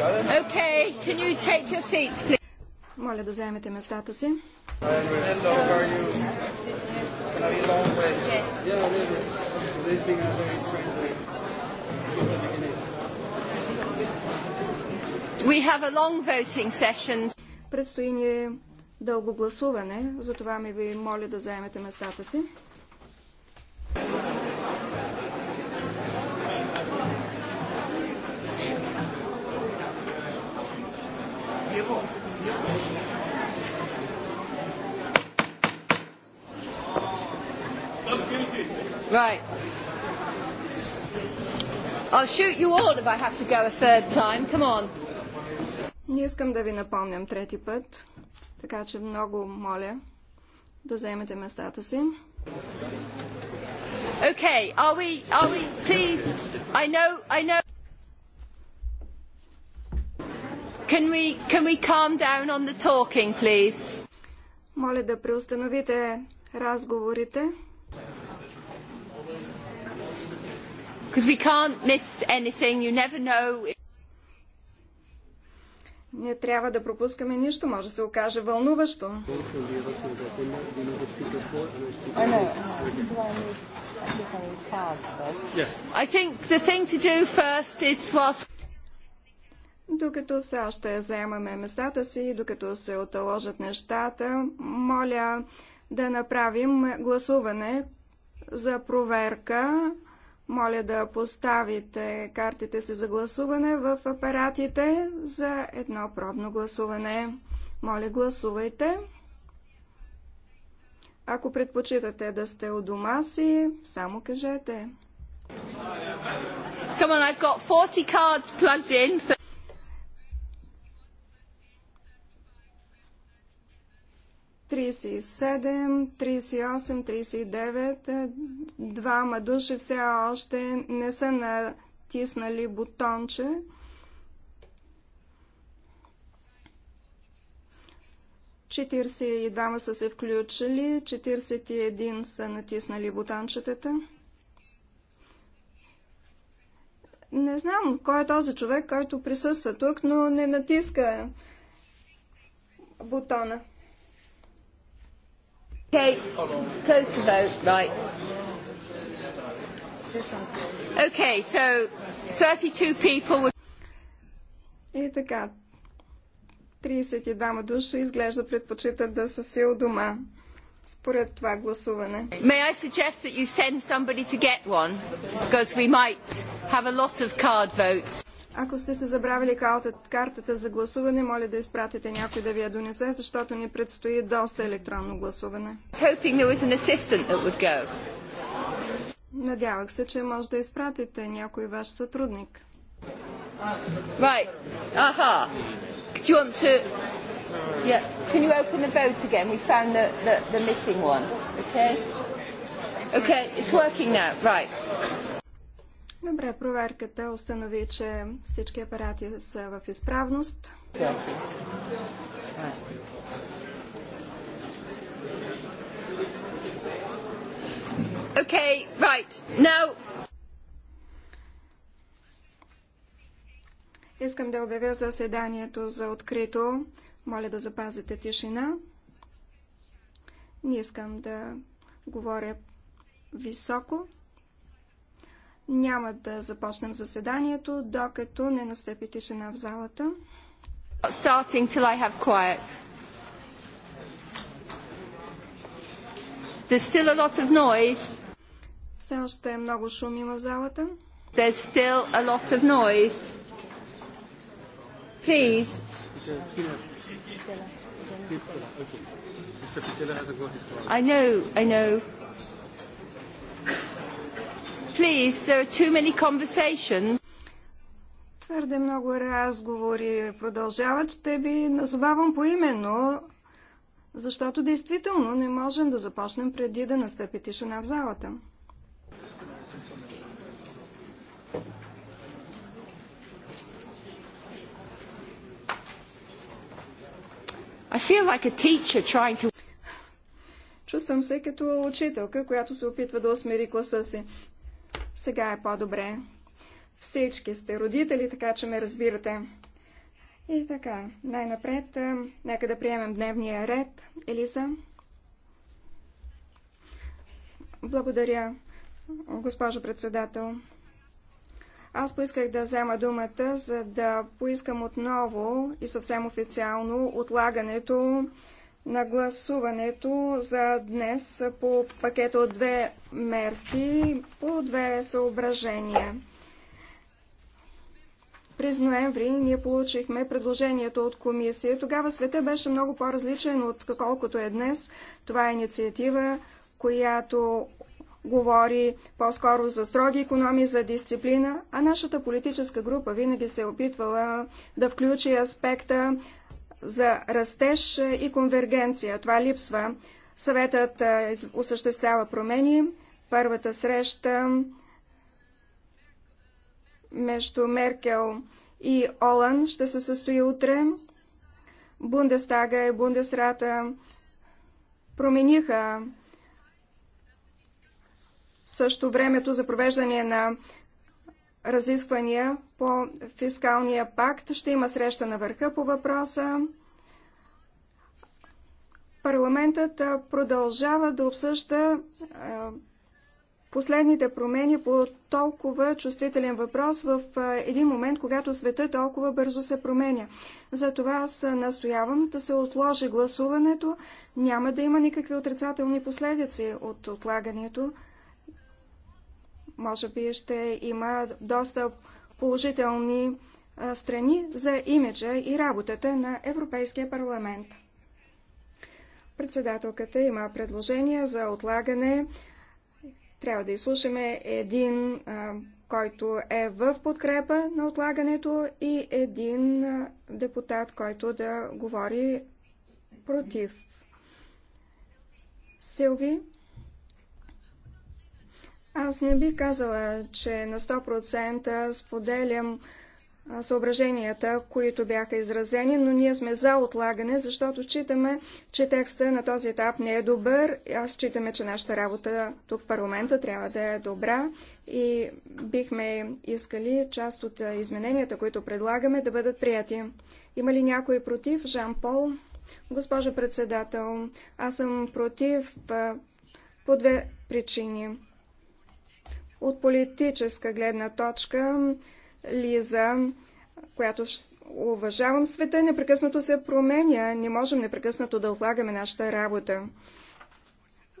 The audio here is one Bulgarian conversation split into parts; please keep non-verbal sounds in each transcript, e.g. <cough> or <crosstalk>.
Okay, can you take your seats, please? Моля да заемете местата си. We have a long voting session. Предстои ни дълго гласуване, затова ми ви моля да заемете местата си. Right. I'll shoot you all if I have to go a third time. Come on. Не искам да ви напомням трети път, така че много моля да заемете местата си. Okay, are we, are we, please, I know, I know. Can we, can we calm down on the talking, please? Моля да преустановите разговорите. Because we can't miss anything. You never know. Не трябва да пропускаме нищо, може да се окаже вълнуващо. Докато все още заемаме местата си, докато се оталожат нещата, моля да направим гласуване за проверка моля да поставите картите си за гласуване в апаратите за едно пробно гласуване. Моля, гласувайте. Ако предпочитате да сте у дома си, само кажете. Come on, I've got 40 cards plugged in. 37, 38, 39, двама души все още не са натиснали бутонче. Четиридесет и двама са се включили, 41 са натиснали бутончетата. Не знам кой е този човек, който присъства тук, но не натиска бутона. Okay, close the vote, right. Okay, so 32 people would... И така, 32 души изглежда предпочитат да са си дома според това гласуване. May I suggest that you send somebody to get one because we might have a lot of card votes. Ако сте се забравили картата за гласуване, моля да изпратите някой да ви я донесе, защото ни предстои доста електронно гласуване. Надявах се, че може да изпратите някой ваш сътрудник. Okay. It's working now. Right. Добре, проверката установи, че всички апарати са в изправност. Okay, right. Now... Искам да обявя заседанието за открито. Моля да запазите тишина. Не искам да говоря високо. Няма да започнем заседанието, докато не настъпи тишина в залата. Starting till I have quiet. There's still a lot of noise. Все още е много шум има в залата. There's still a lot of noise. Please. I know, I know please, there are too many conversations. Твърде много разговори продължават. Ще ви назовавам поименно, защото действително не можем да започнем преди да настъпи тишина в залата. I feel like a teacher trying to... Чувствам се като учителка, която се опитва да осмири класа си. Сега е по-добре. Всички сте родители, така че ме разбирате. И така, най-напред, е, нека да приемем дневния ред. Елиза. Благодаря, госпожо председател. Аз поисках да взема думата, за да поискам отново и съвсем официално отлагането на гласуването за днес по пакет от две мерки по две съображения. През ноември ние получихме предложението от комисия. Тогава света беше много по-различен от колкото е днес. Това е инициатива, която говори по-скоро за строги економии, за дисциплина, а нашата политическа група винаги се е опитвала да включи аспекта за растеж и конвергенция. Това липсва. Съветът осъществява промени. Първата среща между Меркел и Олан ще се състои утре. Бундестага и Бундесрата промениха също времето за провеждане на разисквания по фискалния пакт. Ще има среща на върха по въпроса. Парламентът продължава да обсъжда последните промени по толкова чувствителен въпрос в един момент, когато света толкова бързо се променя. Затова аз настоявам да се отложи гласуването. Няма да има никакви отрицателни последици от отлагането. Може би ще има доста положителни страни за имиджа и работата на Европейския парламент. Председателката има предложение за отлагане. Трябва да изслушаме един, който е в подкрепа на отлагането и един депутат, който да говори против. Силви? Аз не би казала, че на 100% споделям съображенията, които бяха изразени, но ние сме за отлагане, защото читаме, че текста на този етап не е добър. Аз читаме, че нашата работа тук в парламента трябва да е добра и бихме искали част от измененията, които предлагаме, да бъдат прияти. Има ли някой против? Жан Пол? Госпожа председател, аз съм против по две причини. От политическа гледна точка, Лиза, която уважавам, света непрекъснато се променя. Не можем непрекъснато да отлагаме нашата работа.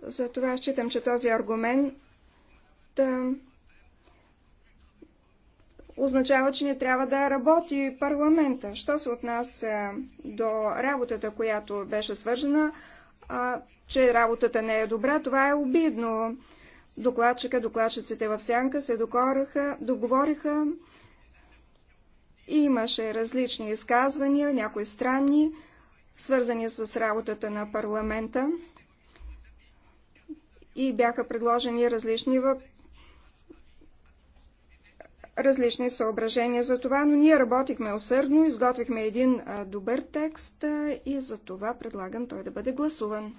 Затова считам, че този аргумент да означава, че не трябва да работи парламента. Що се отнася до работата, която беше свържена, а, че работата не е добра, това е обидно. Докладчика, докладчиците в сянка се докораха, договориха и имаше различни изказвания, някои странни, свързани с работата на парламента и бяха предложени различни въп... различни съображения за това, но ние работихме усърдно, изготвихме един а, добър текст а, и за това предлагам той да бъде гласуван.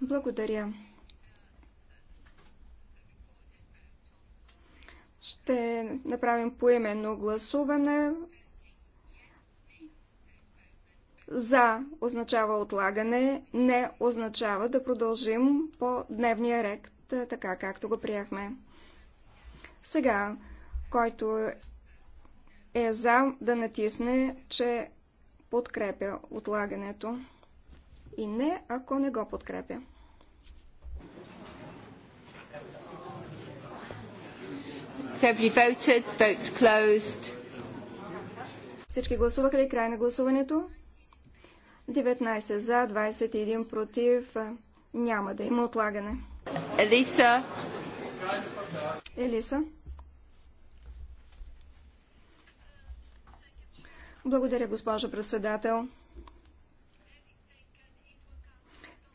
Благодаря. Ще направим поименно гласуване. За означава отлагане, не означава да продължим по дневния ред, е, така както го приехме. Сега, който е за да натисне, че подкрепя отлагането и не, ако не го подкрепя. Всички гласуваха ли край на гласуването? 19 за, 21 против. Няма да има отлагане. Елиса. Елиса. Благодаря, госпожа председател.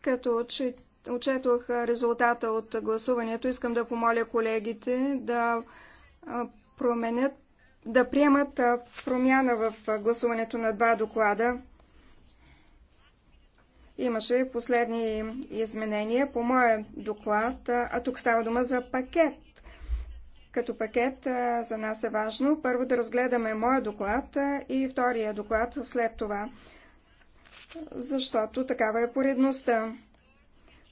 Като отчетох резултата от гласуването, искам да помоля колегите да променят, да приемат промяна в гласуването на два доклада. Имаше последни изменения по моя доклад, а тук става дума за пакет. Като пакет за нас е важно първо да разгледаме моя доклад и втория доклад след това, защото такава е поредността.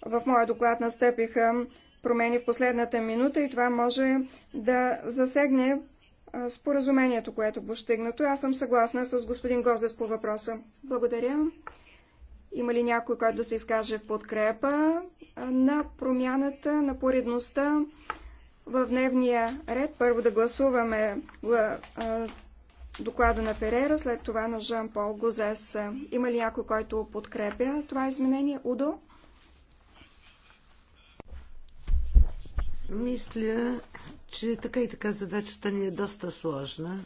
В моя доклад настъпиха промени в последната минута и това може да засегне споразумението, което е постигнато. Аз съм съгласна с господин Гозес по въпроса. Благодаря. Има ли някой, който да се изкаже в подкрепа на промяната, на поредността в дневния ред? Първо да гласуваме доклада на Ферера, след това на Жан-Пол Гозес. Има ли някой, който подкрепя това изменение? Удо? Мисля, че така и така задачата ни е доста сложна.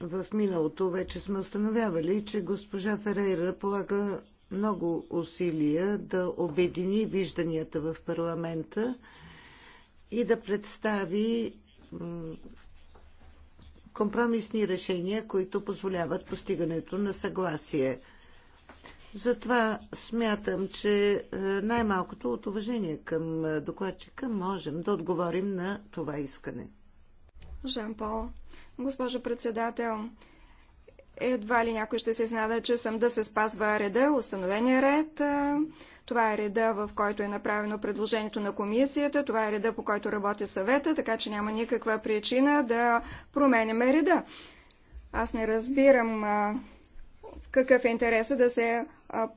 В миналото вече сме установявали, че госпожа Ферейра полага много усилия да обедини вижданията в парламента и да представи компромисни решения, които позволяват постигането на съгласие. Затова смятам, че е, най-малкото от уважение към е, докладчика можем да отговорим на това искане. Жан-Пол, госпожо председател, едва ли някой ще се знада, че съм да се спазва реда, установения ред. Е, това е реда, в който е направено предложението на комисията, това е реда, по който работи съвета, така че няма никаква причина да променяме реда. Аз не разбирам какъв е интереса да се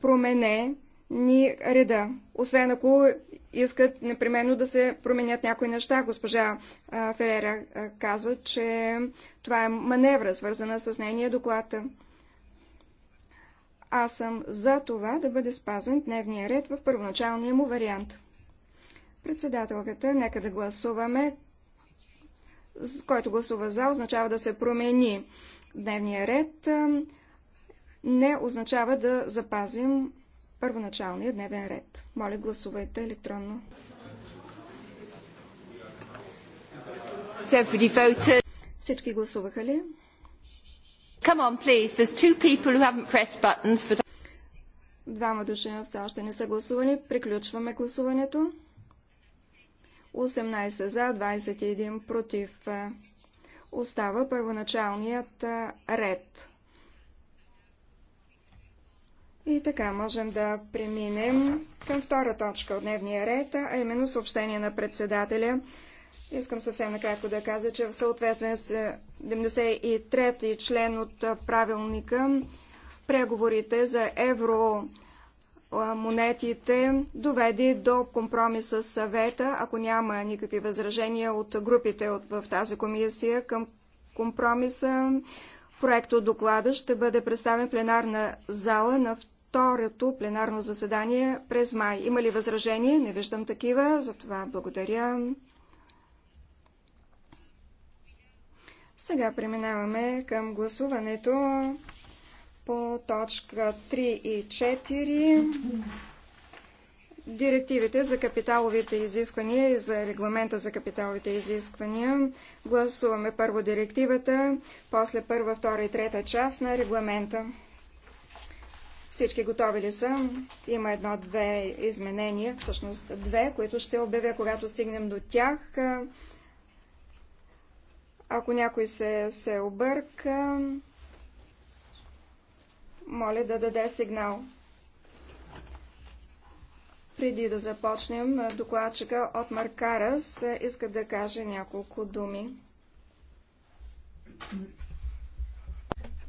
промене ни реда. Освен ако искат непременно да се променят някои неща. Госпожа Ферера каза, че това е маневра, свързана с нейния доклад. Аз съм за това да бъде спазен дневния ред в първоначалния му вариант. Председателката, нека да гласуваме. Който гласува за, означава да се промени дневния ред не означава да запазим първоначалния дневен ред. Моля, гласувайте електронно. Всички гласуваха ли? Come on, please. There's two people who haven't pressed buttons, but... Двама души все още не са гласували. Приключваме гласуването. 18 за, 21 против. Остава първоначалният ред. И така можем да преминем към втора точка от дневния ред, а именно съобщение на председателя. Искам съвсем накратко да кажа, че в съответствие с 73-ти член от правилника преговорите за евро монетите доведе до компромис с съвета, ако няма никакви възражения от групите в тази комисия към компромиса. Проектът доклада ще бъде представен в пленарна зала на второто пленарно заседание през май. Има ли възражение? Не виждам такива, затова благодаря. Сега преминаваме към гласуването по точка 3 и 4. Директивите за капиталовите изисквания и за регламента за капиталовите изисквания. Гласуваме първо директивата, после първа, втора и трета част на регламента. Всички готови ли са? Има едно-две изменения, всъщност две, които ще обявя, когато стигнем до тях. Ако някой се, се обърка, моля да даде сигнал. Преди да започнем, докладчика от Маркарас иска да каже няколко думи.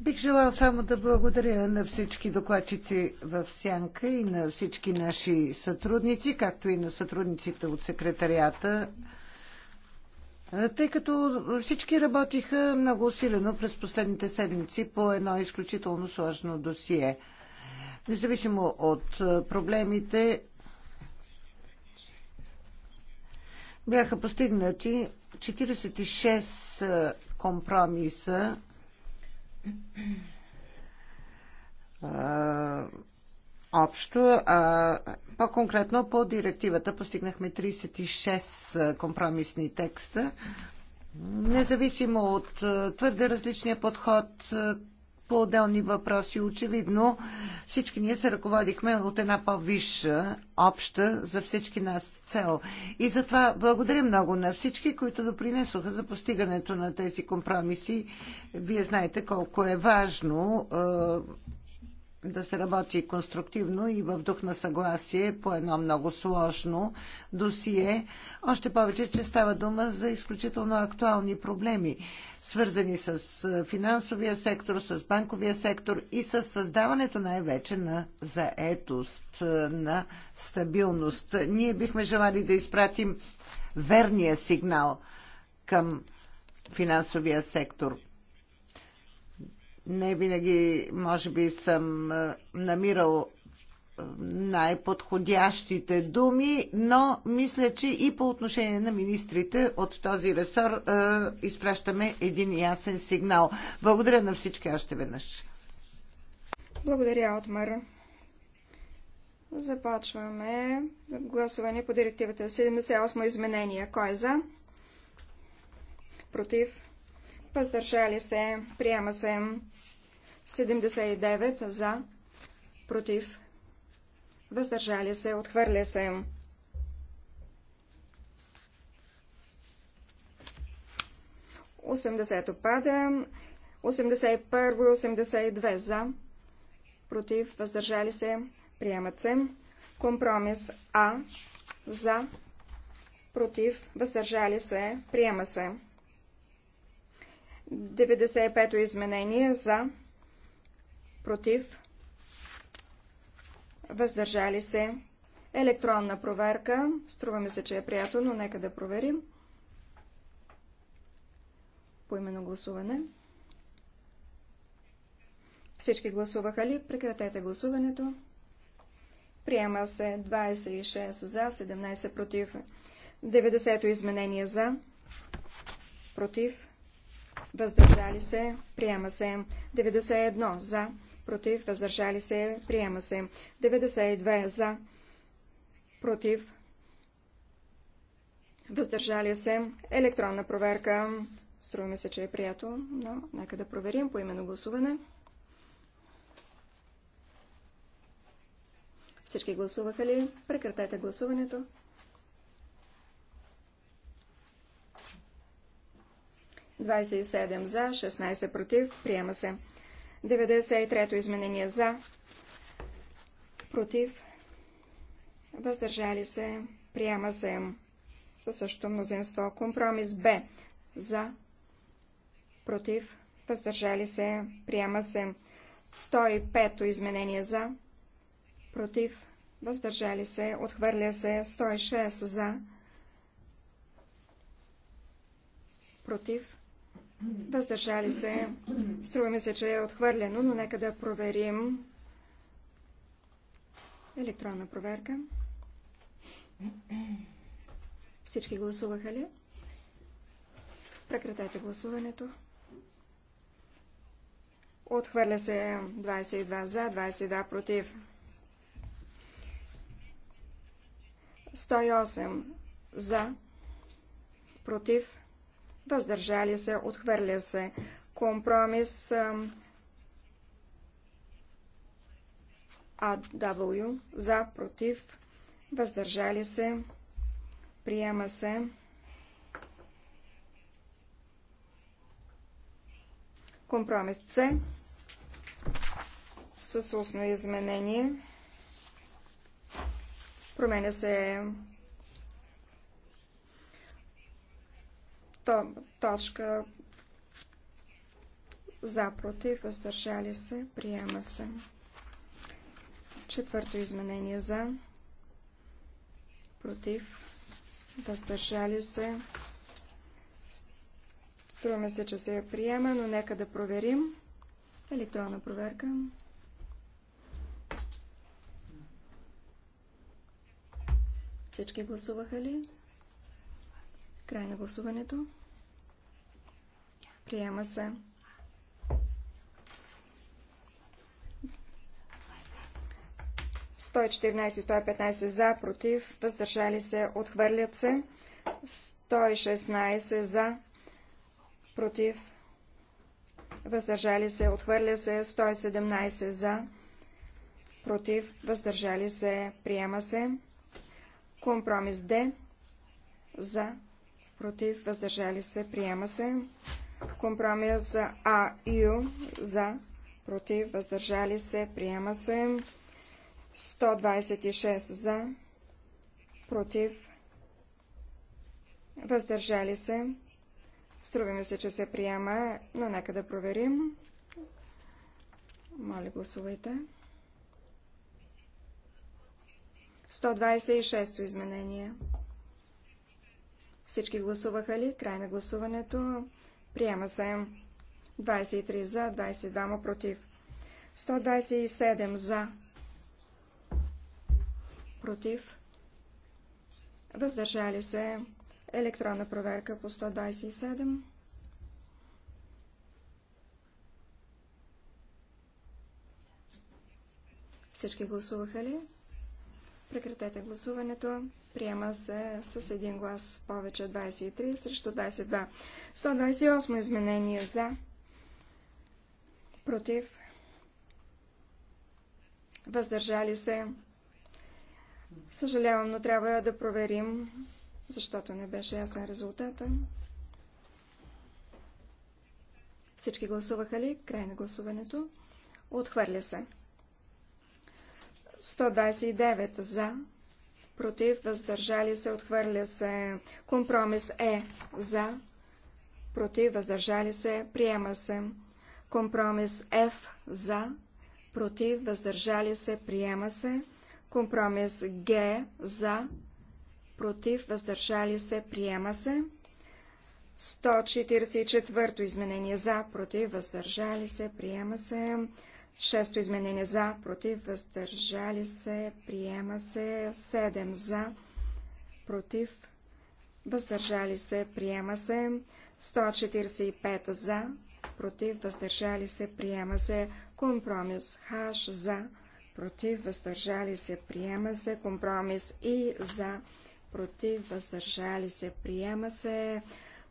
Бих желал само да благодаря на всички докладчици в Сянка и на всички наши сътрудници, както и на сътрудниците от секретарията, тъй като всички работиха много усилено през последните седмици по едно изключително сложно досие. Независимо от проблемите, бяха постигнати 46 компромиса общо. По-конкретно по директивата постигнахме 36 компромисни текста. Независимо от твърде различния подход по отделни въпроси. Очевидно всички ние се ръководихме от една по-висша, обща за всички нас цел. И затова благодаря много на всички, които допринесоха за постигането на тези компромиси. Вие знаете колко е важно е, да се работи конструктивно и в дух на съгласие по едно много сложно досие. Още повече, че става дума за изключително актуални проблеми, свързани с финансовия сектор, с банковия сектор и с създаването най-вече на заетост, на стабилност. Ние бихме желали да изпратим верния сигнал към финансовия сектор. Не винаги, може би, съм намирал най-подходящите думи, но мисля, че и по отношение на министрите от този ресор изпращаме един ясен сигнал. Благодаря на всички още веднъж. Благодаря, Отмар. Започваме гласуване по директивата 78 изменения. Кой е за? Против? въздържали се, приема се 79 за, против, въздържали се, отхвърля се. Осемдесет опада. 81 и 82 за, против, въздържали се, приемат се. Компромис А за, против, въздържали се, приема се. 95-то изменение за, против, въздържали се. Електронна проверка. Струваме се, че е приятно, но нека да проверим. Поимено гласуване. Всички гласуваха ли? Прекратете гласуването. Приема се 26 за, 17 против. 90-то изменение за, против, въздържали се, приема се. 91 за, против, въздържали се, приема се. 92 за, против, въздържали се. Електронна проверка. Струва ми се, че е прието, но нека да проверим по именно гласуване. Всички гласуваха ли? Прекратете гласуването. 27 за, 16 против. Приема се. 93-то изменение за, против, въздържали се. Приема се със същото мнозинство. Компромис Б за, против, въздържали се. Приема се. 105-то изменение за, против, въздържали се. Отхвърля се. 106 за, против, въздържали се. Струва ми се, че е отхвърлено, но нека да проверим. Електронна проверка. Всички гласуваха ли? Прекратете гласуването. Отхвърля се 22 за, 22 против. 108 за, против въздържали се, отхвърля се. Компромис АВ. за, против, въздържали се, приема се. Компромис С с устно изменение. Променя се точка за, против, въздържали се, приема се. Четвърто изменение за, против, въздържали се. Струваме се, че се я приема, но нека да проверим. Електронна проверка. Всички гласуваха ли? Край на гласуването. Приема се. Сто и 115 за, против, въздържали се, отхвърлят се. 116 за, против, въздържали се, отхвърля се, 117 за, против, въздържали се, приема се. Компромис Д за, против, въздържали се, приема се. Компромис А, Ю, за, против, въздържали се, приема се. 126 за, против, въздържали се. Струва ми се, че се приема, но нека да проверим. Моля, гласувайте. 126-то изменение. Всички гласуваха ли? Край на гласуването. Приема се 23 за, 22 против. 127 за, против. Въздържали се електронна проверка по 127. Всички гласуваха ли? Прекратете гласуването. Приема се с един глас повече 23 срещу 22. 128 изменение за. Против. Въздържали се. Съжалявам, но трябва да проверим, защото не беше ясен резултата. Всички гласуваха ли? Край на гласуването. Отхвърля се. 129 за, против, въздържали се, отхвърля се. Компромис Е за, против, въздържали се, приема се. Компромис Ф за, против, въздържали се, приема се. Компромис Г за, против, въздържали се, приема се. 144 изменение за, против, въздържали се, приема се. Шесто изменение за, против, въздържали се, приема се. Седем за, против, въздържали се, приема се. 145 за, против, въздържали се, приема се. Компромис Х за, против, въздържали се, приема се. Компромис И за, против, въздържали се, приема се.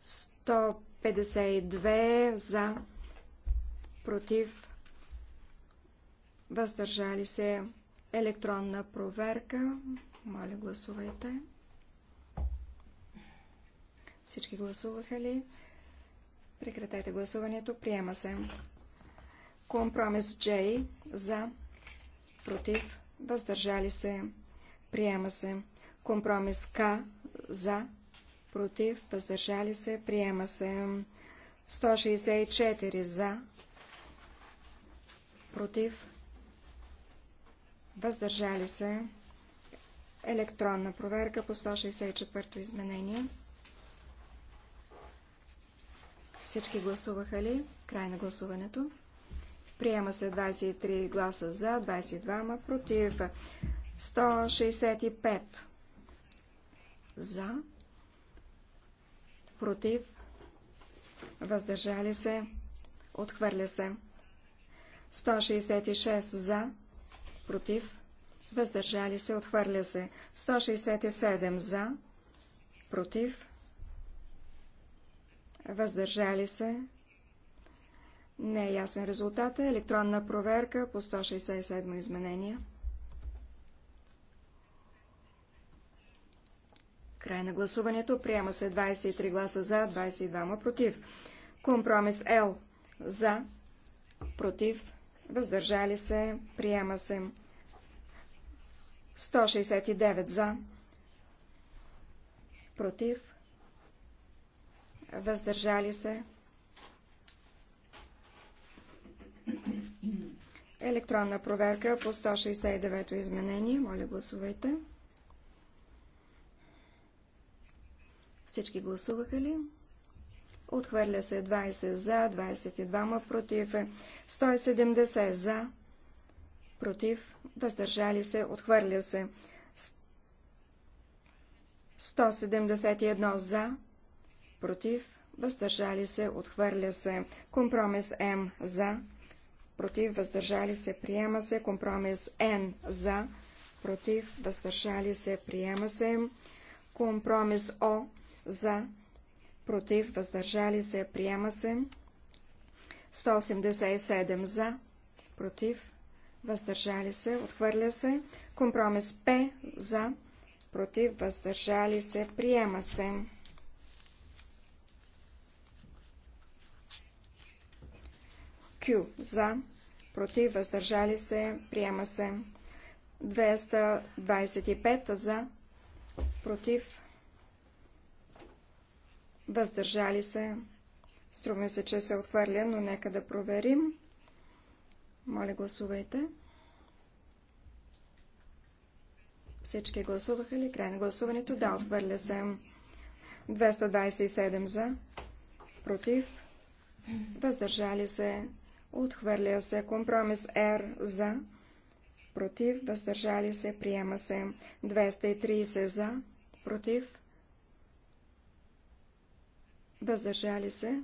152 за, против, въздържали се електронна проверка. Моля, гласувайте. Всички гласуваха ли? Прекратете гласуването. Приема се. Компромис J за, против, въздържали се. Приема се. Компромис К за, против, въздържали се. Приема се. 164 за, против, въздържали се, електронна проверка по 164-то изменение. Всички гласуваха ли? Край на гласуването. Приема се 23 гласа за, 22 ма против, 165 за, против, въздържали се, отхвърля се. 166 за, против, въздържали се, отхвърля се. 167 за, против, въздържали се. Не е ясен резултата. Електронна проверка по 167 изменения. Край на гласуването. Приема се 23 гласа за, 22 против. Компромис Л. За. Против въздържали се, приема се. 169 за, против, въздържали се. Електронна проверка по 169-то изменение. Моля, гласувайте. Всички гласуваха ли? Отхвърля се 20 за, 22 ма против, 170 за, против, въздържали се, отхвърля се 171 за, против, въздържали се, отхвърля се. Компромис М за, против, въздържали се, приема се. Компромис Н за, против, въздържали се, приема се. Компромис О за, против, против, въздържали се, приема се. 187 за, против, въздържали се, отхвърля се. Компромис П за, против, въздържали се, приема се. Q за, против, въздържали се, приема се. 225 за, против, въздържали се. Струва се, че се отхвърля, но нека да проверим. Моля, гласувайте. Всички гласуваха ли? Край на гласуването. Да, отхвърля се. 227 за, против, въздържали се, отхвърля се. Компромис Р за, против, въздържали се, приема се. 230 за, против, въздържали се.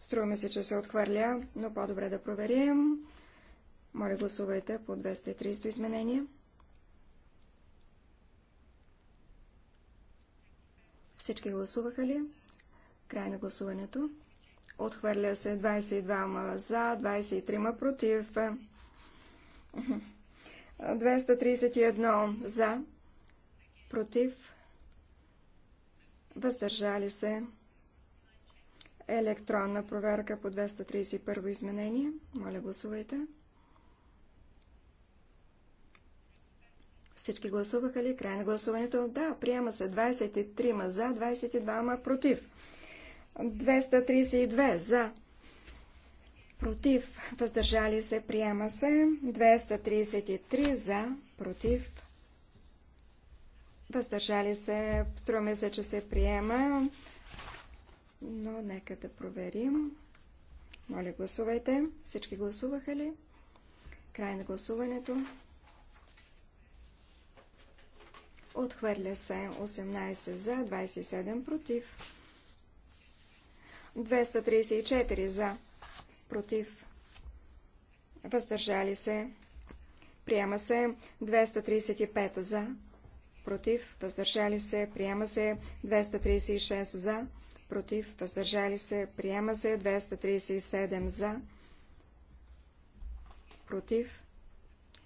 Струваме се, че се отхвърля, но по-добре да проверим. Моля, гласувайте по 230 изменения. Всички гласуваха ли? Край на гласуването. Отхвърля се 22 за, 23 против. 231 <laughs> за, против, въздържали се електронна проверка по 231 изменение. Моля, гласувайте. Всички гласуваха ли? Край на гласуването? Да, приема се 23 за, 22 ма против. 232 за, против, въздържали се, приема се. 233 за, против, въздържали се, струваме се, че се приема но нека да проверим. Моля, гласувайте. Всички гласуваха ли? Край на гласуването. Отхвърля се 18 за, 27 против. 234 за, против. Въздържали се. Приема се 235 за, против. Въздържали се. Приема се 236 за, против, въздържали се, приема се, 237 за, против,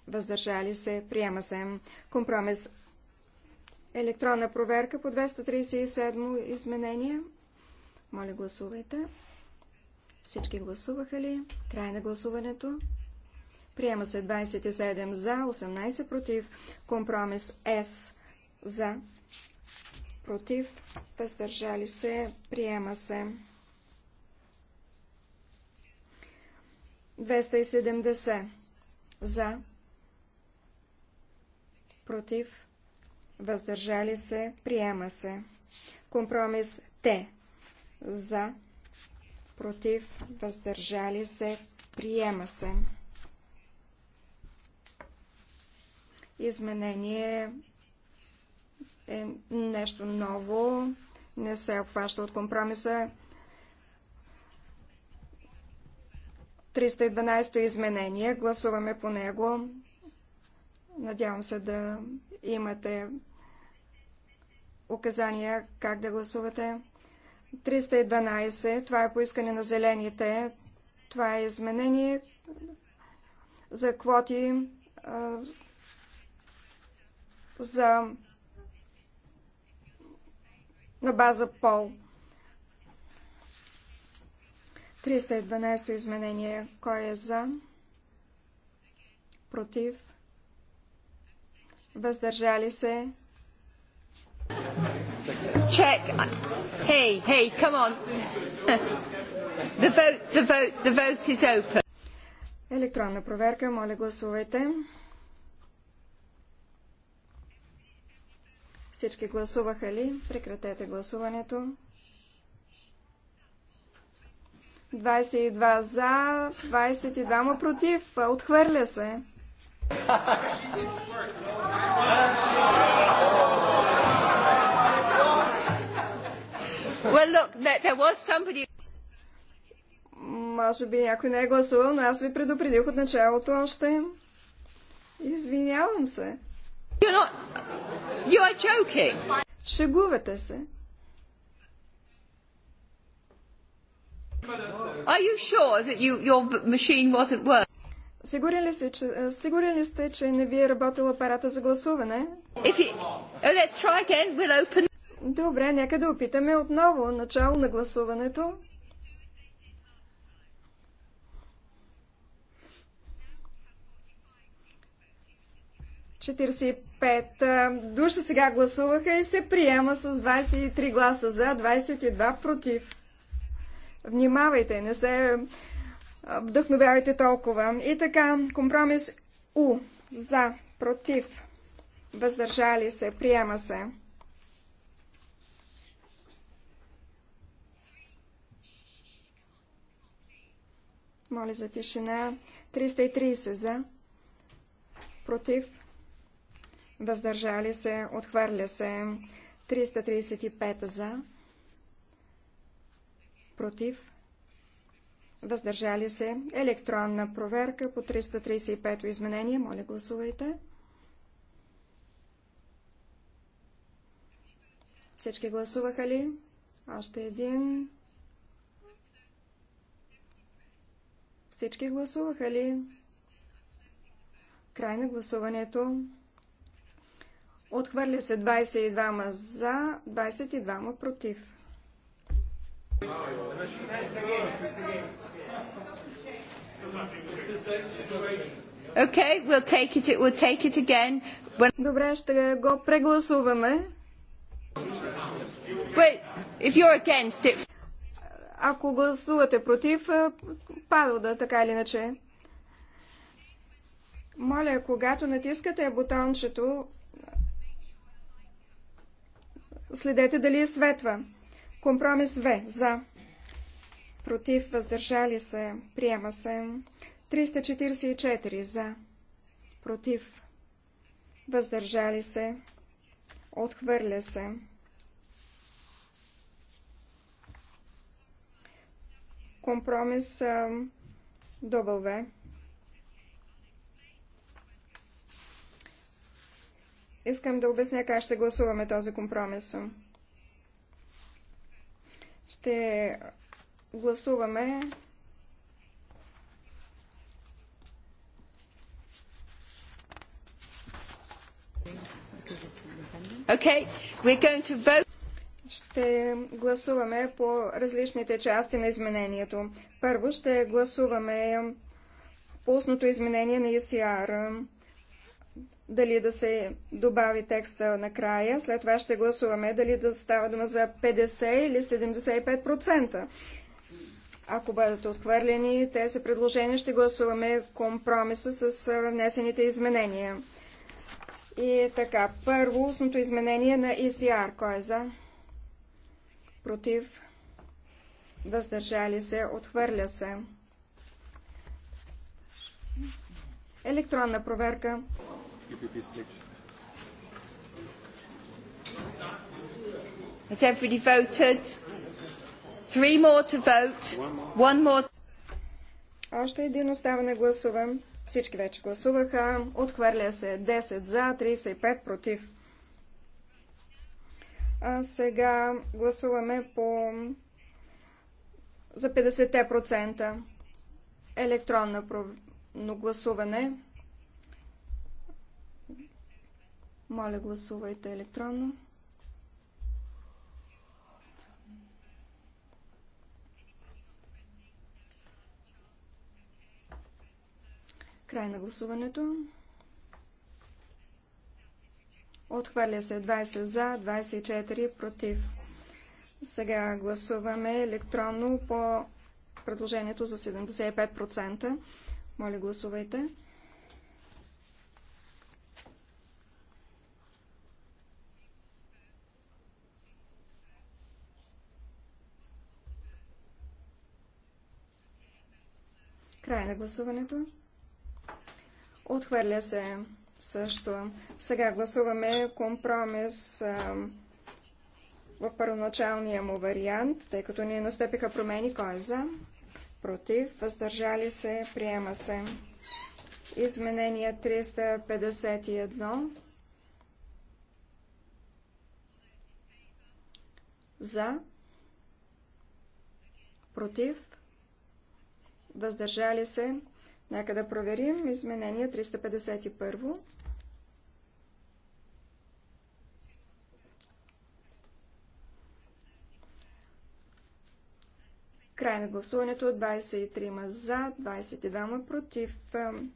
въздържали се, приема се. Компромис. Електронна проверка по 237 изменение. Моля, гласувайте. Всички гласуваха ли? Край на гласуването. Приема се 27 за, 18 против. Компромис С за, против, въздържали се, приема се. 270 за, против, въздържали се, приема се. Компромис Т за, против, въздържали се, приема се. Изменение е нещо ново, не се обхваща от компромиса. 312 изменение, гласуваме по него. Надявам се да имате указания как да гласувате. 312, това е поискане на зелените. Това е изменение за квоти за на база пол. 312 изменение. Кой е за? Против? Въздържали се? Чек! Хей, хей, come on. the vote, the vote, the vote is open. Електронна проверка. Моля, гласувайте. Всички гласуваха ли? Прекратете гласуването. 22 за, 22 му против. Отхвърля се. Well, look, there was somebody... Може би някой не е гласувал, но аз ви предупредих от началото още. Извинявам се. You're not... You are joking. Шегувате се. Are you sure that you, your machine wasn't working? Сигурен ли, си, че, сигурен ли сте, че не ви е работил апарата за гласуване? If you... oh, let's try again. We'll open... Добре, нека да опитаме отново начало на гласуването. 45 души сега гласуваха и се приема с 23 гласа за, 22 против. Внимавайте, не се вдъхновявайте толкова. И така, компромис У. За, против, въздържали се, приема се. Моля за тишина. 330 за, против, въздържали се, отхвърля се 335 за, против, въздържали се, електронна проверка по 335 изменение, моля гласувайте. Всички гласуваха ли? Още един. Всички гласуваха ли? Край на гласуването. Отхвърля се 22 за, 22 против. Okay, we'll take it, we'll take it again. When... Добре, ще го прегласуваме. if you're against it... Ако гласувате против, пада да така или иначе. Моля, когато натискате бутончето, Следете дали е светва. Компромис В. За. Против. Въздържали се. Приема се. 344. За. Против. Въздържали се. Отхвърля се. Компромис W. Искам да обясня как ще гласуваме този компромис. Ще гласуваме Okay, we're going to vote. Ще гласуваме по различните части на изменението. Първо ще гласуваме по устното изменение на е ИСР дали да се добави текста накрая, след това ще гласуваме дали да става дума за 50 или 75%. Ако бъдат отхвърлени тези предложения, ще гласуваме компромиса с внесените изменения. И така, първо устното изменение на ECR. Кой е за? Против? Въздържали се? Отхвърля се? Електронна проверка. Has everybody voted? Three more to vote. One more. Още един остава на гласувам. Всички вече гласуваха. Отхвърля се 10 за, 35 против. А сега гласуваме по за 50% електронно гласуване. Моля, гласувайте електронно. Край на гласуването. Отхвърля се 20 за, 24 против. Сега гласуваме електронно по предложението за 75%. Моля, гласувайте. Край на гласуването. Отхвърля се също. Сега гласуваме компромис а, в първоначалния му вариант, тъй като ни настъпиха промени. Кой е за? Против? Въздържали се? Приема се. Изменение 351. За? Против? въздържали се. Нека да проверим изменение 351. Край на гласуването 23 за, 22 против.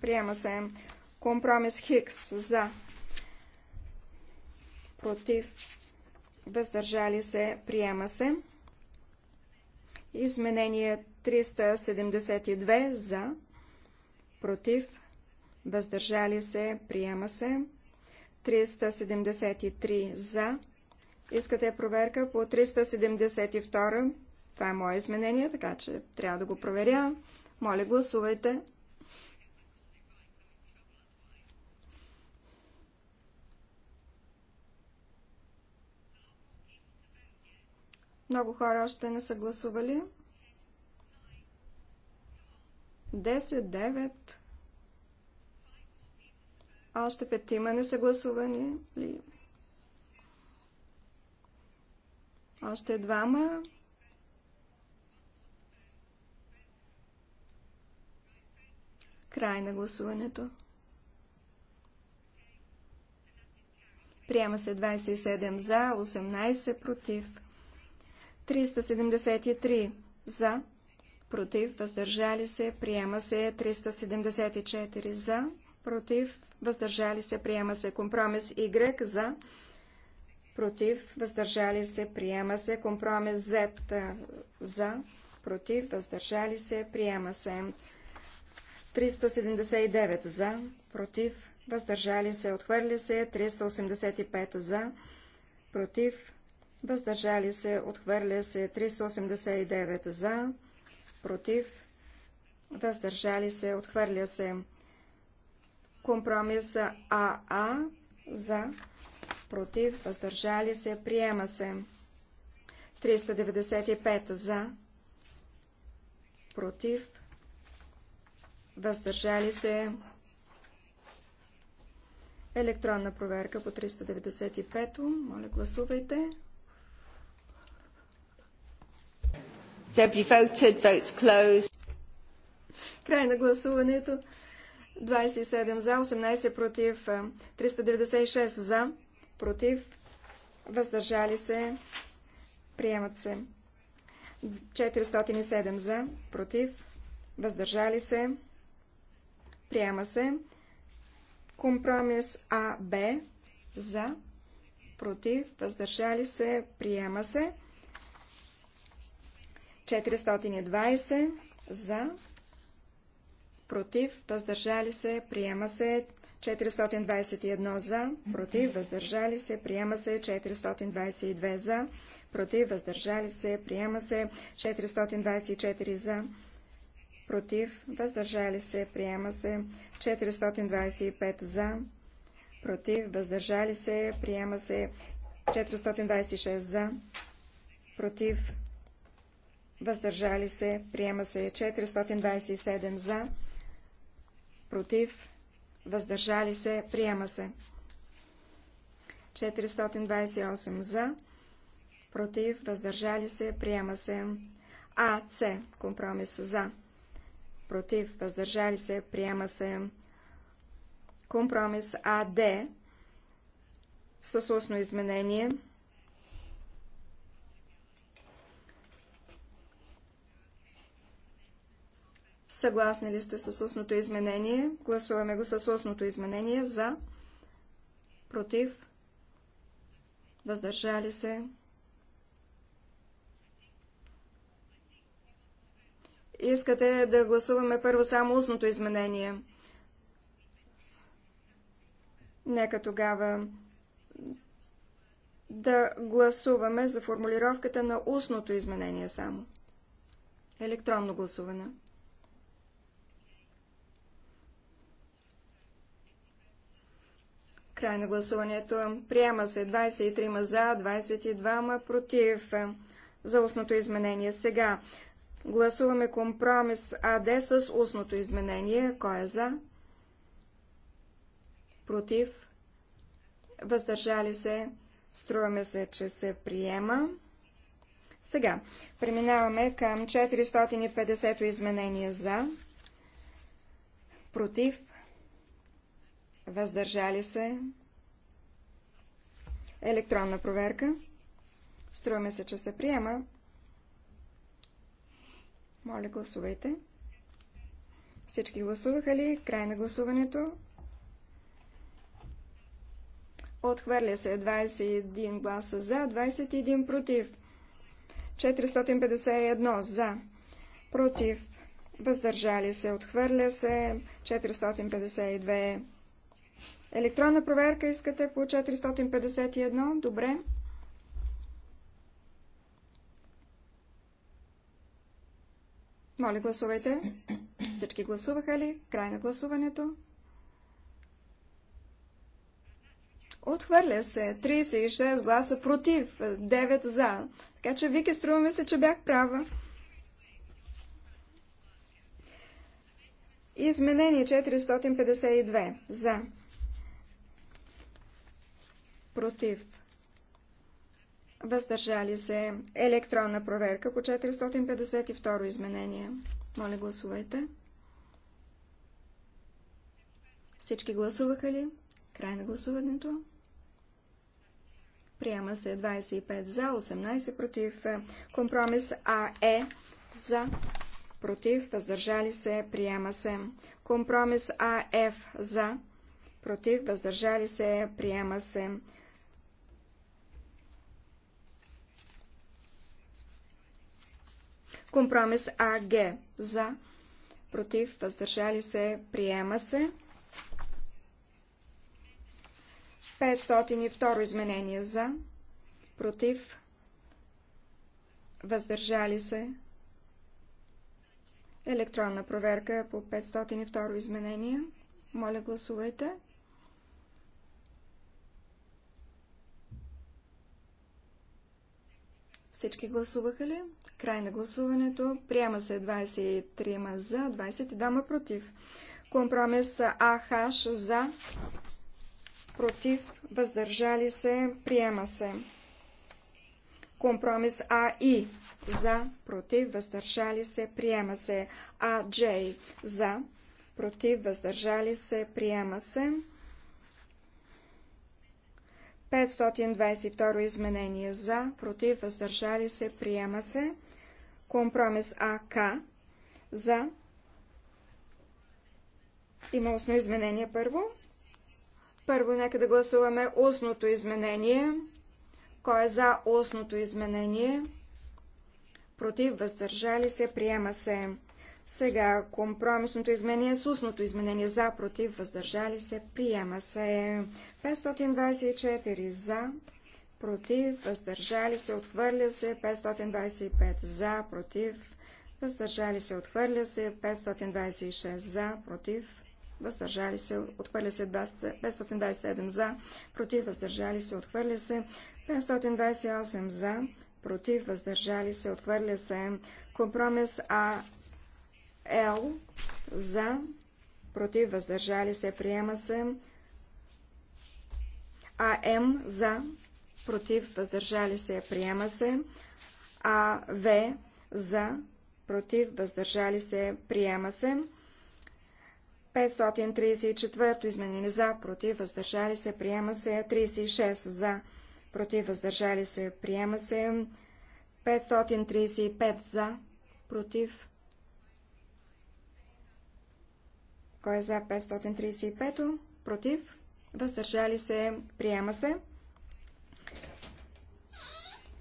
Приема се компромис Хикс за, против, въздържали се, приема се. Изменение 372 за, против, въздържали се, приема се. 373 за. Искате проверка по 372. Това е мое изменение, така че трябва да го проверя. Моля, гласувайте. Много хора още не са гласували. 10, 9. Още петима не са гласувани. Ли? Още двама. Край на гласуването. Приема се 27 за, 18 против. 373 за, против, въздържали се, приема се 374 за, против, въздържали се, приема се компромис Y за, против, въздържали се, приема се компромис Z за, против, въздържали се, приема се 379 за, против, въздържали се, отхвърли се 385 за, против, въздържали се, отхвърля се 389 за, против, въздържали се, отхвърля се. Компромиса АА за, против, въздържали се, приема се. 395 за, против, въздържали се. Електронна проверка по 395. Моля, гласувайте. Край на гласуването. 27 за, 18 против, 396 за, против, въздържали се, приемат се. 407 за, против, въздържали се, приема се. Компромис А, Б, за, против, въздържали се, приема се. 420 за, против, въздържали се, приема се 421 за, против, въздържали се, приема се 422 за, против, въздържали се, приема се 424 за, против, въздържали се, приема се 425 за, против, въздържали се, приема се 426 за, против, въздържали се, приема се 427 за, против, въздържали се, приема се 428 за, против, въздържали се, приема се А, С, компромис за, против, въздържали се, приема се компромис А, Д, с устно изменение Съгласни ли сте с устното изменение? Гласуваме го с устното изменение за, против, въздържали се. Искате да гласуваме първо само устното изменение. Нека тогава да гласуваме за формулировката на устното изменение само. Електронно гласуване. Край на гласуването. Приема се 23 за, 22 против за устното изменение. Сега гласуваме компромис АД с устното изменение. Кой е за? Против? Въздържали се? Струваме се, че се приема. Сега преминаваме към 450 изменение за, против, въздържали се, електронна проверка. Струваме се, че се приема. Моля, гласувайте. Всички гласуваха ли? Край на гласуването. Отхвърля се 21 гласа за, 21 против. 451 за, против, въздържали се, отхвърля се, 452 Електронна проверка искате по 451. Добре. Моля, гласувайте. Всички гласуваха ли? Край на гласуването. Отхвърля се. 36 гласа против, 9 за. Така че, Вики, струваме се, че бях права. Изменение 452. За против, въздържали се, електронна проверка по 452 изменение. Моля, гласувайте. Всички гласуваха ли? Край на гласуването. Приема се 25 за, 18 против. Компромис А Е за, против, въздържали се, приема се. Компромис АФ за, против, въздържали се, приема се. Компромис АГ за, против, въздържали се, приема се. 502 изменение за, против, въздържали се. Електронна проверка по 502 изменение. Моля, гласувайте. Всички гласуваха ли? Край на гласуването. Приема се 23 за, 22 против. Компромис АХ за, против, въздържали се, приема се. Компромис АИ за, против, въздържали се, приема се. АДЖ за, против, въздържали се, приема се. 522 изменение за, против, въздържали се, приема се. Компромис АК за. Има устно изменение първо. Първо нека да гласуваме устното изменение. Кой е за устното изменение? Против, въздържали се, приема се. Сега компромисното изменение с устното изменение за, против, въздържали се, приема се. 524 за, против, въздържали се, отхвърля се, 525 за, против, въздържали се, отхвърля се, 526 за, против, въздържали се, отхвърля се, 527 за, против, въздържали се, отхвърля се, 528 за, против, въздържали се, отхвърля се, компромис А, Л, за, против, въздържали се, приема се, АМ за, против, въздържали се, приема се. А, В, за, против, въздържали се, приема се. 534 изменени за, против, въздържали се, приема се. 36 за, против, въздържали се, приема се. 535 за, против. Кой е за 535? Против. Въздържали се, приема се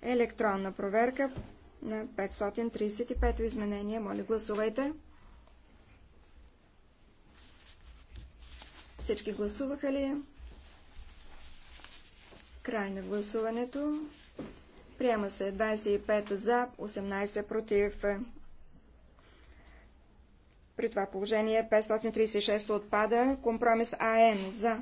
електронна проверка на 535 изменение. Моля, гласувайте. Всички гласуваха ли? Край на гласуването. Приема се 25 за, 18 против. При това положение 536 отпада. Компромис АН за,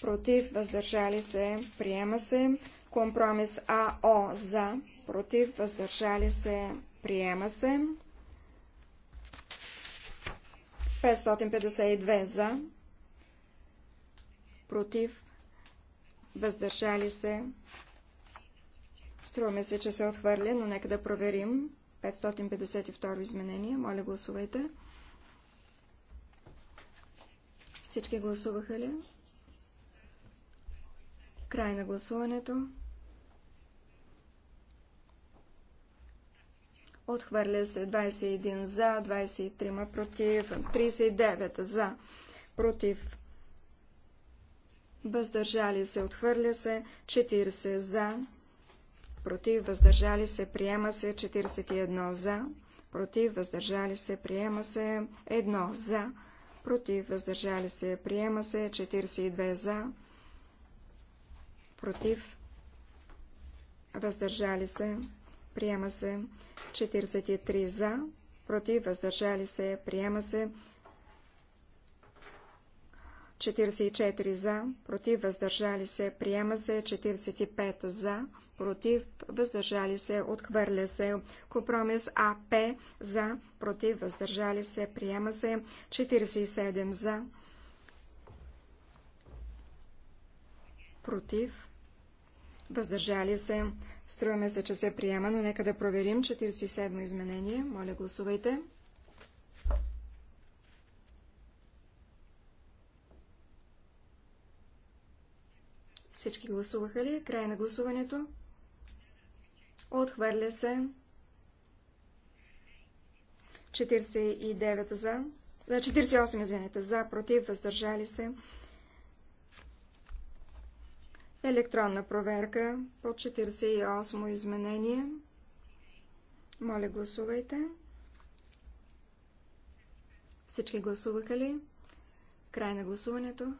против, въздържали се, приема се. Компромис АО за, против, въздържали се, приема се. 552 за, против, въздържали се. Струваме се, че се е отхвърля, но нека да проверим. 552 изменение. Моля, гласувайте. Всички гласуваха ли? Край на гласуването. Отхвърля се 21 за, 23 против, 39 за, против. Въздържали се, отхвърля се 40 за, против, въздържали се, приема се 41 за, против, въздържали се, приема се 1 за, против, въздържали се, приема се 42 за, против, въздържали се, приема се 43 за, против, въздържали се, приема се 44 за, против, въздържали се, приема се 45 за, против, въздържали се, отхвърля се. Компромис АП за, против, въздържали се, приема се 47 за, против, въздържали се, Струваме се, че се приема, но нека да проверим 47 изменение. Моля, гласувайте. Всички гласуваха ли? Край на гласуването. Отхвърля се. 49 за. 48, извинете, за, против, въздържали се. Електронна проверка по 48 изменение. Моля, гласувайте. Всички гласуваха ли? Край на гласуването.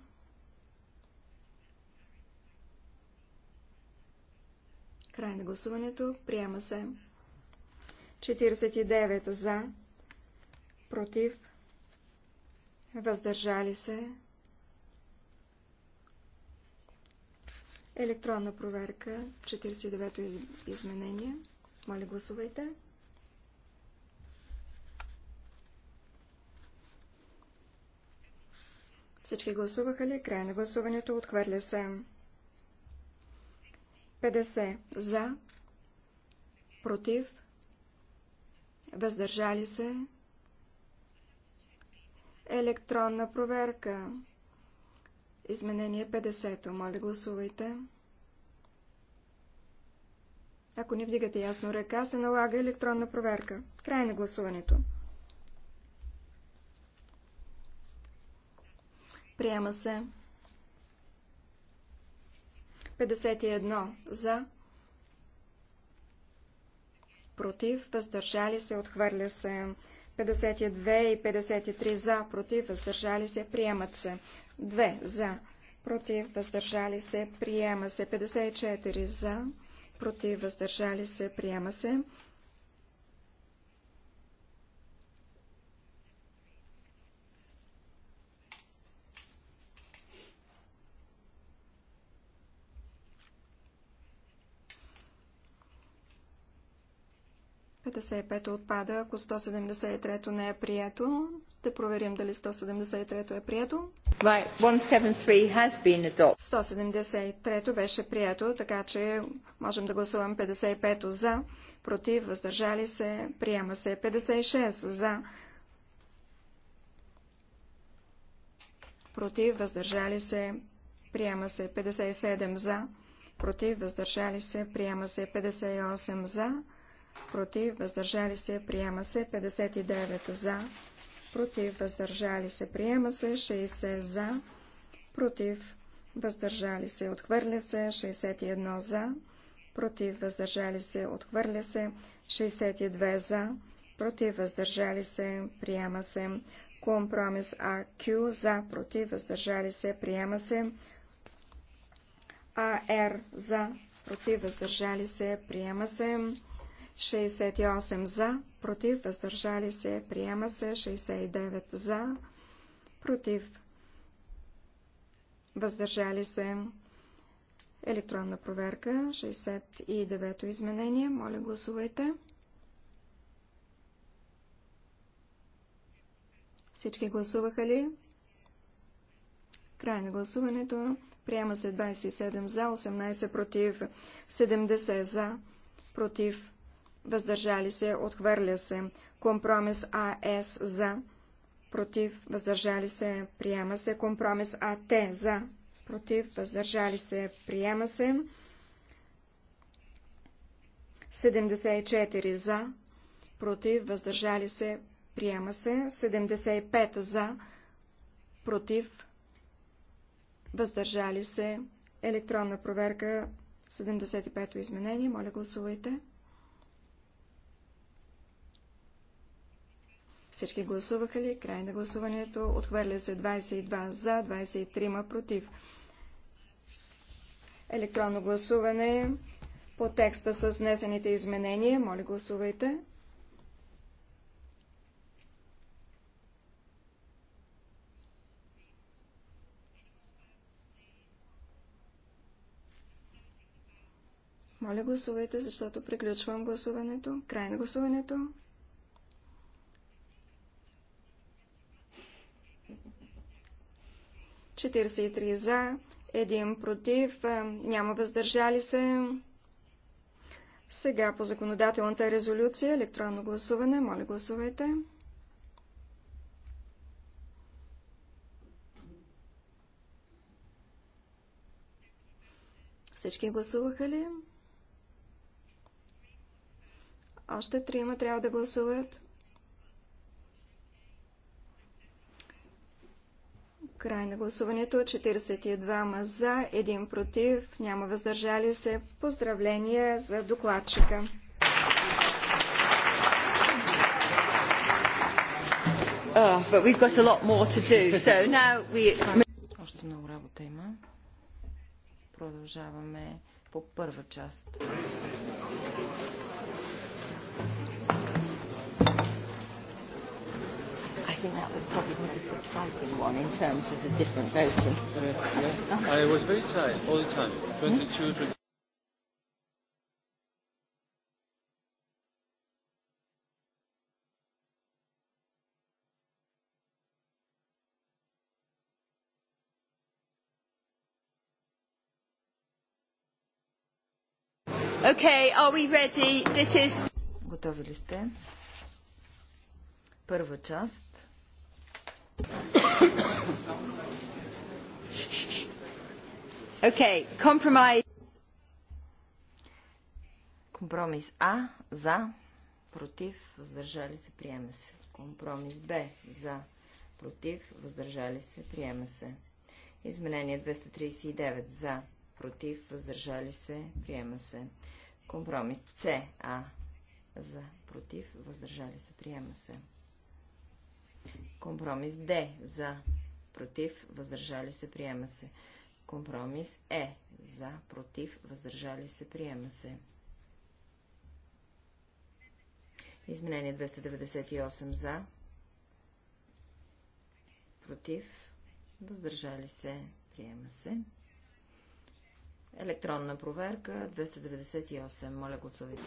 Край на гласуването. Приема се. 49 за. Против. Въздържали се. Електронна проверка, 49-то изменение. Моля, гласувайте. Всички гласуваха ли? Край на гласуването отхвърля се. 50 за, против, въздържали се. Електронна проверка. Изменение 50. Моля, гласувайте. Ако не вдигате ясно ръка, се налага електронна проверка. Край на гласуването. Приема се. 51 за. Против, въздържали се, отхвърля се. 52 и 53 за, против, въздържали се, приемат се. 2 за, против, въздържали се, приема се. 54 за, против, въздържали се, приема се. 55 отпада, ако 173 не е прието. Да проверим дали 173 е прието. 173 то беше прието, така че можем да гласувам 55 за, против, въздържали се, приема се 56 за, против, въздържали се, приема се 57 за, против, въздържали се, приема се 58 за, против, въздържали се, приема се, 59 за, против, въздържали се, приема се, 60 за, против, въздържали се, отхвърля се, 61 за, против, въздържали се, отхвърля се, 62 за, против, въздържали се, приема се, компромис АК за, против, въздържали се, приема се, АР за, против, въздържали се, приема се, 68 за, против, въздържали се, приема се, 69 за, против, въздържали се, електронна проверка, 69 то изменение, моля гласувайте. Всички гласуваха ли? Край на гласуването. Приема се 27 за, 18 против, 70 за, против, въздържали се, отхвърля се. Компромис АС за, против, въздържали се, приема се. Компромис АТ за, против, въздържали се, приема се. 74 за, против, въздържали се, приема се. 75 за, против, въздържали се. Електронна проверка 75-то изменение. Моля гласувайте. Всички гласуваха ли? Край на гласуването. Отхвърля се 22 за, 23 ма против. Електронно гласуване по текста с внесените изменения. Моля, гласувайте. Моля, гласувайте, защото приключвам гласуването. Край на гласуването. 43 за, 1 против, няма въздържали се. Сега по законодателната резолюция, електронно гласуване, моля гласувайте. Всички гласуваха ли? Още трима трябва да гласуват. Край на гласуването. 42 за, 1 против, няма въздържали се. Поздравления за докладчика. Oh, Още много работа има. Продължаваме по първа част. think that was probably the most exciting one in terms of the different voting. Yeah, yeah. I was very tired all the time. 22, 23. Okay, are we ready? This is... Готови ли сте? Първа част. Okay, compromise. Компромис А за, против, въздържали се, приема се. Компромис Б за, против, въздържали се, приема се. Изменение 239 за, против, въздържали се, приема се. Компромис С А за, против, въздържали се, приема се. Компромис Д за против, въздържали се, приема се. Компромис Е за против, въздържали се, приема се. Изменение 298 за против, въздържали се, приема се. Електронна проверка 298. Моля гласувайте.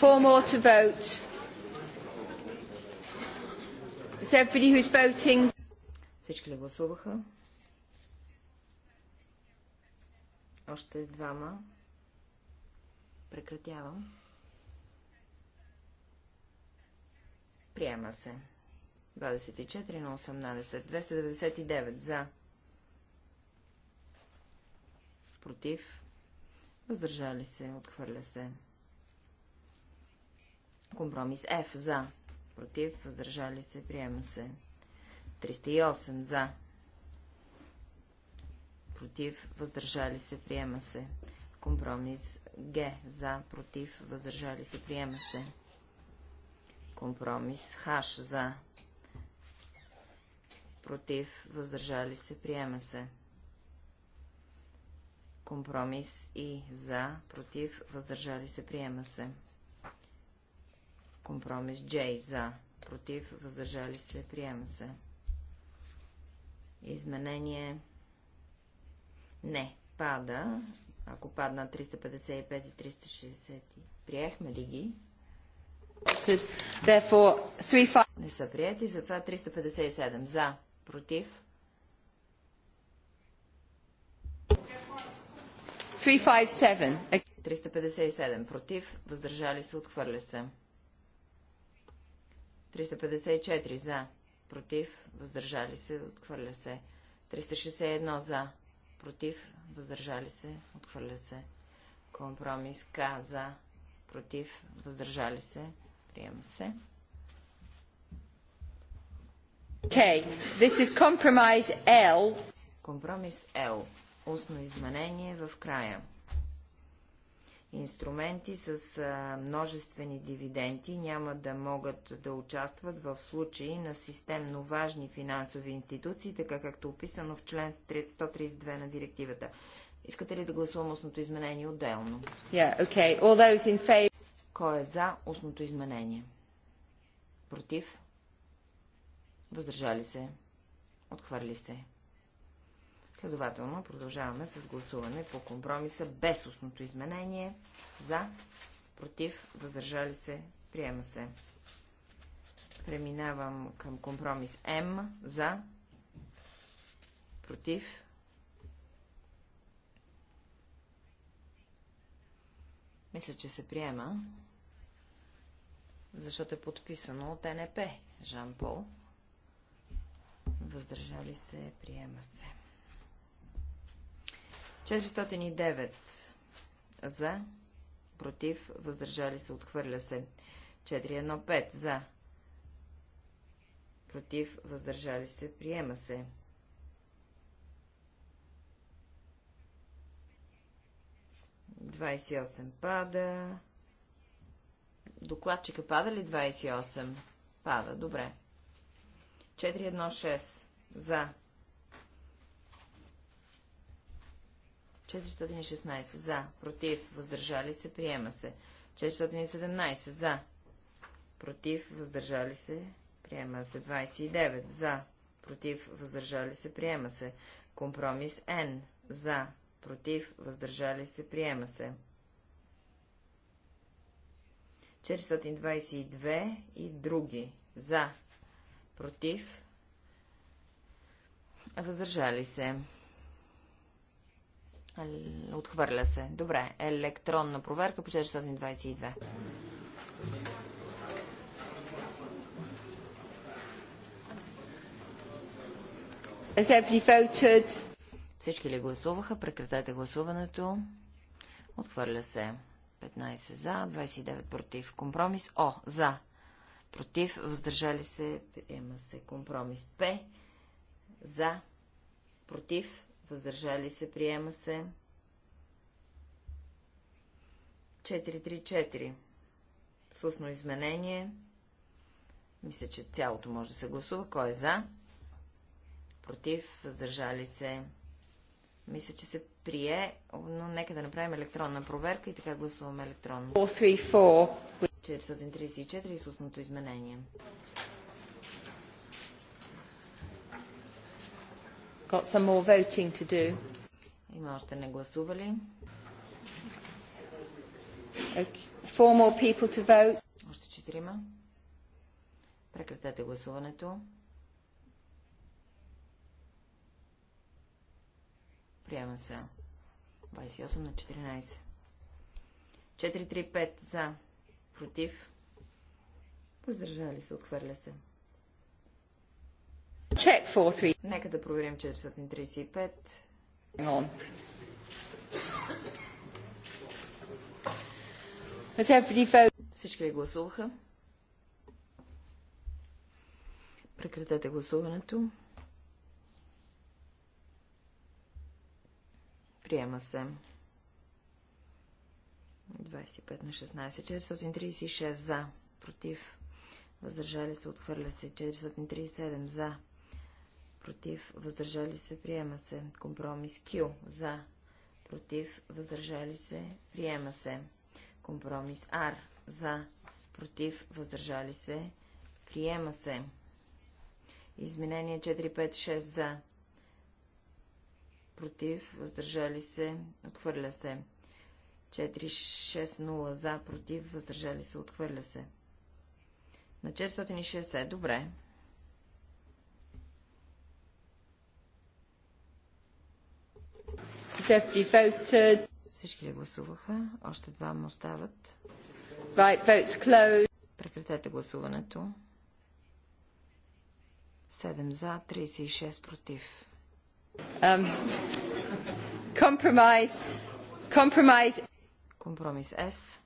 Four more to vote. Is everybody who's voting? Всички ли гласуваха? Още двама. Прекратявам. Приема се. 24 на 18. 299 за. Против. Въздържали се. Отхвърля се. Компромис F за. Против. Въздържали се. Приема се. 308 за. Против. Въздържали се. Приема се. Компромис Г за. Против. Въздържали се. Приема се. Компромис Х за. Против. Въздържали се. Приема се компромис и за, против, въздържали се, приема се. Компромис Джей. за, против, въздържали се, приема се. Изменение не, пада. Ако падна 355 и 360, приехме ли ги? Не са прияти, затова 357 за, против. 357 против, въздържали се, отхвърля се. 354 за, против, въздържали се, отхвърля се. 361 за, против, въздържали се, отхвърля се. Компромис К за, против, въздържали се, приема се. Okay, this is compromise L. Компромис L. Устно изменение в края инструменти с множествени дивиденти няма да могат да участват в случаи на системно важни финансови институции, така както е описано в член 132 на директивата. Искате ли да гласувам устното изменение отделно? Yeah, okay. All those in favor... Кой е за устното изменение? Против? Въздържали се? Отхвърли се? Следователно продължаваме с гласуване по компромиса без устното изменение. За, против, въздържали се, приема се. Преминавам към компромис М. За, против, Мисля, че се приема, защото е подписано от НП, Жан Пол. Въздържали се, приема се. 409 за, против, въздържали се, отхвърля се. 415 за, против, въздържали се, приема се. 28 пада. Докладчика пада ли 28? Пада, добре. 416 за, 416 за, против, въздържали се, приема се. 417 за, против, въздържали се, приема се. 29 за, против, въздържали се, приема се. Компромис Н за, против, въздържали се, приема се. 422 и други за, против, въздържали се. Отхвърля се. Добре. Електронна проверка по 622. Всички ли гласуваха? Прекратете гласуването. Отхвърля се. 15 за, 29 против. Компромис О. За. Против. Въздържали се. Приема се. Компромис П. За. Против въздържали се, приема се. 434 Сусно изменение. Мисля, че цялото може да се гласува. Кой е за? Против, въздържали се. Мисля, че се прие, но нека да направим електронна проверка и така гласуваме електронно. 434 с Сусното изменение. got some more voting to do. Има още не гласували. Okay. Four more people to vote. Още четирима. Прекратете гласуването. Приема се. 28 на 14. 4-3-5 за. Против. Въздържали се. Отхвърля се. Check 4, Нека да проверим 435. On. Всички ли гласуваха? Прекратете гласуването. Приема се. 25 на 16. 436 за. Против. Въздържали се. Отхвърля се. 437 за против, въздържали се, приема се. Компромис Q за, против, въздържали се, приема се. Компромис R за, против, въздържали се, приема се. Изменение 456 за, против, въздържали се, отхвърля се. 460 за, против, въздържали се, отхвърля се. На е добре. Всички ли гласуваха? Още два му остават. Right, Прекратете гласуването. 7 за, 36 против. Um, compromise. Compromise. Компромис С.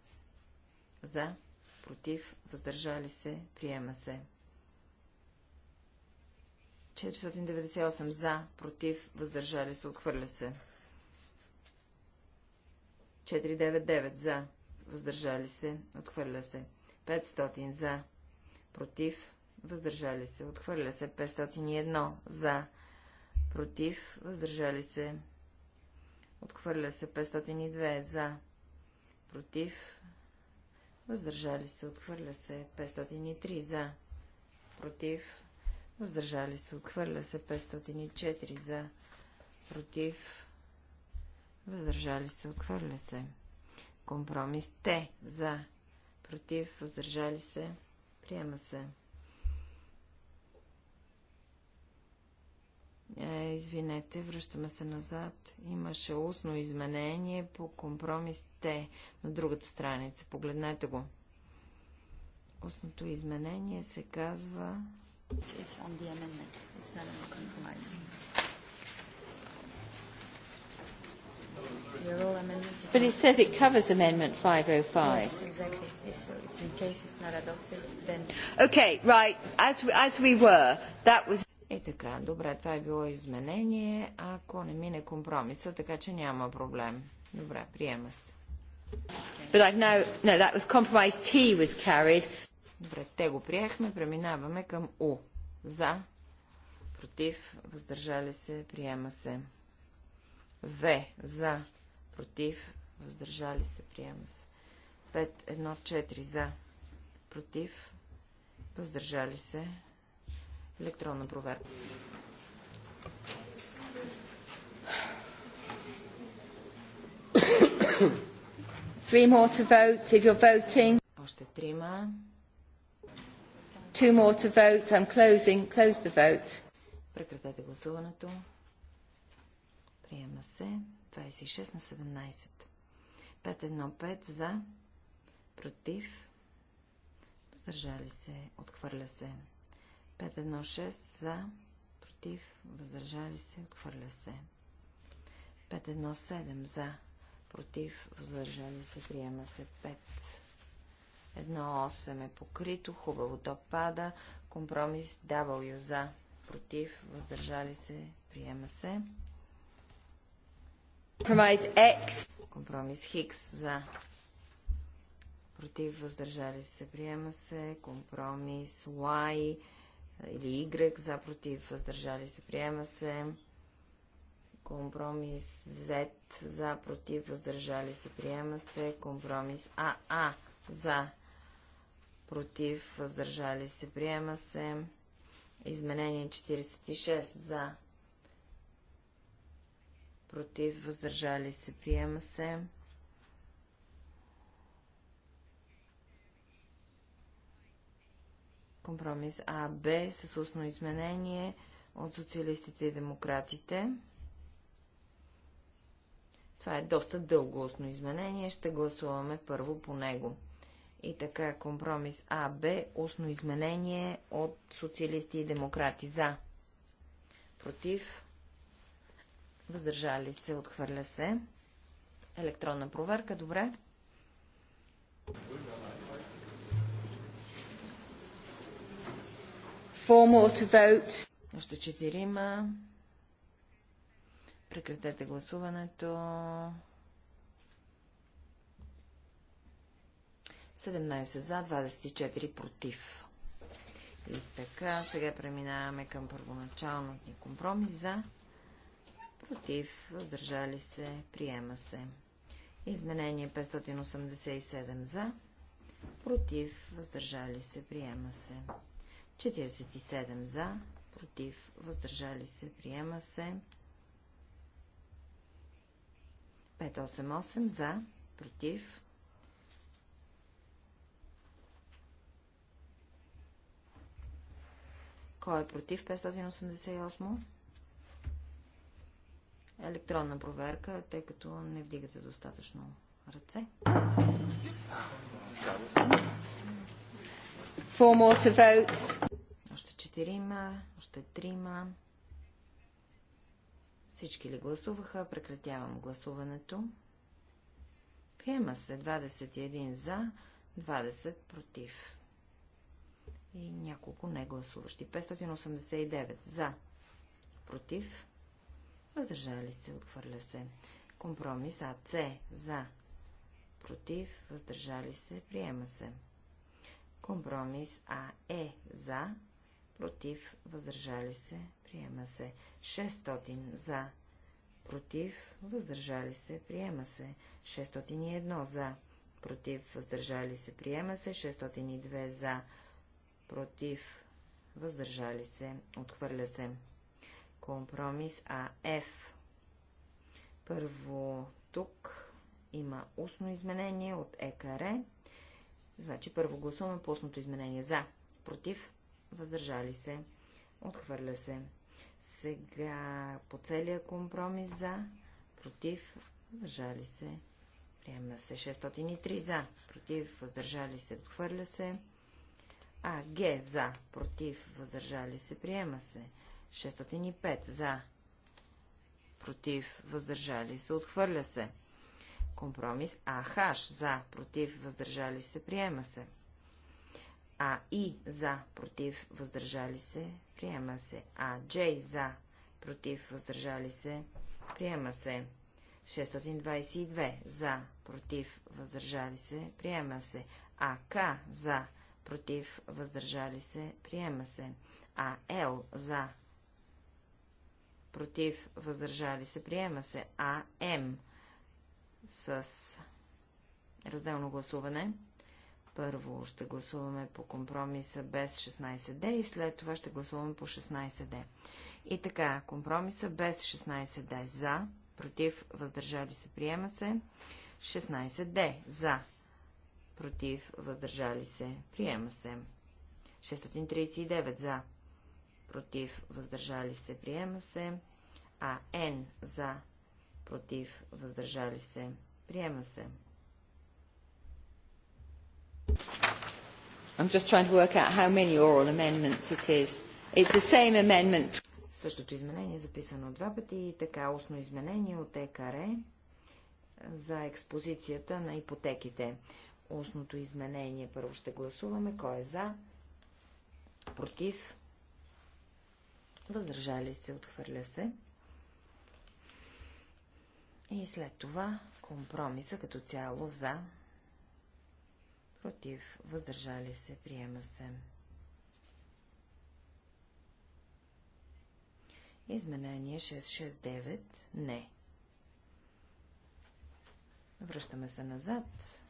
За, против, въздържали се, приема се. 498 за, против, въздържали се, отхвърля се. 499 за. Въздържали се. Отхвърля се. 500 за. Против. Въздържали се. Отхвърля се. 501 за. Против. Въздържали се. Отхвърля се. 502 за. Против. Въздържали се. Отхвърля се. 503 за. Против. Въздържали се. Отхвърля се. 504 за. Против въздържали се, отхвърля се. Компромис Те за, против, въздържали се, приема се. Е, извинете, връщаме се назад. Имаше устно изменение по компромис Т на другата страница. Погледнете го. Устното изменение се казва... It's on the amendment. It's not on the compromise. They're all amendments. But it says it covers Amendment 505. Yes, exactly. Yes, so it's in case it's not adopted, then... Okay, right. As, as we were, that was... И така, добре, това е било изменение, ако не мине компромиса, така че няма проблем. Добре, приема се. But I've now, no, that was compromise T was carried. Добре, те го приехме, преминаваме към У. За, против, въздържали се, приема се. В, за, против, въздържали се, приема се. 5-1-4 за, против, въздържали се, електронна проверка. Three more to vote if you're voting. Още трима. Two more to vote. I'm closing. Close the vote. Прекратете гласуването. Приема се. 26 на 17. 5 за, против, въздържали се, отхвърля се. 5 6 за, против, въздържали се, отхвърля се. 5 7 за, против, въздържали се, приема се 5. 1.8 8 е покрито, хубаво то пада, компромис W за, против, въздържали се, приема се. Компромис Компромис Хикс за. Против въздържали се. Приема се. Компромис Y или Y за. Против въздържали се. Приема се. Компромис Z за. Против въздържали се. Приема се. Компромис АА за. Против въздържали се. Приема се. Изменение 46 за против, въздържали се, приема се. Компромис А, Б с устно изменение от социалистите и демократите. Това е доста дълго устно изменение, ще гласуваме първо по него. И така, компромис А, Б, устно изменение от социалисти и демократи за. Против, Въздържали се, отхвърля се. Електронна проверка, добре. Още четирима. Прекратете гласуването. 17 за, 24 против. И така, сега преминаваме към първоначалния компромис за против, въздържали се, приема се. Изменение 587 за, против, въздържали се, приема се. 47 за, против, въздържали се, приема се. 588 за, против. Кой е против 588? електронна проверка, тъй като не вдигате достатъчно ръце. Още четирима, още трима. Всички ли гласуваха? Прекратявам гласуването. Приема се 21 за, 20 против и няколко не гласуващи. 589 за, против въздържали се, отхвърля се. Компромис С за, против, въздържали се, приема се. Компромис А Е за, против, въздържали се, приема се. 600 за, против, въздържали се, приема се. 601 за, против, въздържали се, приема се. 602 за, против, въздържали се, отхвърля се компромис АФ. Първо тук има устно изменение от ЕКР. Значи първо гласуваме по устното изменение за, против, въздържали се, отхвърля се. Сега по целия компромис за, против, въздържали се, приема се 603 за, против, въздържали се, отхвърля се. А, Г за, против, въздържали се, приема се. 605 за, против, въздържали се, отхвърля се. Компромис АХ за, против, въздържали се, приема се. А И за, против, въздържали се, приема се. А Дж за, против, въздържали се, приема се. 622 за, против, въздържали се, приема се. АК за, против, въздържали се, приема се. АЛ за, против, въздържали се, приема се. А, М с разделно гласуване. Първо ще гласуваме по компромиса без 16D и след това ще гласуваме по 16D. И така, компромиса без 16D за, против, въздържали се, приема се. 16D за, против, въздържали се, приема се. 639 за, против, въздържали се, приема се. А Н за, против, въздържали се, приема се. I'm just trying to work out how many oral amendments it is. It's the same amendment. Същото изменение е записано два пъти и така устно изменение от ЕКАРЕ за експозицията на ипотеките. Устното изменение първо ще гласуваме. Кой е за? Против? въздържали се, отхвърля се. И след това компромиса като цяло за, против, въздържали се, приема се. Изменение 669 не. Връщаме се назад.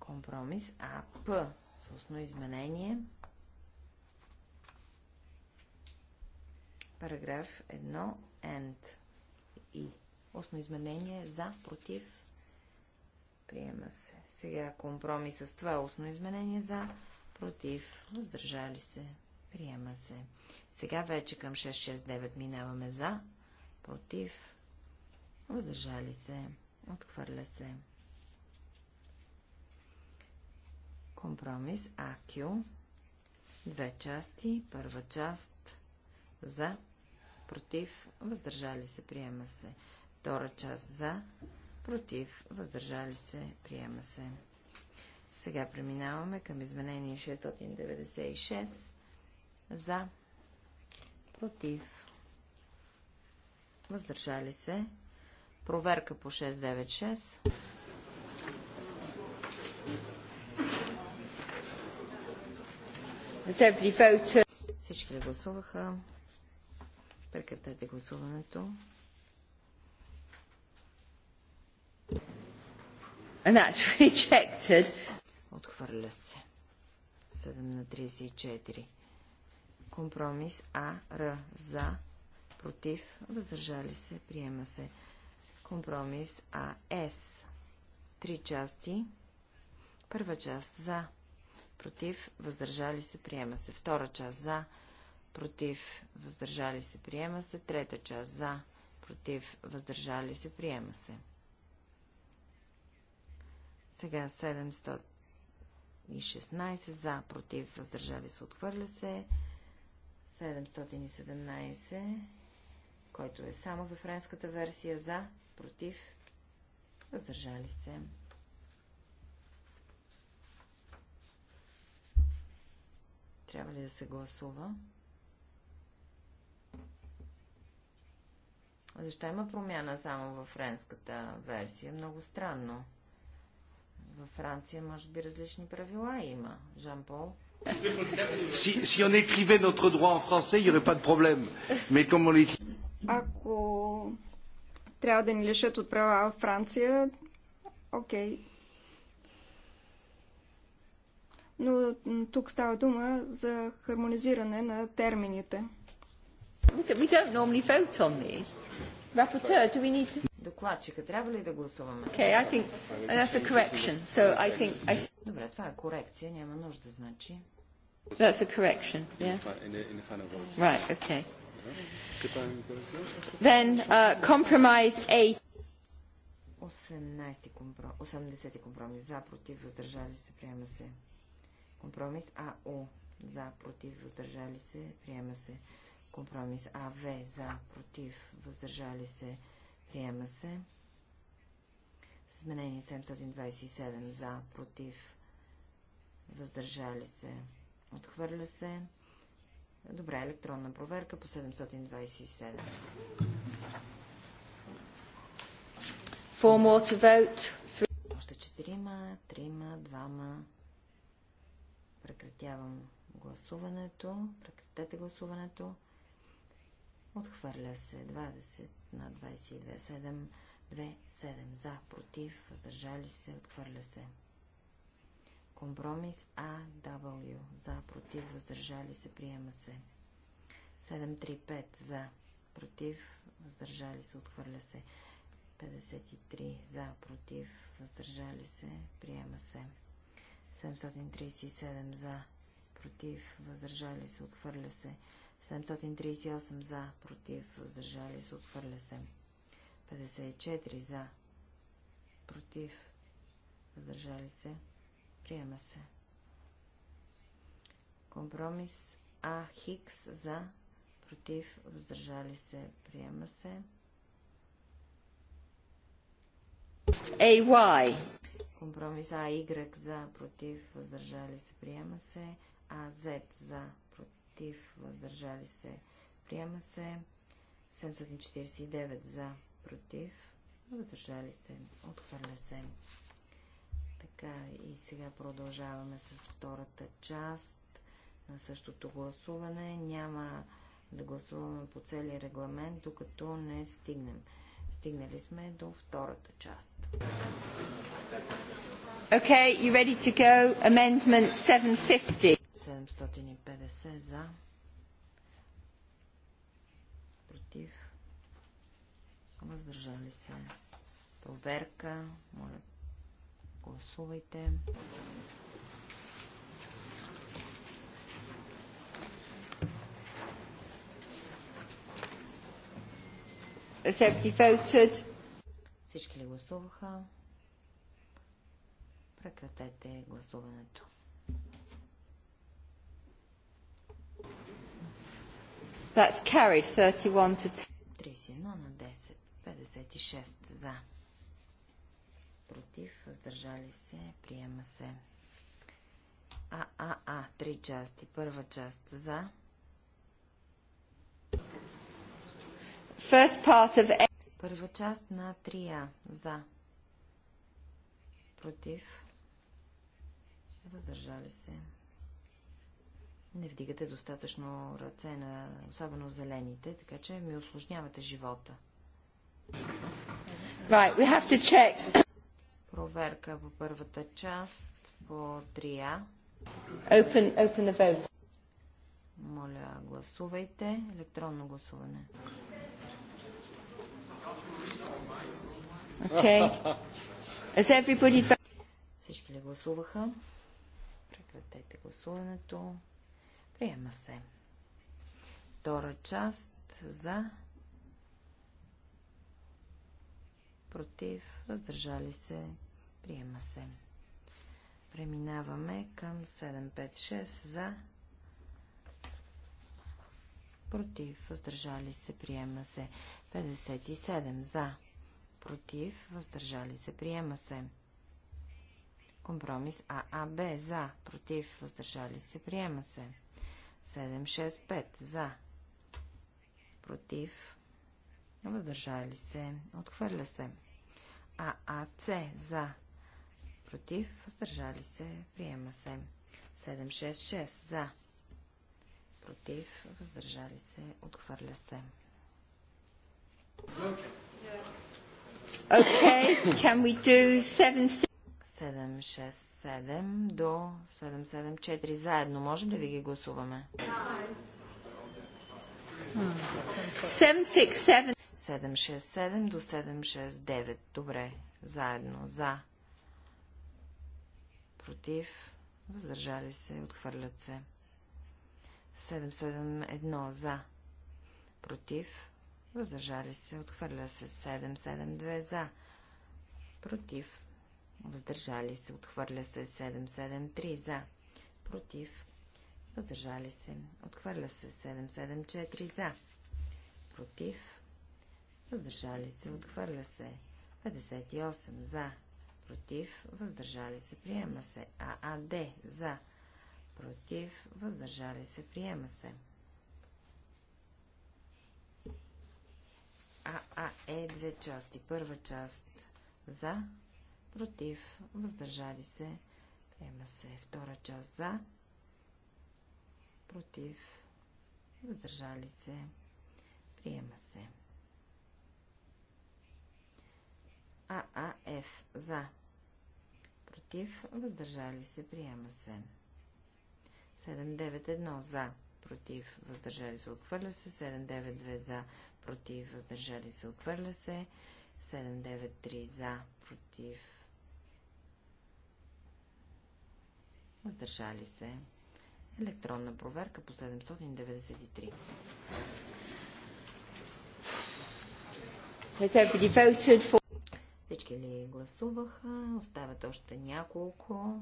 Компромис АП с изменение Параграф 1 and и. Осно изменение за, против, приема се. Сега компромис с това устно изменение за, против, въздържали се, приема се. Сега вече към 669 минаваме за, против, въздържали се, отхвърля се. Компромис АКЮ. Две части. Първа част за, против, въздържали се, приема се. Втора част за, против, въздържали се, приема се. Сега преминаваме към изменение 696 за, против, въздържали се. Проверка по 696. Всички ли гласуваха? Прекратете гласуването. And that's <laughs> rejected. Отхвърля се. 7 на 34. Компромис А, Р, за, против, въздържали се, приема се. Компромис А, С. Три части. Първа част за, против, въздържали се, приема се. Втора част за, против, против, въздържали се, приема се. Трета част за, против, въздържали се, приема се. Сега 716 за, против, въздържали се, отхвърля се. 717, който е само за френската версия, за, против, въздържали се. Трябва ли да се гласува? Защо има промяна само във френската версия? Много странно. Във Франция, може би, различни правила има. Жан-Пол? Si, si on écrivait notre droit en français, il n'y aurait pas de problème. Mais comme on Ако трябва да ни лишат от права в Франция, окей. Okay. Но тук става дума за хармонизиране на термините. We don't normally vote on these. Rapporteur, do we need to... Докладчика, трябва ли да гласуваме? Okay, I think that's a correction. So I think... I... Добре, това е корекция, няма нужда, значи. That's a correction, yeah? Right, okay. Uh-huh. Then uh, compromise 18 компромис за, против, въздържали се, приема се. Компромис АО за, против, въздържали се, приема се. Компромис АВ за, против, въздържали се, приема се. сменение 727 за, против, въздържали се, отхвърля се. Добре, електронна проверка по 727. Four more to vote. Още четирима, трима, двама. Прекратявам гласуването. Прекратете гласуването. Отхвърля се 20 на 22, 7, 2, 7 за, против, въздържали се, отхвърля се. Компромис А, W, за, против, въздържали се, приема се. 735 за, против, въздържали се, отхвърля се. 53 за, против, въздържали се, приема се. 737 за, против, въздържали се, отхвърля се. 738 за, против, въздържали се, отхвърля се. 54 за, против, въздържали се, приема се. Компромис А Хикс за, против, въздържали се, приема се. AY. Е, Компромис А Y за, против, въздържали се, приема се. А Z за, против, въздържали се, приема се. 749 за, против, въздържали се, отхвърля се. Така и сега продължаваме с втората част на същото гласуване. Няма да гласуваме по целия регламент, докато не стигнем. Стигнали сме до втората част. Okay, you ready to go? Amendment 750. 750 за, против, въздържали се. Проверка, моля, гласувайте. Всички ли гласуваха? Прекратете гласуването. That's carried 31 to 10. 31 на 10. 56 за. Против, въздържали се, приема се. А, а, а, три части. Първа част за. First part of A. Първа част на 3А. За. Против. Въздържали се не вдигате достатъчно ръце на, особено зелените, така че ми осложнявате живота. Right, we have to check. Проверка по първата част по 3А. Open, open the vote. Моля, гласувайте. Електронно гласуване. Okay. Is everybody... Всички ли гласуваха? Прекратете гласуването. Приема се. Втора част за. Против. Въздържали се. Приема се. Преминаваме към 756 за. Против. Въздържали се. Приема се. 57 за. Против. Въздържали се. Приема се. Компромис ААБ за. Против. Въздържали се. Приема се. 765 за. Против. Въздържали се. Отхвърля се. ААЦ за. Против. Въздържали се. Приема се. 766 за. Против. Въздържали се. Отхвърля се. Okay, can we do 7 767 до 774 заедно. Можем ли ви ги гласуваме? 767. 767 до 769. Добре. Заедно. За. Против. Въздържали се. Отхвърлят се. 771. За. Против. Въздържали се. Отхвърля се. 772. За. Против въздържали се, отхвърля се 773 за, против, въздържали се, отхвърля се 774 за, против, въздържали се, отхвърля се 58 за, против, въздържали се, приема се ААД за, против, въздържали се, приема се. ААЕ две части. Първа част за, против, въздържали се, приема се втора част за, против, въздържали се, приема се. ААФ за, против, въздържали се, приема се. 791 за, против, въздържали се, отхвърля се, 792 за, против, въздържали се, отхвърля се, 793 за, против, въздържали се. Електронна проверка по 793. Всички ли гласуваха? Остават още няколко.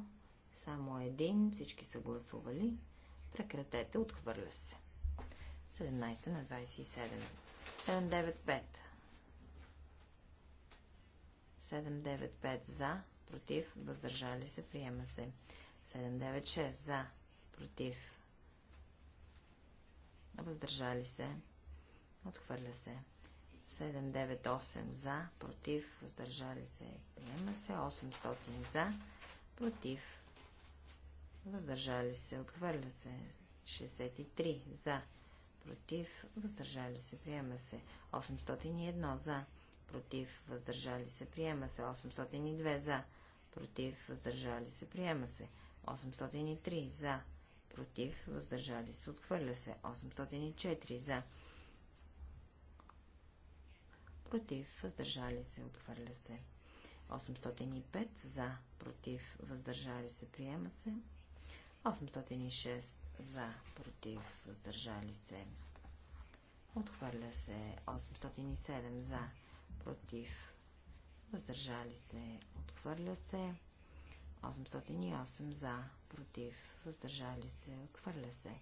Само един. Всички са гласували. Прекратете. Отхвърля се. 17 на 27. 795. 795 за, против, въздържали се, приема се. 796 за, против, въздържали се, отхвърля се. 798 за, против, въздържали се, приема се. 800 за, против, въздържали се, отхвърля се. 63 за, против, въздържали се, приема се. 801 за, против, въздържали се, приема се. 802 за, против, въздържали се, приема се. 803 за, против, въздържали се, отхвърля се. 804 за, против, въздържали се, отхвърля се. 805 за, против, въздържали се, приема се. 806 за, против, въздържали се, отхвърля се. 807 за, против, въздържали се, отхвърля се. 808 за, против, въздържали се, отхвърля се.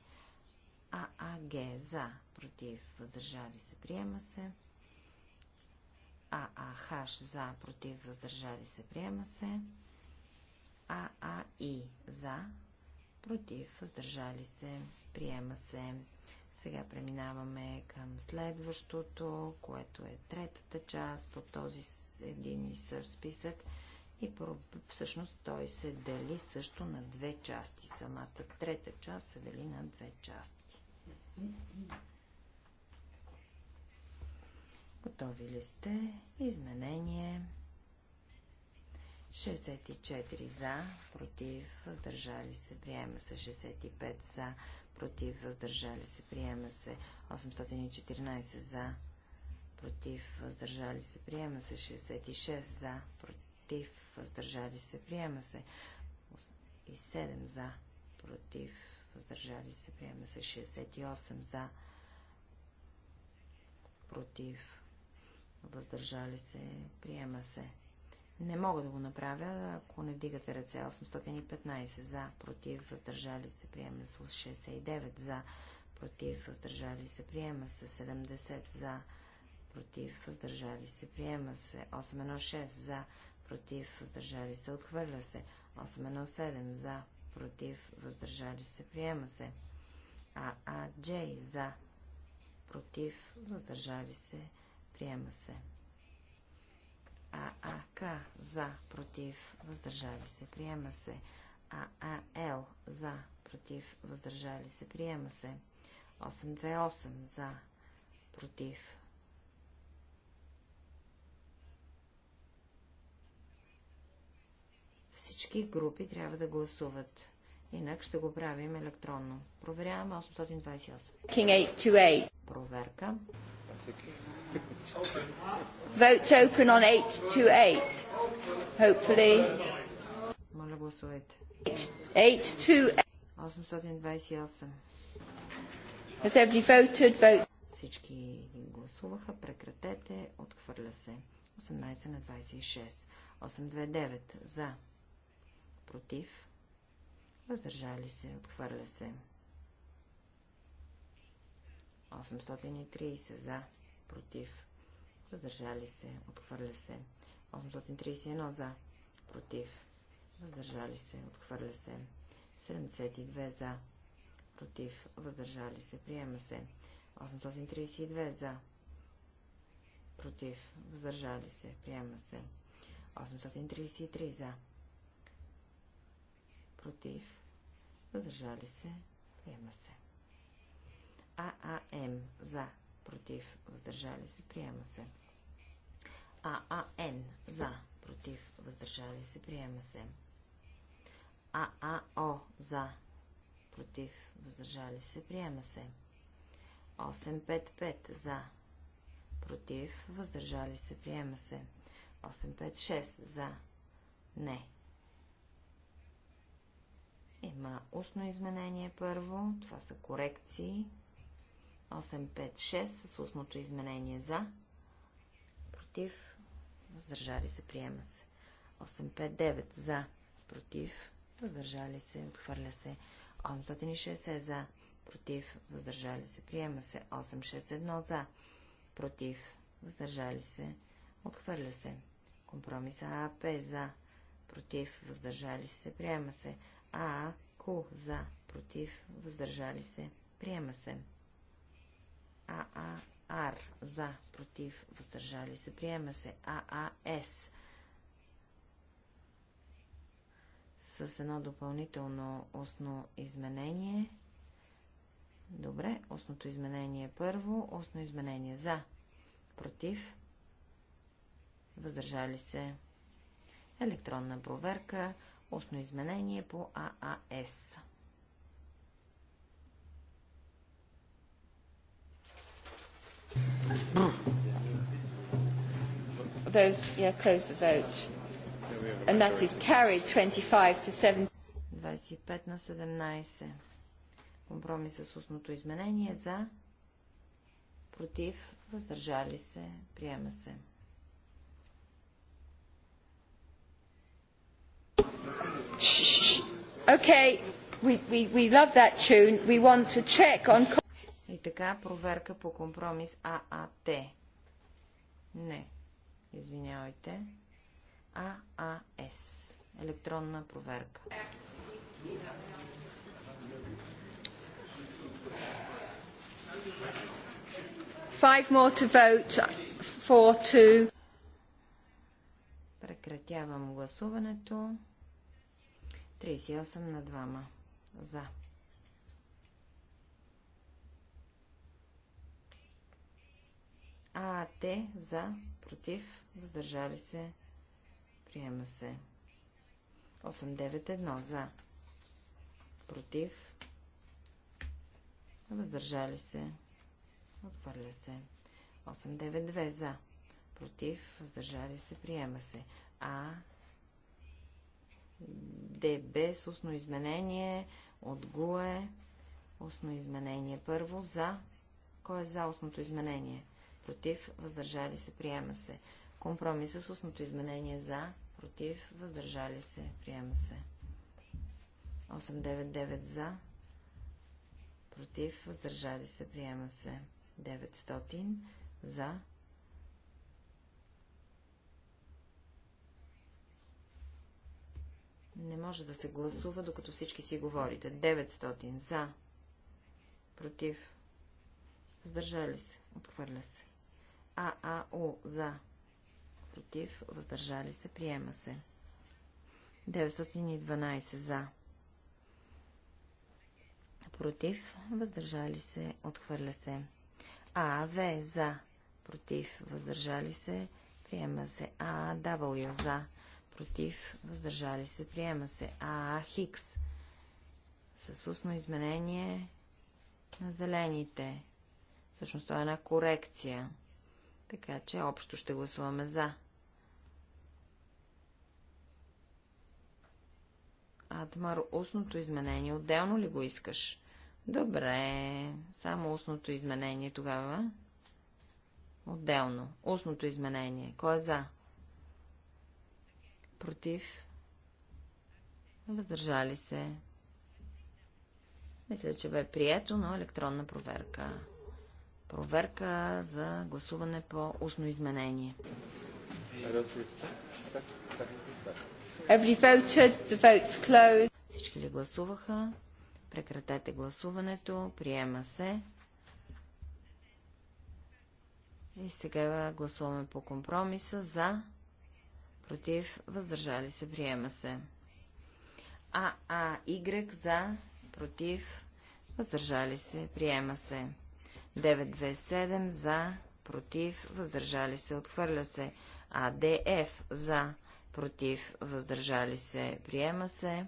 ААГ за, против, въздържали се, приема се. ААХ за, против, въздържали се, приема се. ААИ за, против, въздържали се, приема се. Сега преминаваме към следващото, което е третата част от този един и същ списък – и всъщност той се дели също на две части. Самата трета част се дели на две части. Готови ли сте? Изменение 64 за, против, въздържали се, приема се 65 за, против, въздържали се, приема се 814 за, против, въздържали се, приема се 66 за, против против, въздържали се, приема се. И 7 за, против, въздържали се, приема се. 68 за, против, въздържали се, приема се. Не мога да го направя, ако не вдигате ръце. 815 за, против, въздържали се, приема се. 69 за, против, въздържали се, приема се. 70 за, против, въздържали се, приема се. 816 за, против, въздържали се, отхвърля се. 7, за, против, въздържали се, приема се. А А Дж за, против, въздържали се, приема се. А А К за, против, въздържали се, приема се. А А Л за, против, въздържали се, приема се. 828 за, против, Всички групи трябва да гласуват. Инак ще го правим електронно. Проверяваме 828. King 828. Проверка. Votes open on 828. Hopefully. Моля гласувайте. 828. 828. Has every voted vote? Всички гласуваха. Прекратете. Отхвърля се. 18 на 26. 829. За против, въздържали се, отхвърля се. 830 за, против, въздържали се, отхвърля се. 831 за, против, въздържали се, отхвърля се. 72 за, против, въздържали се, приема се. 832 за, против, въздържали се, приема се. 833 за, против, въздържали се, приема се. ААМ за, против, въздържали се, приема се. ААН за, против, въздържали се, приема се. ААО за, против, въздържали се, приема се. 855 за, против, въздържали се, приема се. 856 за, не, има устно изменение първо. Това са корекции. 856 с устното изменение за. Против. Въздържали се. Приема се. 859 за. Против. Въздържали се. Отхвърля се. 860 е за. Против. Въздържали се. Приема се. 861 за. Против. Въздържали се. Отхвърля се. Компромиса АП за. Против. Въздържали се. Приема се. А, ку, за, против, въздържали се, приема се. А, а, ар, за, против, въздържали се, приема се. А, а, с, с едно допълнително устно изменение. Добре, устното изменение е първо, устно изменение за, против, въздържали се. Електронна проверка Устно изменение по ААС. Those, yeah, close the vote. And that is carried 25 to 7. 25 на 17. Компромис с устното изменение за, против, въздържали се, приема се. Okay, we, we, we love that tune. We want to check on... И така, проверка по компромис ААТ. Не, извинявайте. ААС. Електронна проверка. Five more to vote. Four two. Прекратявам гласуването. 38 на двама. За. А, Т за, против, въздържали се, приема се. 891 за, против, въздържали се, отхвърля се. 892 за, против, въздържали се, приема се. А, ДБ с устно изменение от ГУЕ. Устно изменение първо за. Кой е за устното изменение? Против, въздържали се, приема се. Компромиса с устното изменение за. Против, въздържали се, приема се. 899 за. Против, въздържали се, приема се. 900 за Не може да се гласува, докато всички си говорите. 900 за, против, въздържали се, отхвърля се. ААУ за, против, въздържали се, приема се. 912 за, против, въздържали се, отхвърля се. АВ за, против, въздържали се, приема се. АВ за, против, въздържали се, приема се. А, Хикс с устно изменение на зелените. Всъщност това е една корекция. Така че общо ще гласуваме за. Адмар, устното изменение, отделно ли го искаш? Добре, само устното изменение тогава. Отделно. Устното изменение. Кой е за? против, въздържали се. Мисля, че бе прието, но електронна проверка. Проверка за гласуване по устно изменение. Всички ли гласуваха? Прекратете гласуването. Приема се. И сега гласуваме по компромиса за, против, въздържали се, приема се. А, А, Y за, против, въздържали се, приема се. 927 за, против, въздържали се, отхвърля се. А, Д, Ф за, против, въздържали се, приема се.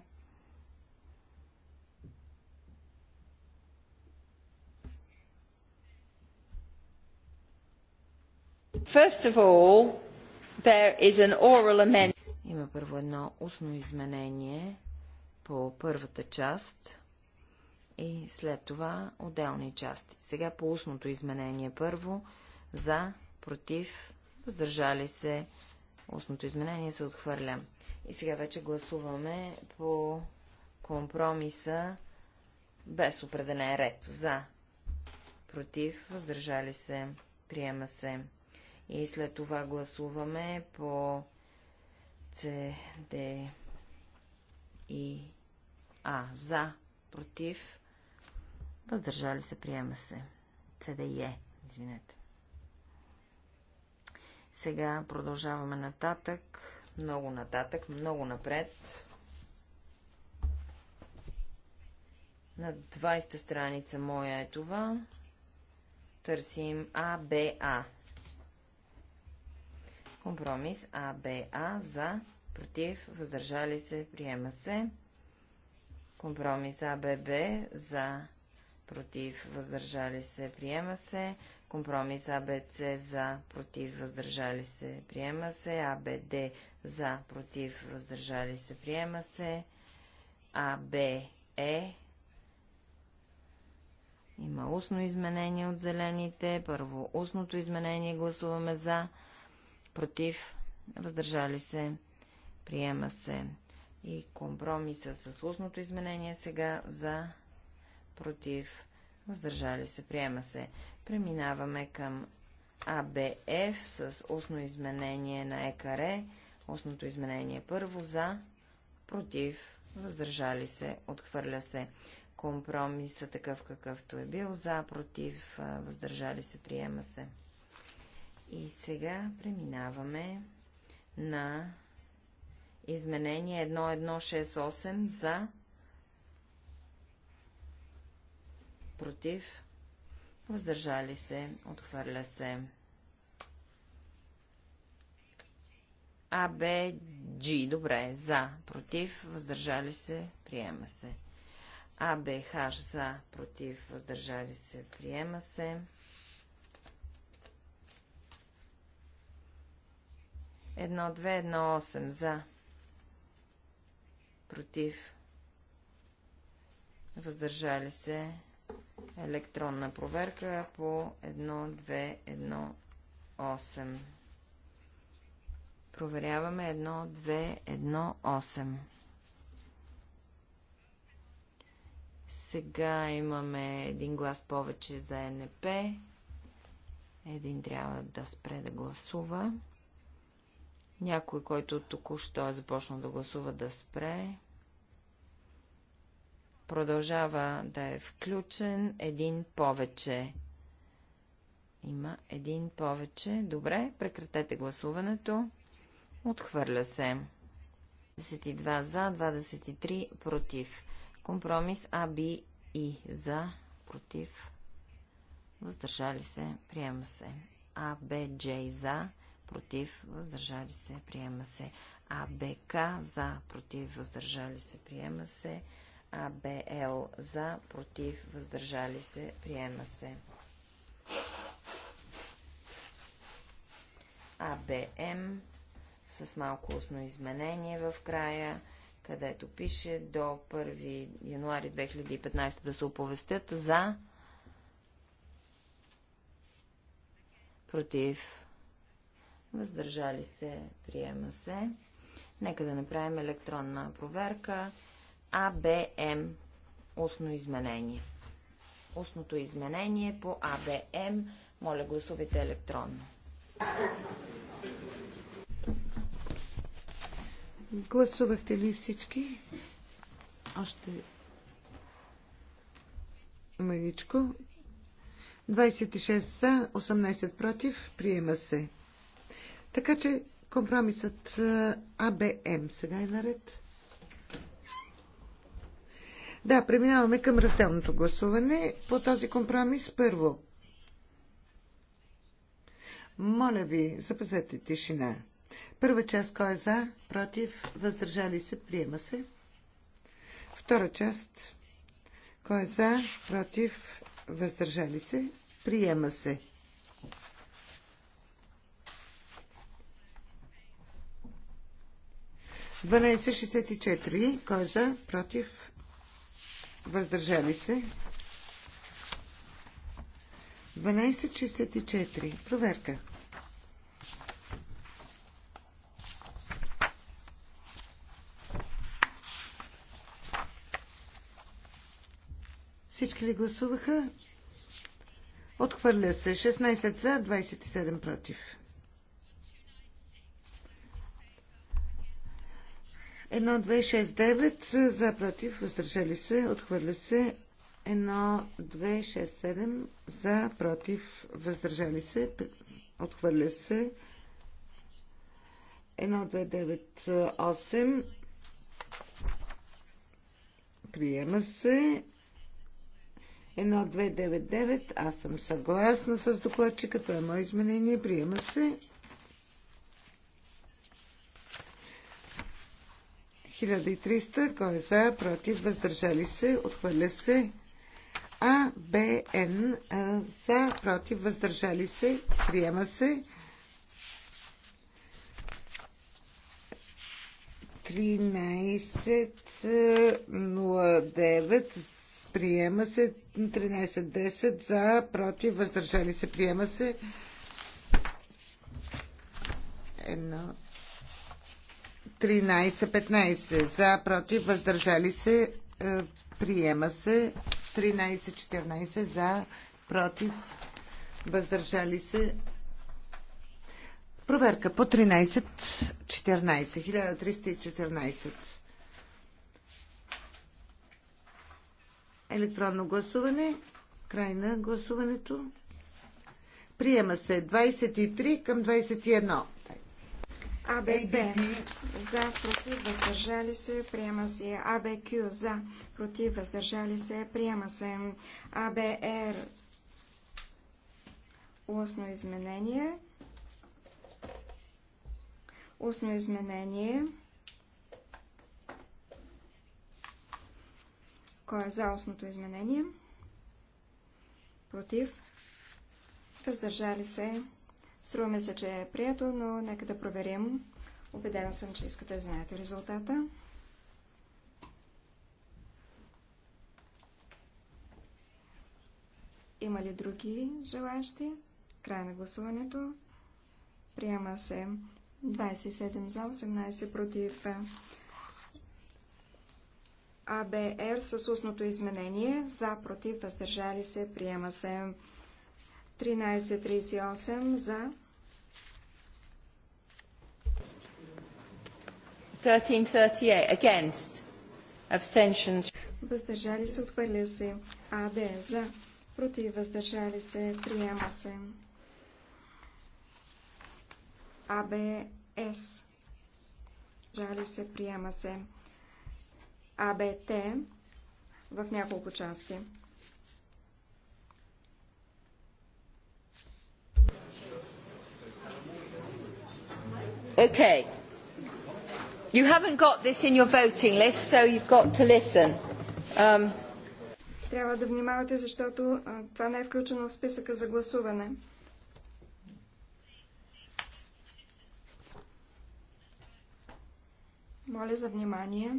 First of all, има първо едно устно изменение по първата част и след това отделни части. Сега по устното изменение първо за, против, въздържали се, устното изменение се отхвърля. И сега вече гласуваме по компромиса без определен ред. За, против, въздържали се, приема се и след това гласуваме по C, D и А. За, против, въздържали се, приема се. C, D и E, извинете. Сега продължаваме нататък, много нататък, много напред. На 20-та страница моя е това. Търсим А, Б, А. Компромис АБА за, против, въздържали се, приема се. Компромис АББ за, против, въздържали се, приема се. Компромис АБЦ за, против, въздържали се, приема се. АБД за, против, въздържали се, приема се. АБЕ има устно изменение от зелените. Първо устното изменение гласуваме за, против, въздържали се, приема се. И компромиса с устното изменение сега за, против, въздържали се, приема се. Преминаваме към АБФ с устно изменение на ЕКАРЕ. Устното изменение първо за, против, въздържали се, отхвърля се. Компромиса такъв какъвто е бил за, против, въздържали се, приема се. И сега преминаваме на изменение 1168 за против, въздържали се, отхвърля се. А, Б, Г, добре, за, против, въздържали се, приема се. А, Б, Х, за, против, въздържали се, приема се. Едно, две, 1218 за. Против. Въздържали се. Електронна проверка по 1218. Проверяваме 1218. Сега имаме един глас повече за НП. Един трябва да спре да гласува. Някой, който току-що е започнал да гласува, да спре. Продължава да е включен един повече. Има един повече. Добре, прекратете гласуването. Отхвърля се. 22 за, 23 против. Компромис А, Б и за, против. Въздържали се, приема се. А, Б, Дж за, против, въздържали се, приема се. АБК за, против, въздържали се, приема се. АБЛ за, против, въздържали се, приема се. АБМ с малко устно изменение в края, където пише до 1 януари 2015 да се оповестят за, против, въздържали се, приема се. Нека да направим електронна проверка. АБМ устно изменение. Устното изменение по АБМ. Моля, гласувайте електронно. Гласувахте ли всички? Още маличко. 26 са, 18 против. Приема се. Така че компромисът АБМ сега е наред. Да, преминаваме към разделното гласуване. По този компромис първо. Моля ви, запазете тишина. Първа част, кой е за, против, въздържали се, приема се. Втора част, кой е за, против, въздържали се, приема се. 1264. Кой е за? Против? Въздържали се? 1264. Проверка. Всички ли гласуваха? Отхвърля се 16 за, 27 против. Едно 2 за против, въздържали се, отхвърля се. Едно 2 за против, въздържали се, отхвърля се. Едно 2 приема се. Едно 2 аз съм съгласна с докладчика, това е мое изменение, приема се. 1300, кой е за, против, въздържали се, отхвърля се. А, Б, Н, за, против, въздържали се, приема се. 1309 приема се 13.10 10 за, против, въздържали се, приема се едно, 13-15 за, против, въздържали се, е, приема се. 13-14 за, против, въздържали се. Проверка по 13-14. 1314. Електронно гласуване. Край на гласуването. Приема се 23 към 21. АББ за против въздържали се приема се. АБК за против въздържали се приема се. АБР устно изменение. Устно изменение. Кой е за устното изменение? Против. Въздържали се. Струва ми се, че е прието, но нека да проверим. Обедена съм, че искате да знаете резултата. Има ли други желащи? Край на гласуването. Приема се 27 за, 18 против. АБР с устното изменение. За, против, въздържали се. Приема се. 13.38 за. 13.38 against. Abstentions. Въздържали се, отхвърля се. АД за. Против, въздържали се, приема се. АБС. Жали се, приема се. АБТ в няколко части. Okay. You haven't got this in your voting list, so you've got to listen. Um... Трябва да внимавате, защото а, това не е включено в списъка за гласуване. Моля за внимание.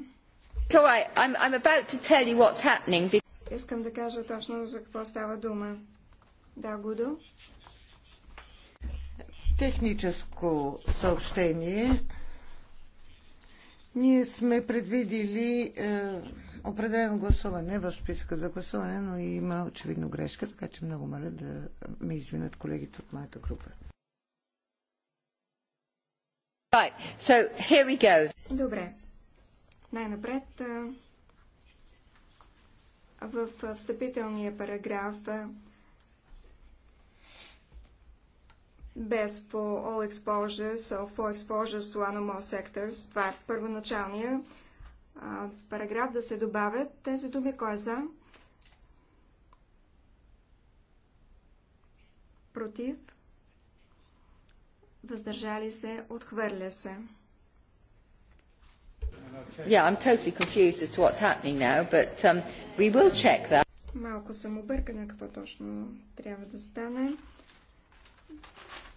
So I, I'm, I'm about to tell you what's happening. Искам да кажа точно за какво става дума. Да, Гудо техническо съобщение. Ние сме предвидили е, определено гласуване в списъка за гласуване, но има очевидно грешка, така че много моля да ме извинят колегите от моята група. Right. So, here we go. Добре. Най-напред е, в встъпителния параграф е, без по all exposures or for exposures to one or more sectors. Това е първоначалния параграф да се добавят тези думи. Кой е за? Против? Въздържали се? Отхвърля се. Yeah, I'm totally confused as to what's happening now, but um, we will check that. Малко съм объркана какво точно трябва да стане.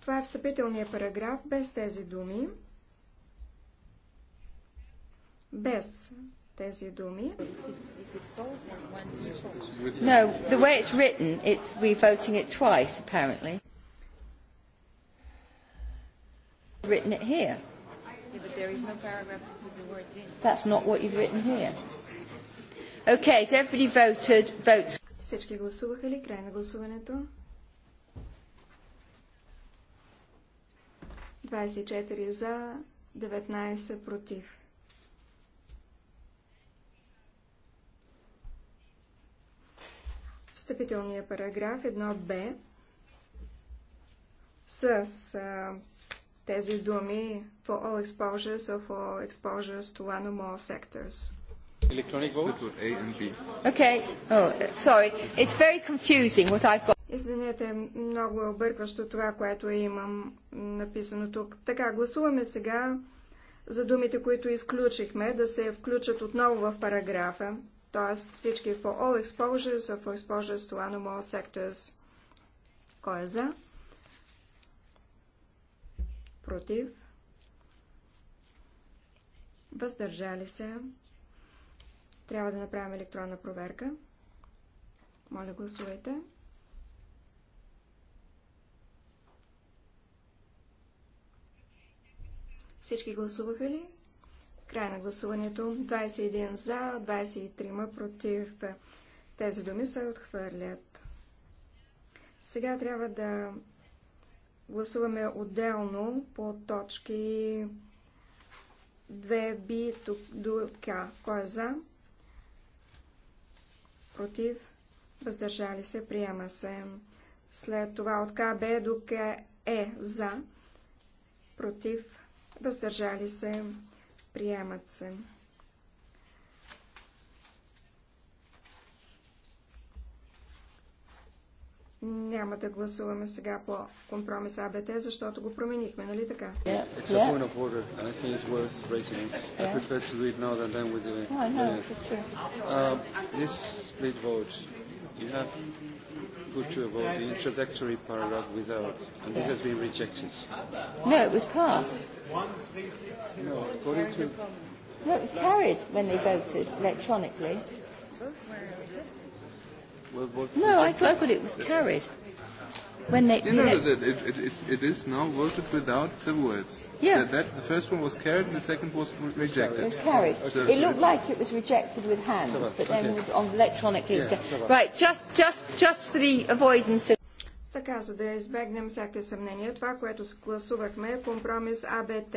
Това е встъпителният параграф без тези думи. Без тези думи. No, the way it's written, it's we're voting it twice, apparently. Written it here. but there is no paragraph to put the words in. That's not what you've written here. Okay, so everybody voted, votes. Всички гласуваха ли край на гласуването? 24 за, 19 против. Встъпителния параграф 1б с а, тези думи for all exposures or for exposures to one or more sectors. Electronic vote? A and B. Okay. Oh, sorry. It's very confusing what I've got. Извинете, много е объркващо това, което имам написано тук. Така, гласуваме сега за думите, които изключихме, да се включат отново в параграфа. Тоест всички for all exposures for exposures to animal sectors. Кой е за? Против? Въздържали се? Трябва да направим електронна проверка. Моля, гласувайте. Всички гласуваха ли? Край на гласуването. 21 за, 23 против. Тези думи се отхвърлят. Сега трябва да гласуваме отделно по точки 2b до к. Кой е за? Против? Въздържали се? Приема се. След това от КБ до е за, против, Въздържали се, приемат се. Няма да гласуваме сега по компромис АБТ, защото го променихме, нали така? Yeah able to avoid the introductory paragraph without, and this has been rejected. No, it was passed. No, according to... No, it was carried when they voted electronically. No, I thought, I thought it was carried. When they, no, no, no, it, it, it, it is now voted without the words. Yeah. That, that, the first one was carried and the second was rejected. It was carried. So, it looked like it was rejected with hands, sure. but then okay. on electronically. Yeah. Sure. Right, just, just, just for the avoidance of... Така, за да избегнем всякакви съмнения, това, което гласувахме е компромис АБТ.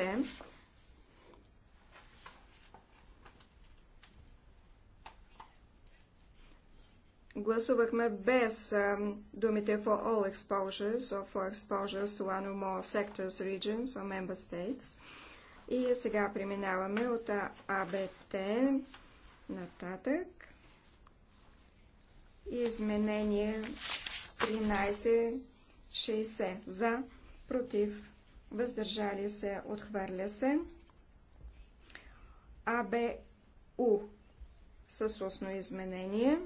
гласувахме без думите for all exposures or for exposures to one or more sectors, regions or member states. И сега преминаваме от АБТ нататък. Изменение 1360 за, против, въздържали се, отхвърля се. АБУ с устно изменение.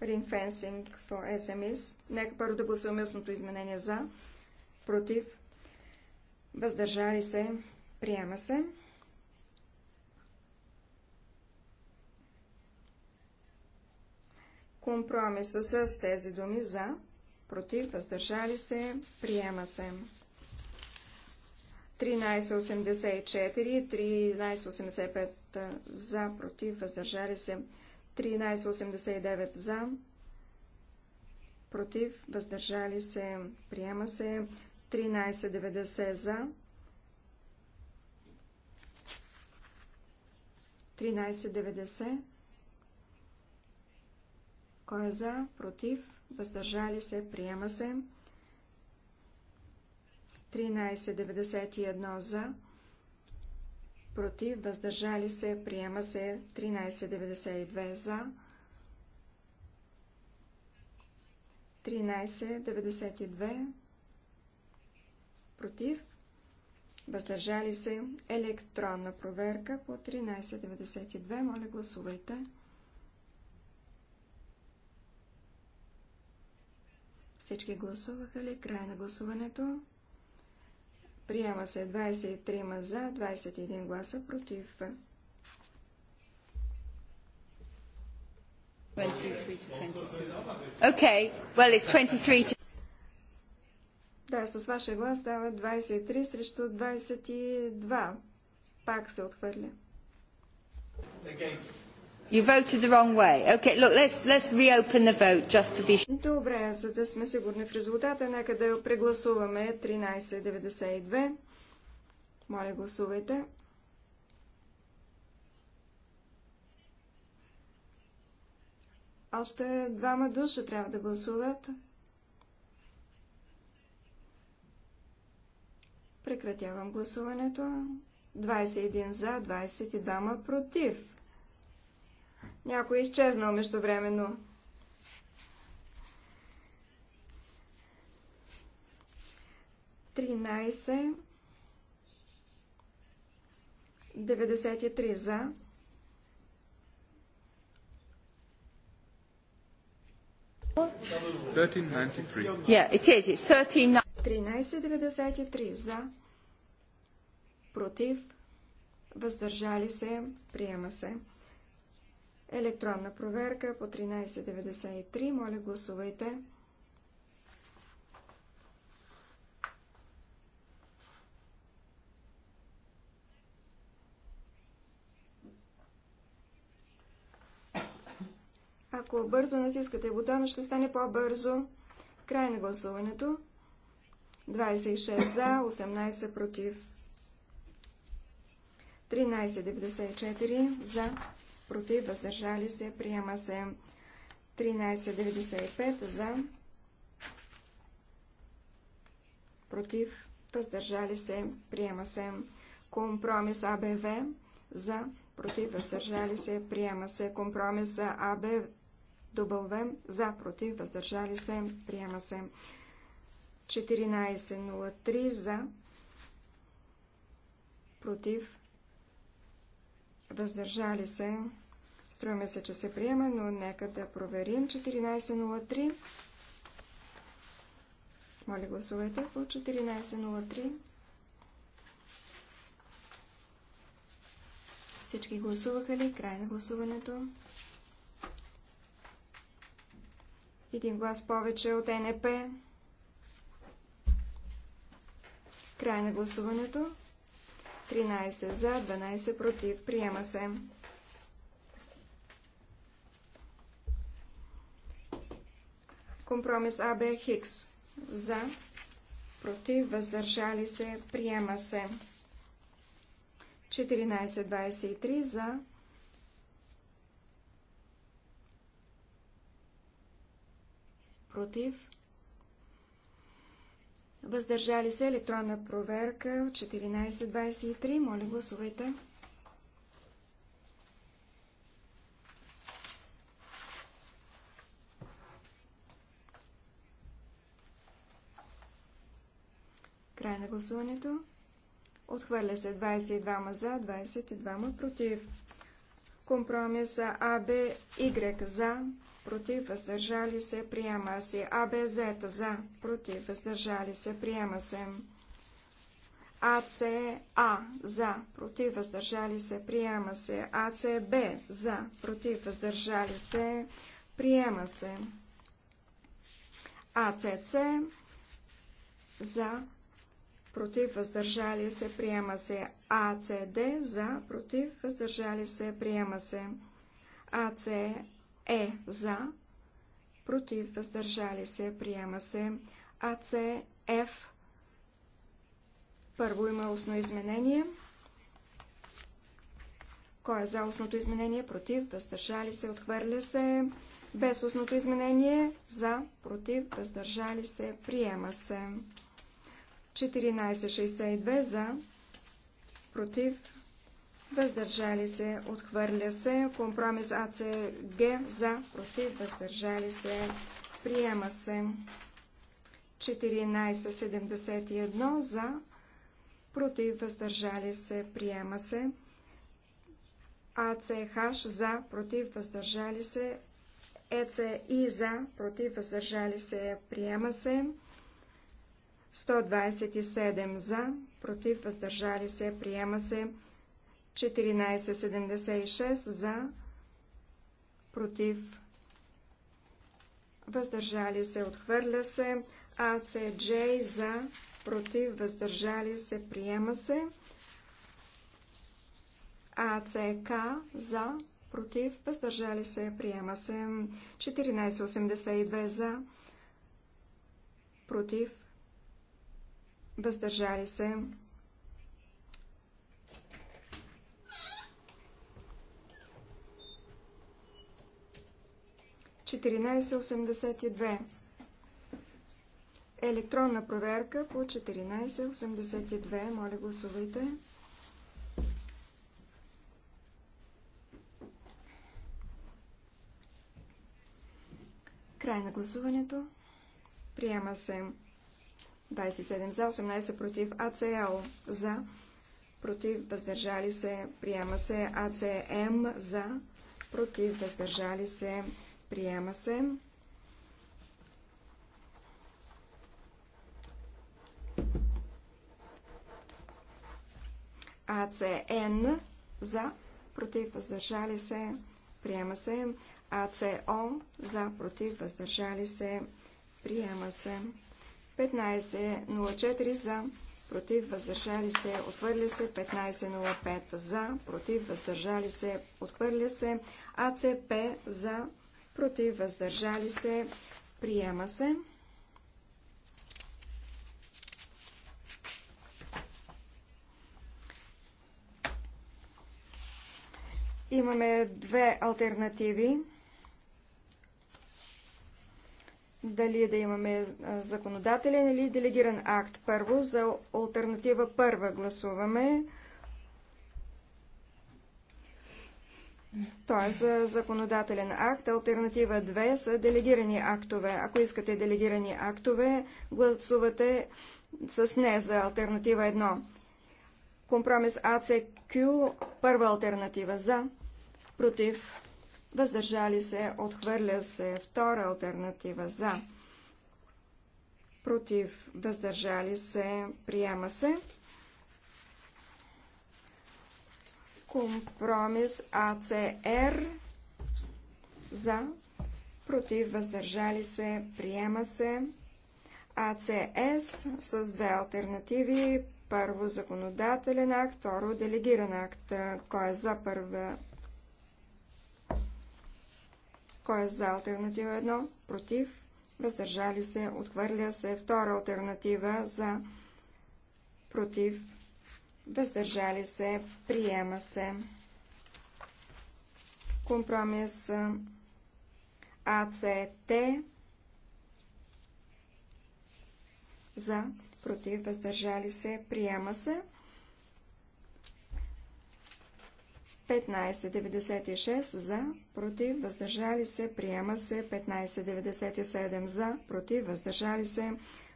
Ring Fencing for SMEs. Нека първо да гласуваме устното изменение за, против, въздържали се, приема се. Компромиса с тези думи за, против, въздържали се, приема се. 1384 и 1385 за, против, въздържали се, приема се. 1389 за, против, въздържали се, приема се, 1390 за, 1390, кой е за, против, въздържали се, приема се, 1391 за, против, въздържали се, приема се 1392 за, 1392 против, въздържали се, електронна проверка по 1392, моля гласувайте. Всички гласуваха ли? Край на гласуването. Приема се 23 за, 21 гласа против. okay. well, 23 Да, с ваша глас става 23 срещу 22. Пак се отхвърля. You voted the wrong way. Okay, look, let's, let's reopen the vote just to be Добре, за да сме сигурни в резултата, нека да прегласуваме 1392. Моля, гласувайте. Още двама души трябва да гласуват. Прекратявам гласуването. 21 за, 22 против. Някой е изчезнал междувременно. Тринайсе. 93 за. Yeah, it is. It's 13... 1393 за. Против. Въздържали се. Приема се. Електронна проверка по 1393. Моля, гласувайте. Ако бързо натискате бутона, ще стане по-бързо. Край на гласуването. 26 за, 18 против. 13.94 за против, въздържали се, приема се 1395 за, против, въздържали се, приема се компромис АБВ за, против, въздържали се, приема се компромис АБВ за, против, въздържали се, приема се 1403 за, против, въздържали се. Струваме се, че се приема, но нека да проверим. 14.03. Моля, гласувайте по 14.03. Всички гласуваха ли? Край на гласуването. Един глас повече от НП. Край на гласуването. 13 за, 12 против. Приема се. Компромис АБ Хикс. За, против, въздържали се, приема се. 14-23 за, против, Въздържали се електронна проверка 1423. Моля, гласувайте. Край на гласуването. Отхвърля се 22 за, 22 против. Компромис АБ, Y за, против, въздържали се, приема се. АБЗ за, против, въздържали се, приема се. АЦА за, против, въздържали се, приема се. АЦБ за, против, въздържали се, приема се. АЦЦ за, против, въздържали се, приема се. АЦД за, против, въздържали се, приема се. АЦЕ за, против, въздържали се, приема се. АЦФ първо има устно изменение. Кой е за устното изменение? Против, въздържали се, отхвърля се. Без устното изменение, за, против, въздържали се, приема се. 1462 за, против, въздържали се, отхвърля се, компромис АЦГ за, против, въздържали се, приема се. 1471 за, против, въздържали се, приема се. АЦХ за, против, въздържали се, ЕЦИ за, против, въздържали се, приема се. 127 за, против, въздържали се, приема се 1476 за, против, въздържали се, отхвърля се, ACJ за, против, въздържали се, приема се, АЦК за, против, въздържали се, приема се, 1482 за, против, въздържали се. Четиринайсет Електронна проверка по 1482. Моля, гласувайте. Край на гласуването. Приема се 27 за, 18 против, АЦЛ за, против, въздържали се, приема се, АЦМ за, против, въздържали се, приема се. АЦН за, против, въздържали се, приема се. АЦО за, против, въздържали се, приема се. 15.04 за, против, въздържали се, отхвърля се, 15.05 за, против, въздържали се, отхвърля се, АЦП за, против, въздържали се, приема се. Имаме две альтернативи. дали да имаме законодателен или делегиран акт. Първо, за альтернатива първа гласуваме. е за законодателен акт, альтернатива 2 са делегирани актове. Ако искате делегирани актове, гласувате с не за альтернатива 1. Компромис АЦК, първа альтернатива за, против, въздържали се, отхвърля се. Втора альтернатива за, против, въздържали се, приема се. Компромис АЦР за, против, въздържали се, приема се. АЦС с две альтернативи. Първо законодателен акт, второ делегиран акт. Кой е за първа кой е за альтернатива 1? Против. Въздържали се. Отхвърля се. Втора альтернатива за. Против. Въздържали се. Приема се. Компромис АЦТ за. Против. Въздържали се. Приема се. 1596 за, против, въздържали се, приема се. 1597 за, против, въздържали се,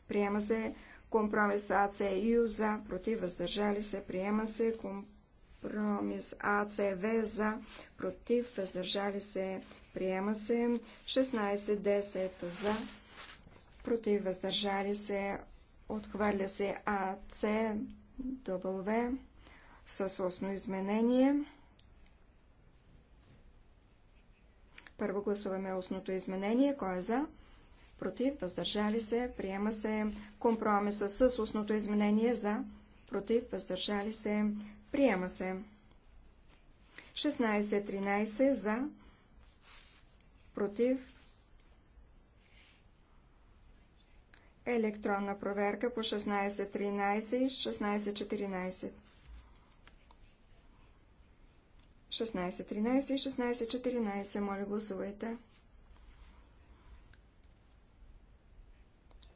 приема се. Компромис АЦЮ за, против, въздържали се, приема се. Компромис АЦВ за, против, въздържали се, приема се. 1610 за, против, въздържали се, отхвърля се АЦВ, с осно изменение. Първо гласуваме устното изменение. Кой е за? Против. Въздържали се. Приема се компромиса с устното изменение. За. Против. Въздържали се. Приема се. 16-13 за. Против. Електронна проверка по 16-13 и 16-14. 16.13 и 16.14. Моля, гласувайте.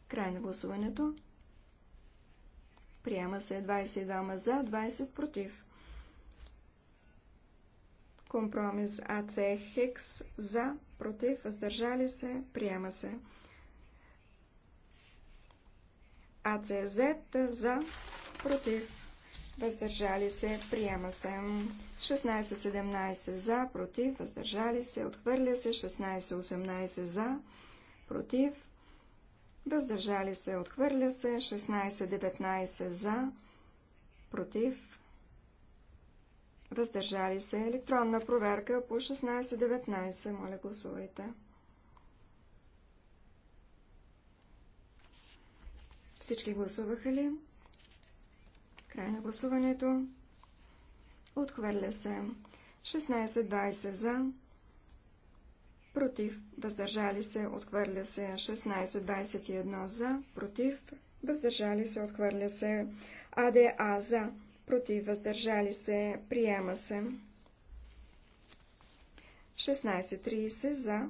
Край на гласуването. Приема се 22 за, 20 против. Компромис АЦ Хикс за, против, въздържали се, приема се. АЦЗ за, против, въздържали се, приема се. 16-17 за, против, въздържали се, отхвърля се, 16-18 за, против, въздържали се, отхвърля се, 16-19 за, против, въздържали се, електронна проверка по 16-19, моля гласувайте. Всички гласуваха ли? Край на гласуването. Отхвърля се. 16-20 за. Против. Въздържали се. Отхвърля се. 16-21 за. Против. Въздържали се. Отхвърля се. АДА за. Против. Въздържали се. Приема се. 16, 16-30 за.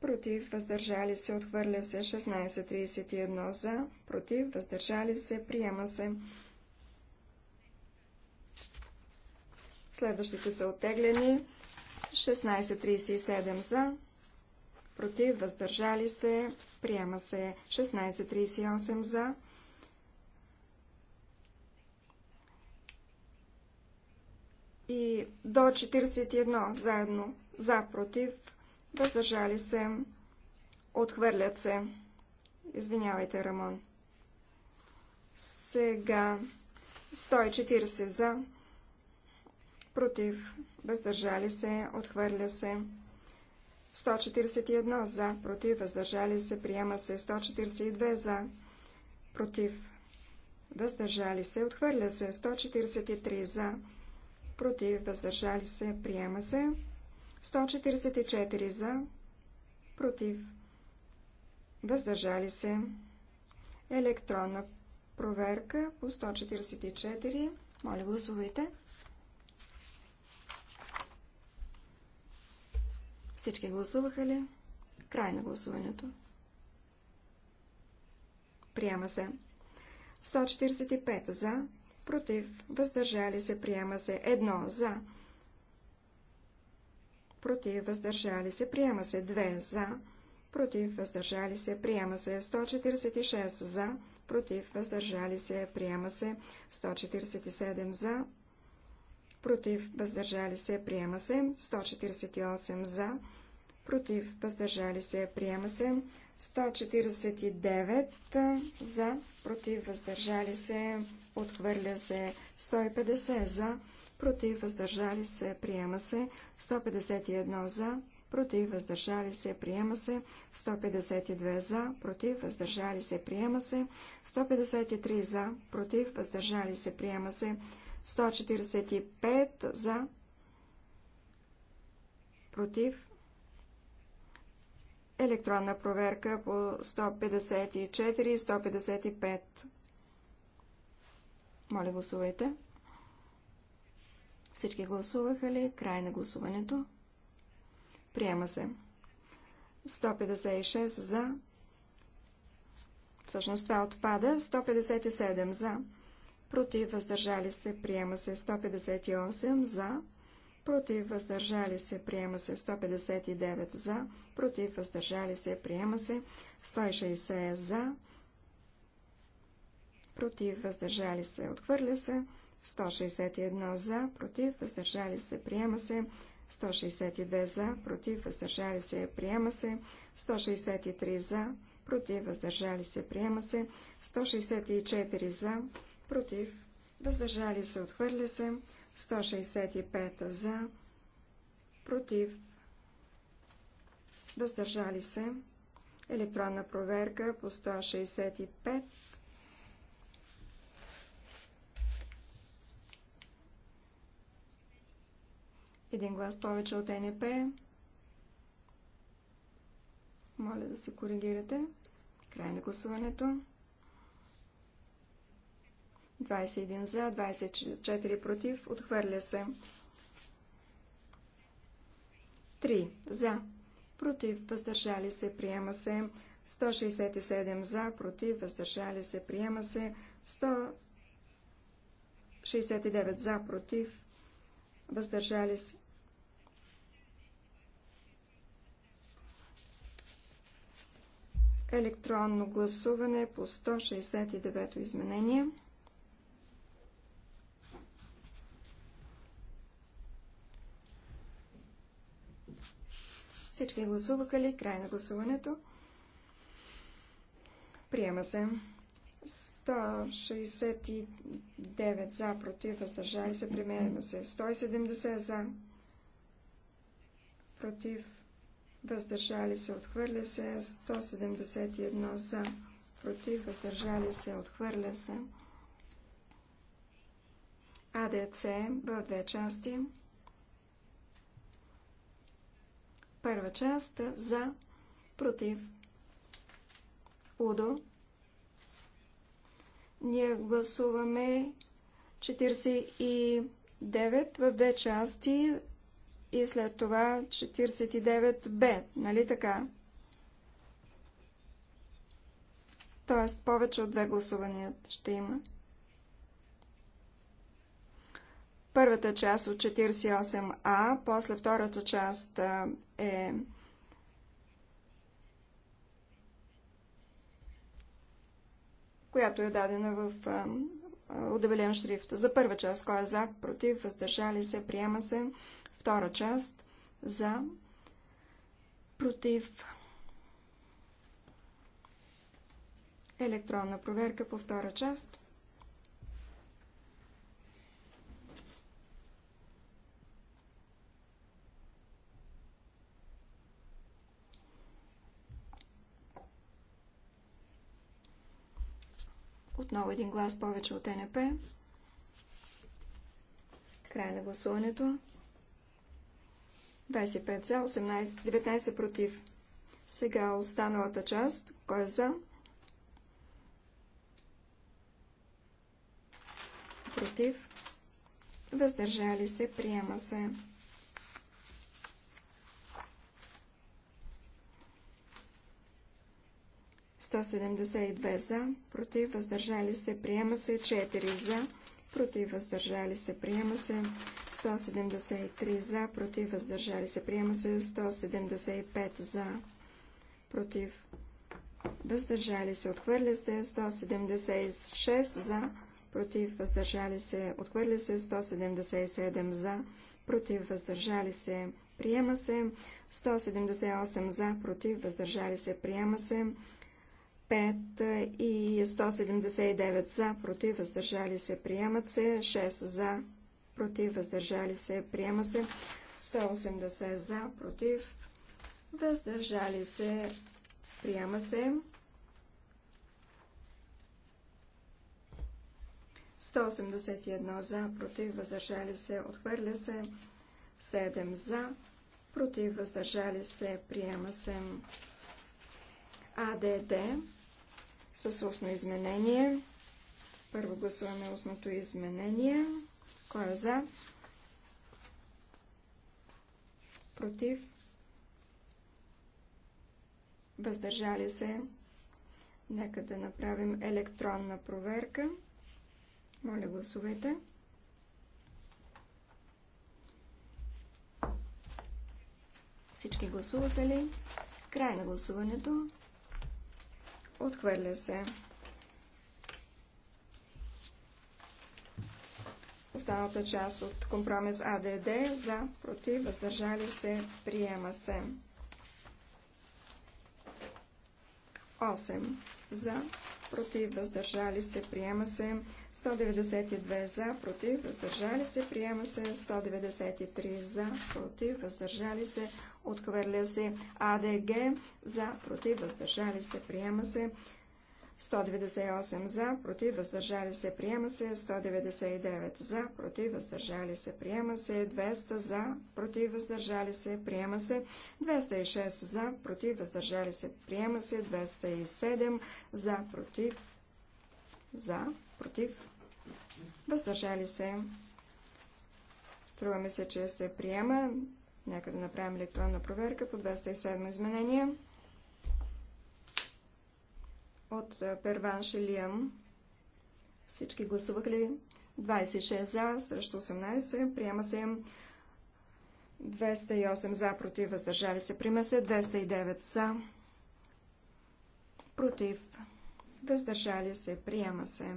Против. Въздържали се. Отхвърля се. 16.31 за. Против. Въздържали се. Приема се. Следващите са оттеглени. 16.37 за, против, въздържали се, приема се 16.38 за. И до 41 заедно, за, против, въздържали се, отхвърлят се. Извинявайте, Рамон. Сега 140 за против, въздържали се, отхвърля се. 141 за, против, въздържали се, приема се. 142 за, против, въздържали се, отхвърля се. 143 за, против, въздържали се, приема се. 144 за, против, въздържали се. Електронна проверка по 144. Моля, гласувайте. Всички гласуваха ли? Край на гласуването. Приема се. 145 за, против, въздържали се, приема се. Едно за, против, въздържали се, приема се. 2 за, против, въздържали се, приема се. 146 за, против, въздържали се, приема се. 147 за, против, въздържали се, приема се. 148 за, против, въздържали се, приема се. 149 за, против, въздържали се, отхвърля се. 150 за, против, въздържали се, приема се. 151 за, против, въздържали се, приема се, 152 за, против, въздържали се, приема се, 153 за, против, въздържали се, приема се, 145 за, против, електронна проверка по 154 и 155. Моля, гласувайте. Всички гласуваха ли? Край на гласуването. Приема се. 156 за. Всъщност това отпада. 157 за. Против въздържали се. Приема се. 158 за против въздържали се, приема се 159 за, против въздържали се, приема се 160 за, против въздържали се, отхвърля се 161 за, против въздържали се, приема се 162 за, против въздържали се, приема се 163 за, против въздържали се, приема се 164 за, против въздържали се, отхвърля се 165 за, против, въздържали се. Електронна проверка по 165. Един глас повече от НП. Моля да се коригирате. Край на гласуването. 21 за, 24 против, отхвърля се. 3 за, против, въздържали се, приема се. 167 за, против, въздържали се, приема се. 169 за, против, въздържали се. Електронно гласуване по 169 изменение. Всички гласуваха ли? Край на гласуването. Приема се. 169 за, против, въздържали се, применяме се. 170 за, против, въздържали се, отхвърля се. 171 за, против, въздържали се, отхвърля се. АДЦ в две части. Първа част за, против. Удо. Ние гласуваме 49 в две части и след това 49Б, нали така? Тоест повече от две гласувания ще има. Първата част от 48А, после втората част е която е дадена в удебелен шрифт. За първа част, кой е за, против, въздържали се, приема се. Втора част, за, против. Електронна проверка по втора част. Отново един глас повече от НП. Край на гласуването. 25 за, 18, 19 против. Сега останалата част. Кой е за? Против. Въздържали се. Приема се. 172 за, против, въздържали се, приема се, 4 за, против, въздържали се, приема се, 173 за, против, въздържали се, приема се, 175 за, против, въздържали се, отхвърля се, 176 за, против, въздържали се, отхвърля се, 177 за, против, въздържали се, приема се, 178 за, против, въздържали се, приема се, 5 и 179 за, против, въздържали се, приемат се, 6 за, против, въздържали се, приема се, 180 за, против, въздържали се, приема се, 181 за, против, въздържали се, отхвърля се, 7 за, против, въздържали се, приема се, АДД, с устно изменение. Първо гласуваме устното изменение. Кой е за? Против? Въздържали се? Нека да направим електронна проверка. Моля, гласувайте. Всички гласувате ли? Край на гласуването. Отхвърля се. Останалата част от компромис АДД за, против, въздържали се, приема се. 8 за, против, въздържали се, приема се 192 за, против, въздържали се, приема се 193 за, против, въздържали се, отхвърля се АДГ за, против, въздържали се, приема се 198 за, против, въздържали се, приема се, 199 за, против, въздържали се, приема се, 200 за, против, въздържали се, приема се, 206 за, против, въздържали се, приема се, 207 за, против, за, против, въздържали се. Струваме се, че се приема. Нека да направим електронна проверка по 207 изменения от Перван Шелиям. Всички гласувах ли? 26 за, срещу 18. Приема се 208 за, против, въздържали се. Приема се 209 за, против, въздържали се. Приема се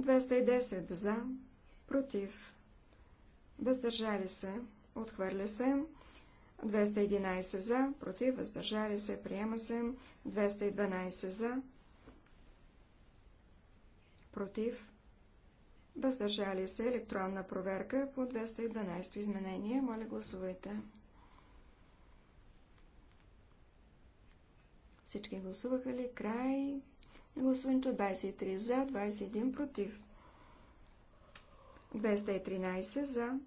210 за, против, въздържали се. Отхвърля се. 211 за, против, въздържали се, приема се, 212 за, против, въздържали се електронна проверка по 212 изменение. Моля, гласувайте. Всички гласуваха ли? Край. Гласуването 23 за, 21 против. 213 за,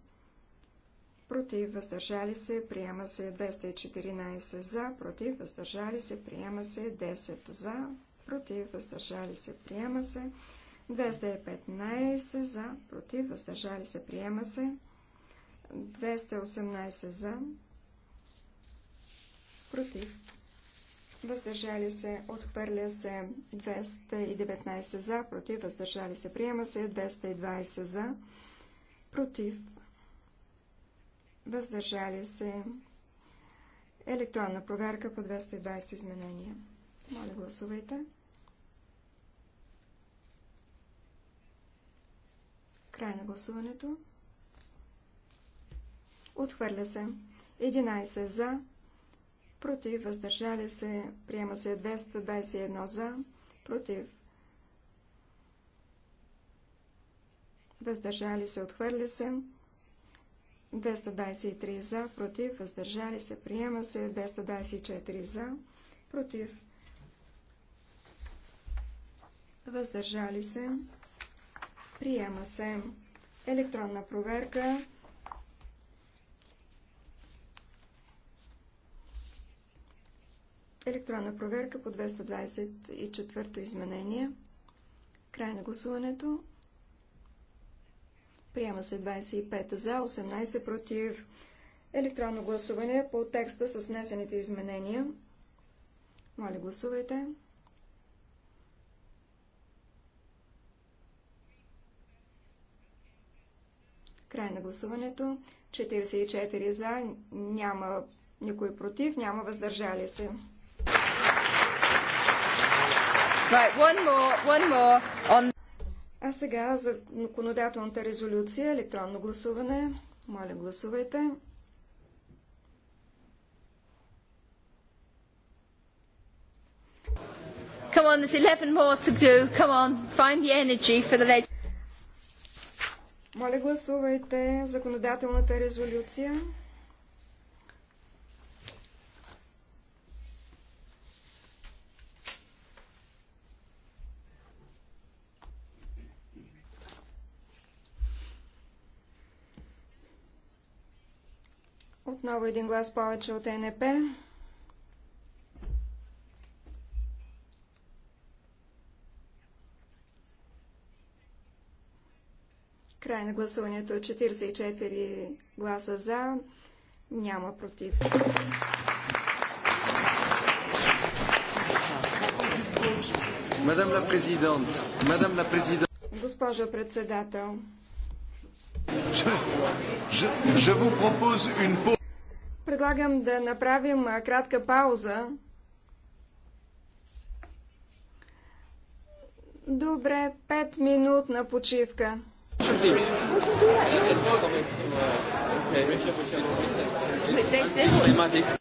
против, въздържали се, приема се 214 за, против, въздържали се, приема се 10 за, против, въздържали се, приема се 215 за, против, въздържали се, приема се. 218 за, против, въздържали се, отхвърля се 219 за, против, въздържали се, приема се 220 за, против, въздържали се, електронна проверка по 220 изменения. Моля, гласувайте. Край на гласуването. Отхвърля се. 11 за. Против. Въздържали се. Приема се 221 за. Против. Въздържали се. Отхвърля се. 223 за. Против. Въздържали се. Приема се. 224 за. Против. Въздържали се. Приема се електронна проверка. Електронна проверка по 224 то изменение. Край на гласуването. Приема се 25 за, 18 против. Електронно гласуване по текста с внесените изменения. Моля, Гласувайте. Край на гласуването. 44 за, няма никой против, няма въздържали се. Right, one more, one more on... А сега за законодателната резолюция, електронно гласуване. Моля, гласувайте. Come on, there's 11 more to do. Come on, find the energy for the... Моля, гласувайте законодателната резолюция. Отново един глас повече от НП. Край на гласуването 44 гласа за, няма против. Госпожо председател, предлагам да направим кратка пауза. Добре, 5 минутна почивка should do. We can You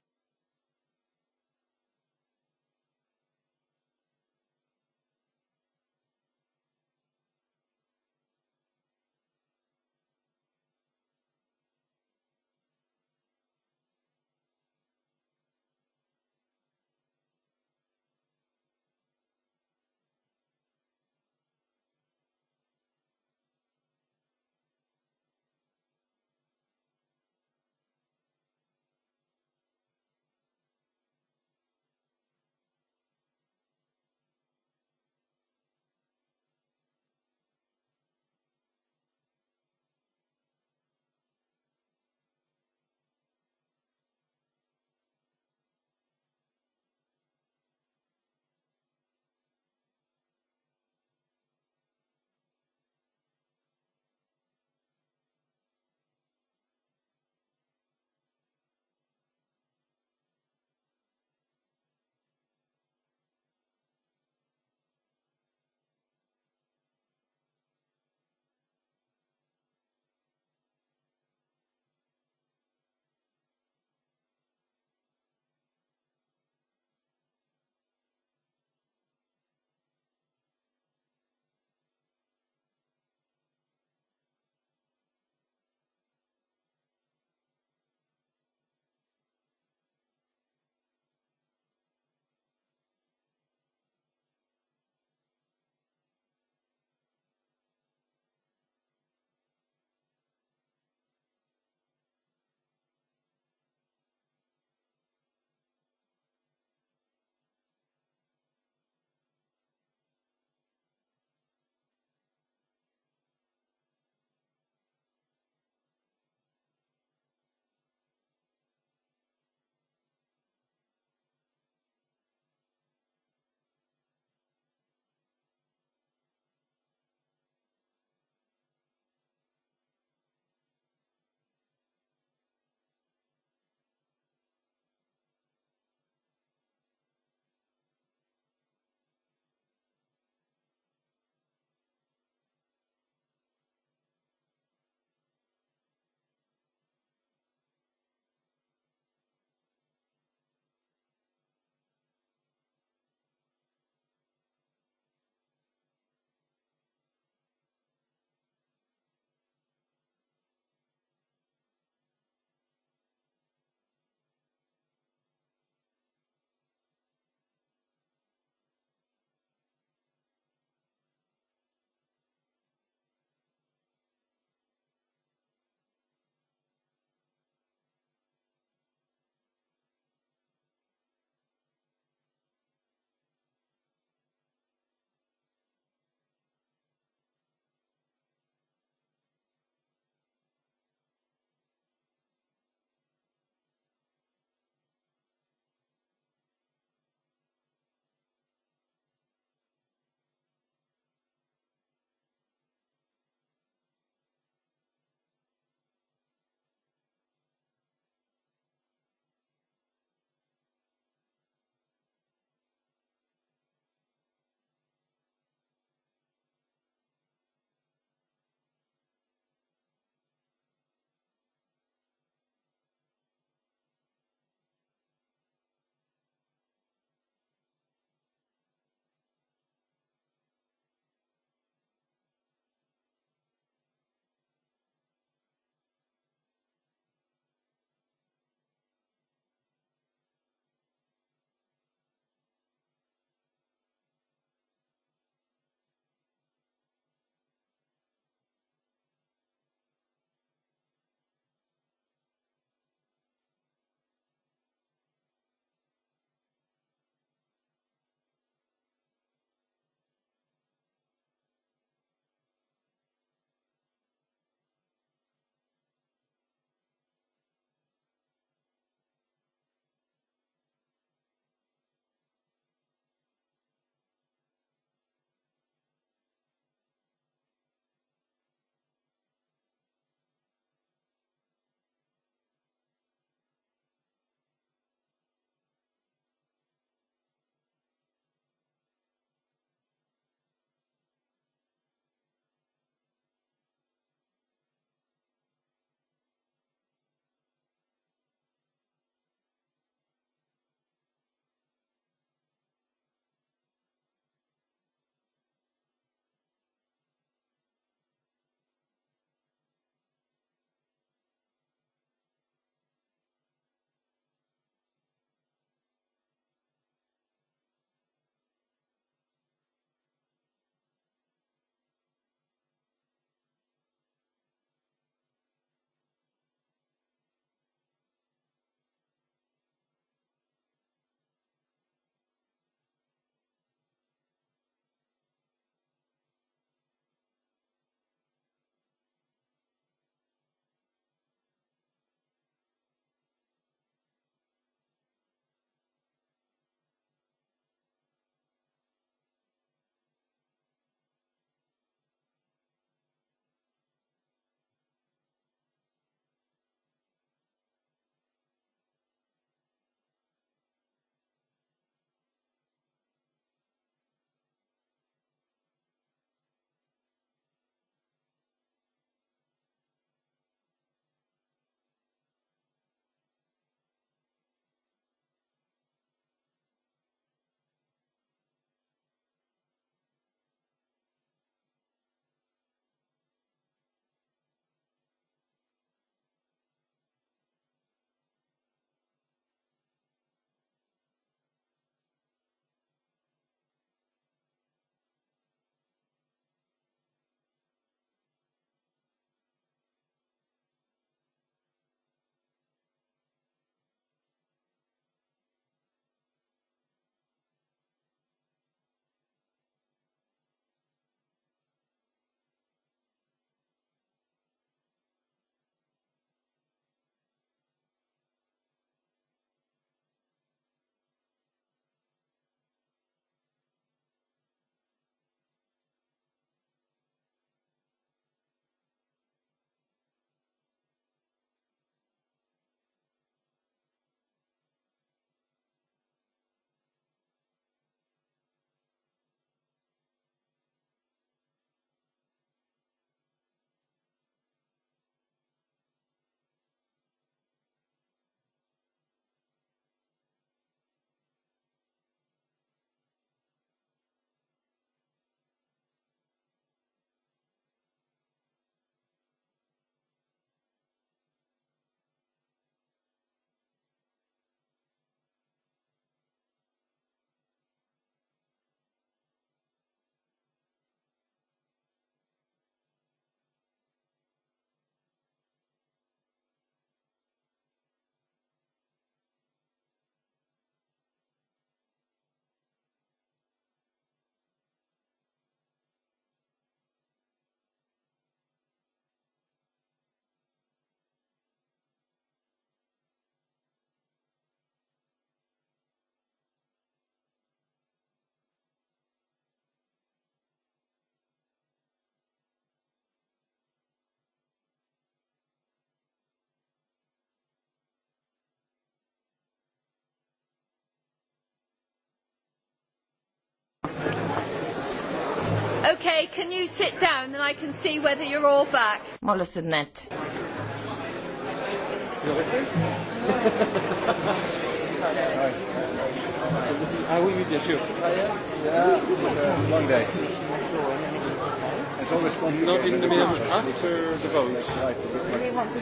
Okay, can you sit down and I can see whether you're all back? Моля, седнете. I will meet you too. Yeah, one day. It's always one Not in the middle, after the votes. We want to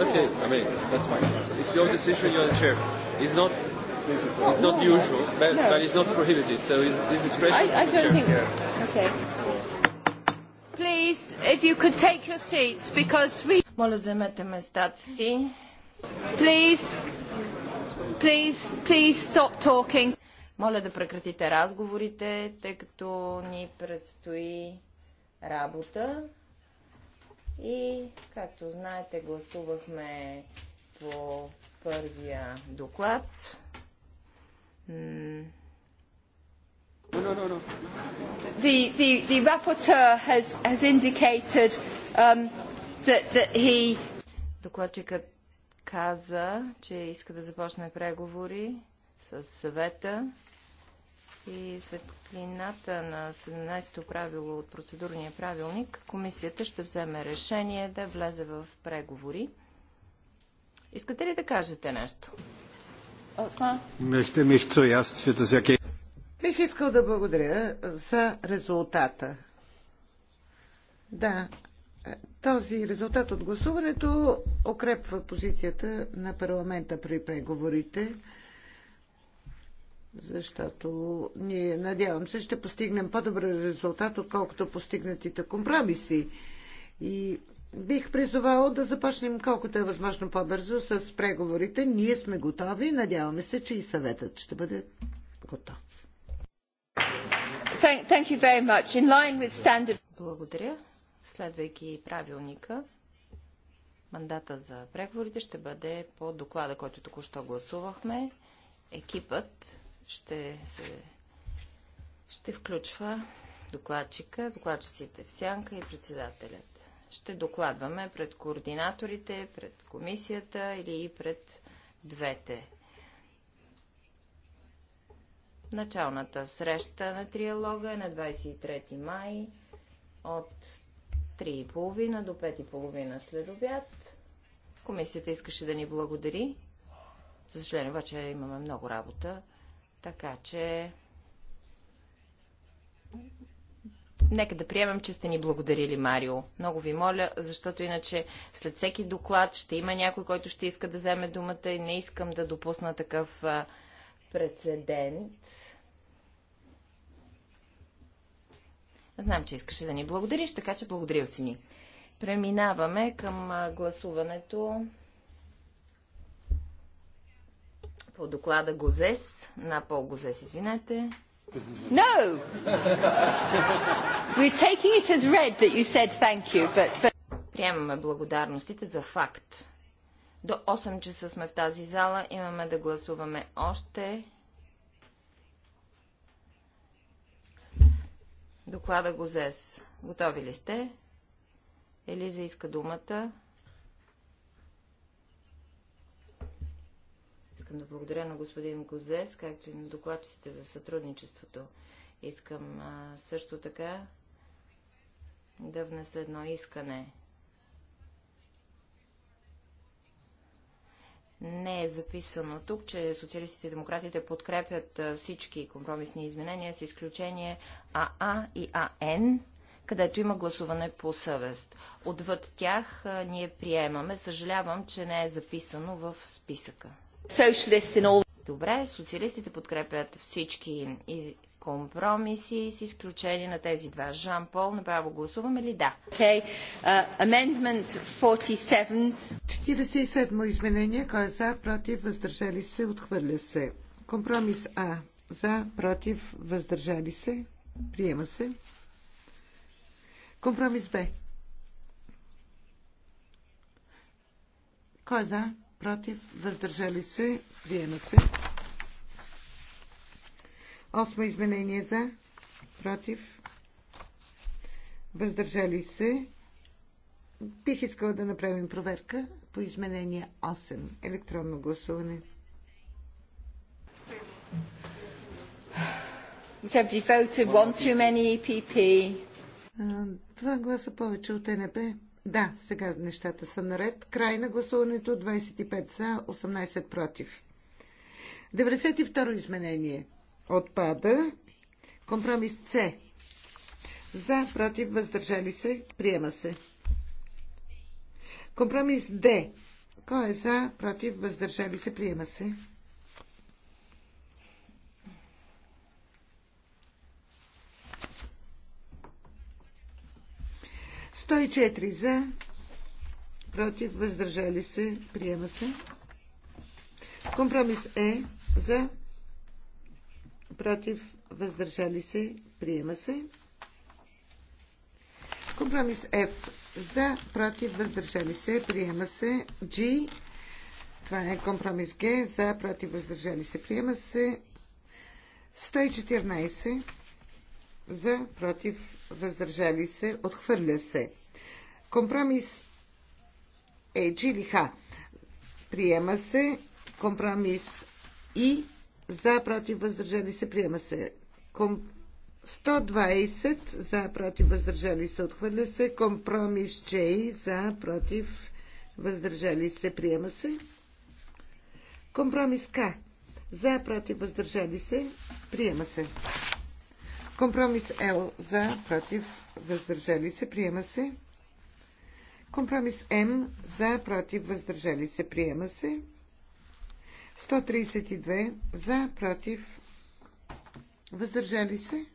Okay, I mean, that's fine. It's your decision, you're the chair. It's not It's not usual, but, no. but it's not prohibited, so it's, it's discretion. I, I don't think. Yeah. Okay. Please, if you could take your seats, because we. Please, please, please stop talking. Моля да прекратите разговорите, тъй като ни предстои работа. И, както знаете, гласувахме по първия доклад. No, no, no. The, the, the rapporteur has, has indicated um, that, that he... Докладчикът каза, че иска да започне преговори с съвета и светлината на 17-то правило от процедурния правилник, комисията ще вземе решение да влезе в преговори. Искате ли да кажете нещо? Бих искал да благодаря за резултата. Да, този резултат от гласуването укрепва позицията на парламента при преговорите, защото ние, надявам се, ще постигнем по-добър резултат, отколкото постигнатите компромиси. И бих призовал да започнем колкото е възможно по-бързо с преговорите. Ние сме готови. Надяваме се, че и съветът ще бъде готов. Standard... Благодаря. Следвайки правилника, мандата за преговорите ще бъде по доклада, който току-що гласувахме. Екипът ще, се, ще включва докладчика, докладчиците в сянка и председателят ще докладваме пред координаторите, пред комисията или и пред двете. Началната среща на триалога е на 23 май от 3.30 до 5.30 след обяд. Комисията искаше да ни благодари. За съжаление, обаче имаме много работа, така че Нека да приемем, че сте ни благодарили, Марио. Много ви моля, защото иначе след всеки доклад ще има някой, който ще иска да вземе думата и не искам да допусна такъв а, прецедент. Знам, че искаше да ни благодариш, така че благодарил си ни. Преминаваме към а, гласуването по доклада ГОЗЕС, на Пол ГОЗЕС, извинете. No! We're taking it as read that you said thank you, but... but... Приемаме благодарностите за факт. До 8 часа сме в тази зала, имаме да гласуваме още. Доклада Гозес. Готови ли сте? Елиза иска думата. Искам да благодаря на господин Козес, както и на докладците за сътрудничеството. Искам а, също така да внеса едно искане. Не е записано тук, че социалистите и демократите подкрепят всички компромисни изменения, с изключение АА и АН, където има гласуване по съвест. Отвъд тях ние приемаме. Съжалявам, че не е записано в списъка. Добре, социалистите подкрепят всички компромиси с изключение на тези два. Жан Пол, направо гласуваме ли да? Okay. Uh, amendment 47. 47 изменение. Кой е за, против, въздържали се, отхвърля се. Компромис А. За, против, въздържали се, приема се. Компромис Б. Кой е за? против, въздържали се, приема се. Осмо изменение за, против, въздържали се. Бих искала да направим проверка по изменение 8, електронно гласуване. E два гласа повече от НП. Да, сега нещата са наред. Край на гласуването 25 за, 18 против. 92 изменение. Отпада. Компромис С. За, против, въздържали се, приема се. Компромис Д. Кой е за, против, въздържали се, приема се. 104 за, против, въздържали се, приема се. Компромис Е за, против, въздържали се, приема се. Компромис F за, против, въздържали се, приема се. G, това е компромис Г, за, против, въздържали се, приема се. 114 за, против, въздържали се, отхвърля се. Компромис Е джилиха. Приема се. Компромис И за, против, въздържали се, приема се. Ком... 120 за, против, въздържали се, отхвърля се. Компромис J за, против, въздържали се, приема се. Компромис К за, против, въздържали се, приема се. Компромис Л за, против, въздържали се, приема се. Компромис М за, против, въздържали се, приема се. 132 за, против, въздържали се.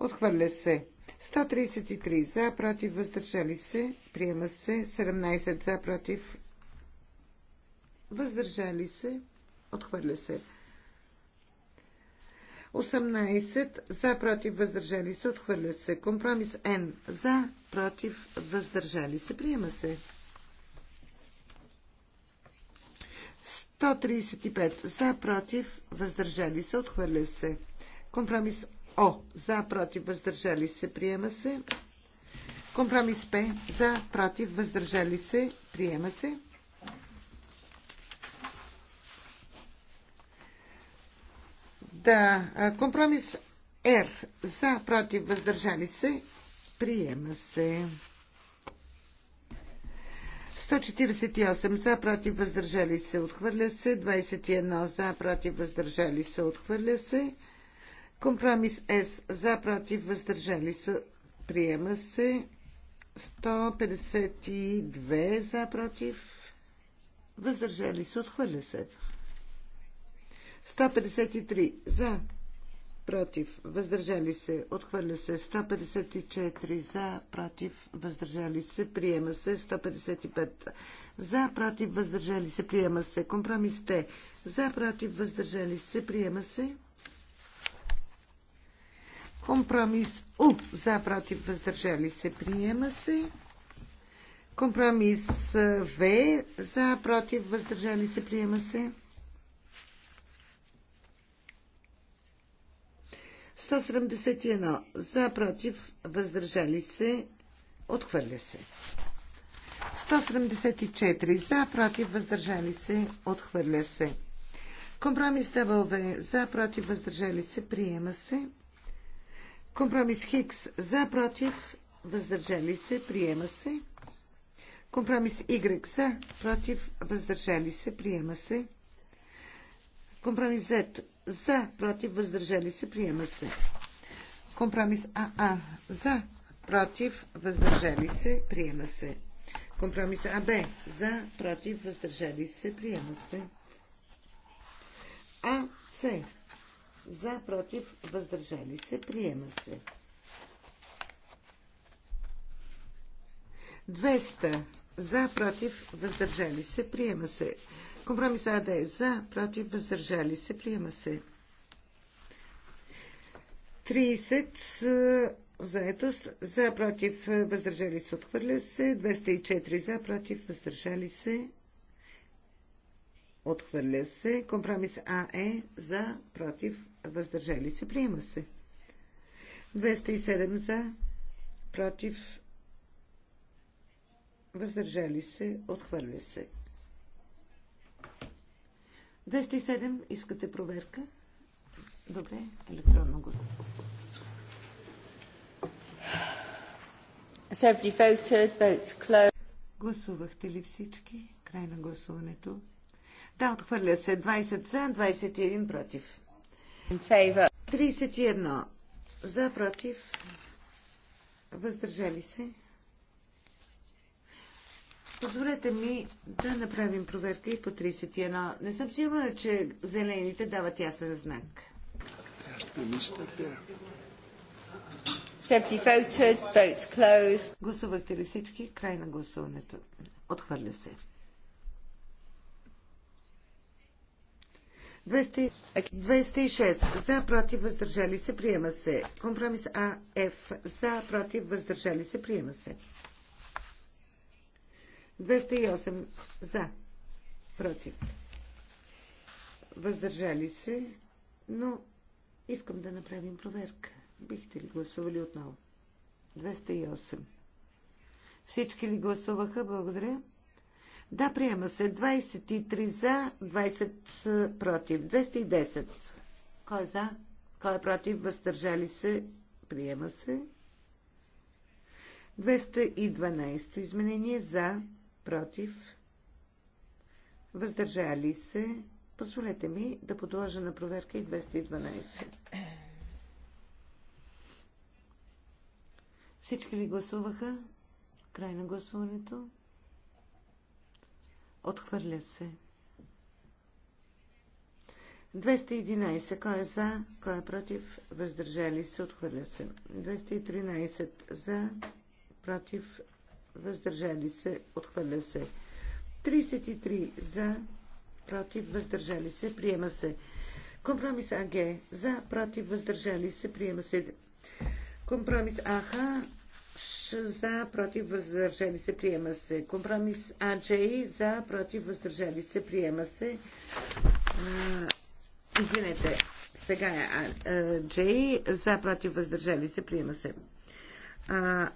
Отхвърля се. 133 за, против, въздържали се. Приема се. 17 за, против, въздържали се. Отхвърля се. 18 за, против, въздържали се, отхвърля се. Компромис Н за, против, въздържали се, приема се. 135 за, против, въздържали се, отхвърля се. Компромис О за, против, въздържали се, приема се. Компромис П за, против, въздържали се, приема се. Да, компромис Р. За, против, въздържали се. Приема се. 148 за, против, въздържали се, отхвърля се. 21 за, против, въздържали се, отхвърля се. Компромис С за, против, въздържали се, приема се. 152 за, против, въздържали се, отхвърля се. 153 за, против, въздържали се, отхвърля се 154 за, против, въздържали се, приема се 155 за, против, въздържали се, приема се компромис Т за, против, въздържали се, приема се компромис У за, против, въздържали се, приема се компромис В за, против, въздържали се, приема се 171 за, против, въздържали се, отхвърля се. 174 за, против, въздържали се, отхвърля се. Компромис ДВВ за, против, въздържали се, приема се. Компромис Хикс за, против, въздържали се, приема се. Компромис Y за, против, въздържали се, приема се. Компромис Z за, против, въздържали се, приема се. Компромис АА за, против, въздържали се, приема се. Компромис АБ за, против, въздържали се, приема се. АС. за, против, въздържали се, приема се. 200 за, против, въздържали се, приема се. Компромис АД е за, против, въздържали се, приема се. 30 е, заетост, за, против, въздържали се, отхвърля се. 204 за, против, въздържали се, отхвърля се. Компромис А е за, против, въздържали се, приема се. 207 за, против, въздържали се, отхвърля се. 207 искате проверка? Добре, електронно гласуване. Гласувахте ли всички? Край на гласуването. Да, отхвърля се 20 за, 21 против. 31 за, против. Въздържали се. Позволете ми да направим проверка и по 31. Не съм сигурна, че зелените дават ясен знак. Voted, Гласувахте ли всички? Край на гласуването. Отхвърля се. 206. За, против, въздържали се, приема се. Компромис АФ. За, против, въздържали се, приема се. 208 за, против. Въздържали се, но искам да направим проверка. Бихте ли гласували отново? 208. Всички ли гласуваха? Благодаря. Да, приема се. 23 за, 20 е, против. 210. Кой е за? Кой е против? Въздържали се? Приема се. 212 изменение за, против, въздържали се. Позволете ми да подложа на проверка и 212. Всички ли гласуваха? Край на гласуването. Отхвърля се. 211. Кой е за? Кой е против? Въздържали се. Отхвърля се. 213. За. Против въздържали се, отхвърля се. 33 за, против, въздържали се, приема се. Компромис АГ за, против, въздържали се, приема се. Компромис АХ за, против, въздържали се, приема се. Компромис АДЖ за, против, въздържали се, приема се. Извинете, сега е Джей, за, против, въздържали се, приема се. А.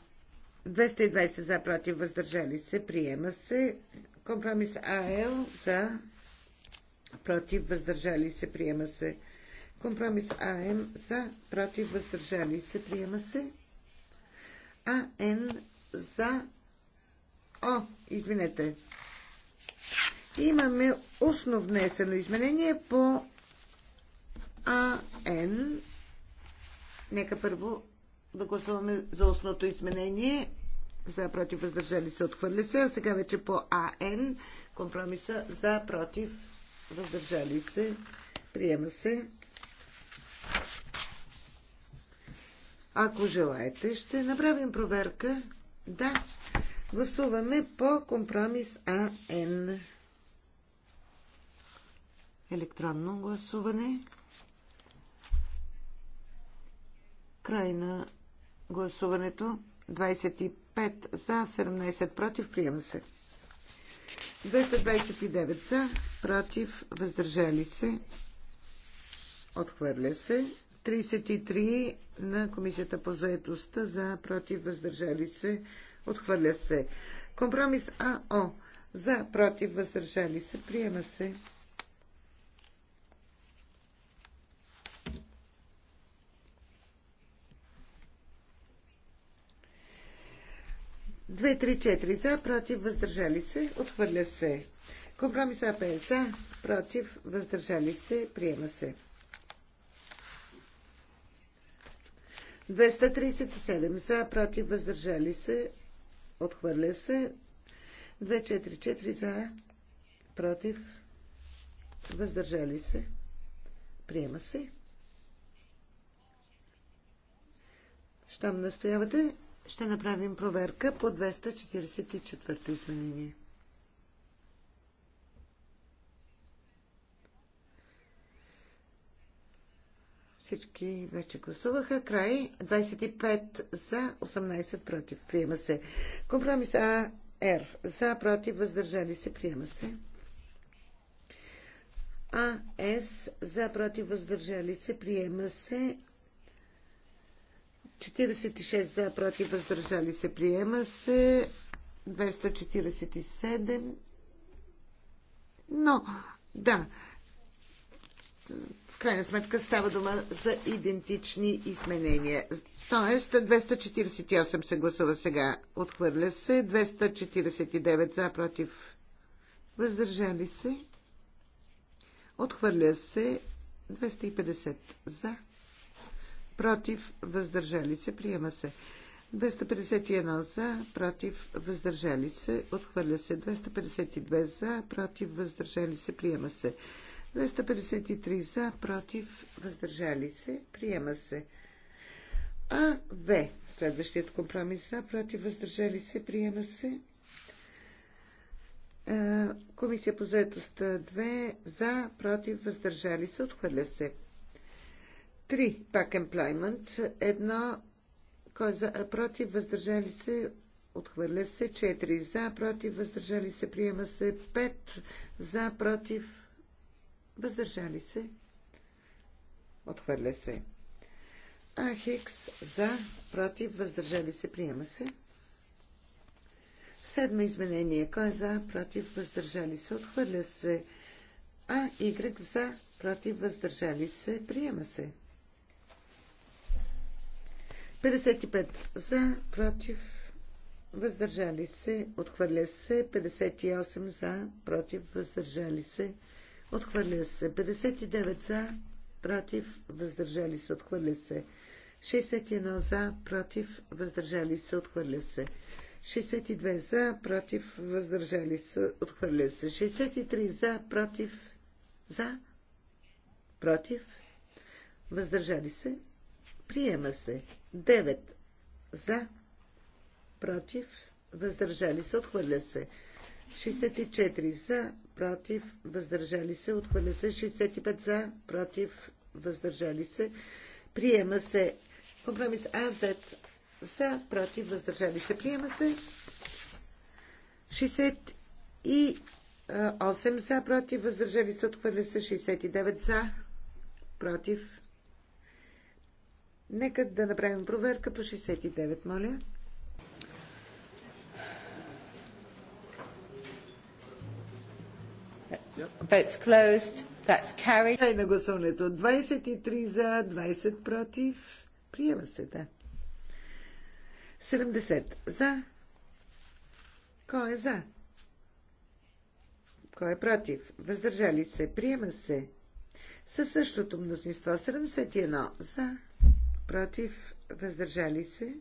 220 за, против, въздържали се, приема се. Компромис АЛ за, против, въздържали се, приема се. Компромис АМ за, против, въздържали се, приема се. АН за... О, извинете. Имаме устно внесено изменение по АН. Нека първо да гласуваме за устното изменение. За, против, въздържали се, отхвърли се. А сега вече по АН компромиса за, против, въздържали се, приема се. Ако желаете, ще направим проверка. Да, гласуваме по компромис АН. Електронно гласуване. Край на гласуването. 25 за, 17 против. Приема се. 229 за, против, въздържали се. Отхвърля се. 33 на Комисията по заедостта за, против, въздържали се. Отхвърля се. Компромис АО за, против, въздържали се. Приема се. 2-3-4 за, против, въздържали се, отхвърля се. Компромис АП за, против, въздържали се, приема се. 237 за, против, въздържали се, отхвърля се. 2, 4, 4 за, против, въздържали се, приема се. Щом настоявате, ще направим проверка по 244 изменение. Всички вече гласуваха. Край 25 за 18 против. Приема се. Компромис А Р. За против въздържали се. Приема се. А С. За против въздържали се. Приема се. 46 за, против, въздържали се, приема се. 247. Но, да, в крайна сметка става дума за идентични изменения. Тоест, 248 се гласува сега. Отхвърля се. 249 за, против, въздържали се. Отхвърля се. 250 за, против, въздържали се, приема се. 251 за, против, въздържали се, отхвърля се. 252 за, против, въздържали се, приема се. 253 за, против, въздържали се, приема се. А, В. Следващият компромис за, против, въздържали се, приема се. Е, комисия по заедостта 2 за, против, въздържали се, отхвърля се. Три Пак employment. Едно. Кой за, против, въздържали се, отхвърля се. 4. За, против, въздържали се, приема се. 5. За, против, въздържали се, отхвърля се. А Хикс за, против, въздържали се, приема се. Седмо изменение. Кой е за, против, въздържали се, отхвърля се. А, Y за, против, въздържали се, приема се. 55 за, против, въздържали се, отхвърля се. 58 за, против, въздържали се, отхвърля се. 59 за, против, въздържали се, отхвърля се. 61 за, против, въздържали се, отхвърля се. 62 за, против, въздържали се, отхвърля се. 63 за, против, за, против, въздържали се, Приема се. 9 за, против, въздържали се, отхвърля се. 64 за, против, въздържали се, отхвърля се. 65 за, против, въздържали се. Приема се. Компромис АЗ за, против, въздържали се. Приема се. 68 за, против, въздържали се, отхвърля се. 69 за, против, Нека да направим проверка по 69, моля. Votes closed. That's carried. Край на гласуването. 23 за, 20 против. Приема се, да. 70 за. Кой е за? Кой е против? Въздържали се. Приема се. Със същото мнозинство. 71 за против, въздържали се.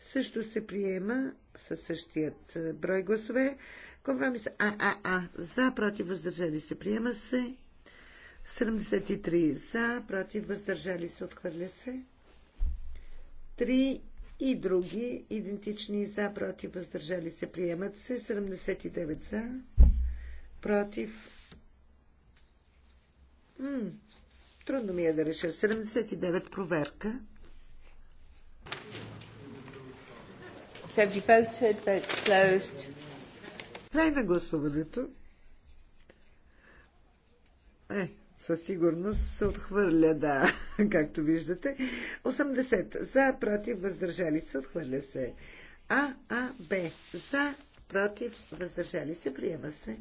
Също се приема със същият брой гласове. Компромис ААА за, против, въздържали се, приема се. 73 за, против, въздържали се, отхвърля се. 3 и други идентични за, против, въздържали се, приемат се. 79 за, против. М Трудно ми е да реша. 79 проверка. Край на гласуването. Е, със сигурност се отхвърля, да, <laughs> както виждате. 80. За, против, въздържали се, отхвърля се. А, А, Б. За, против, въздържали се, приема се.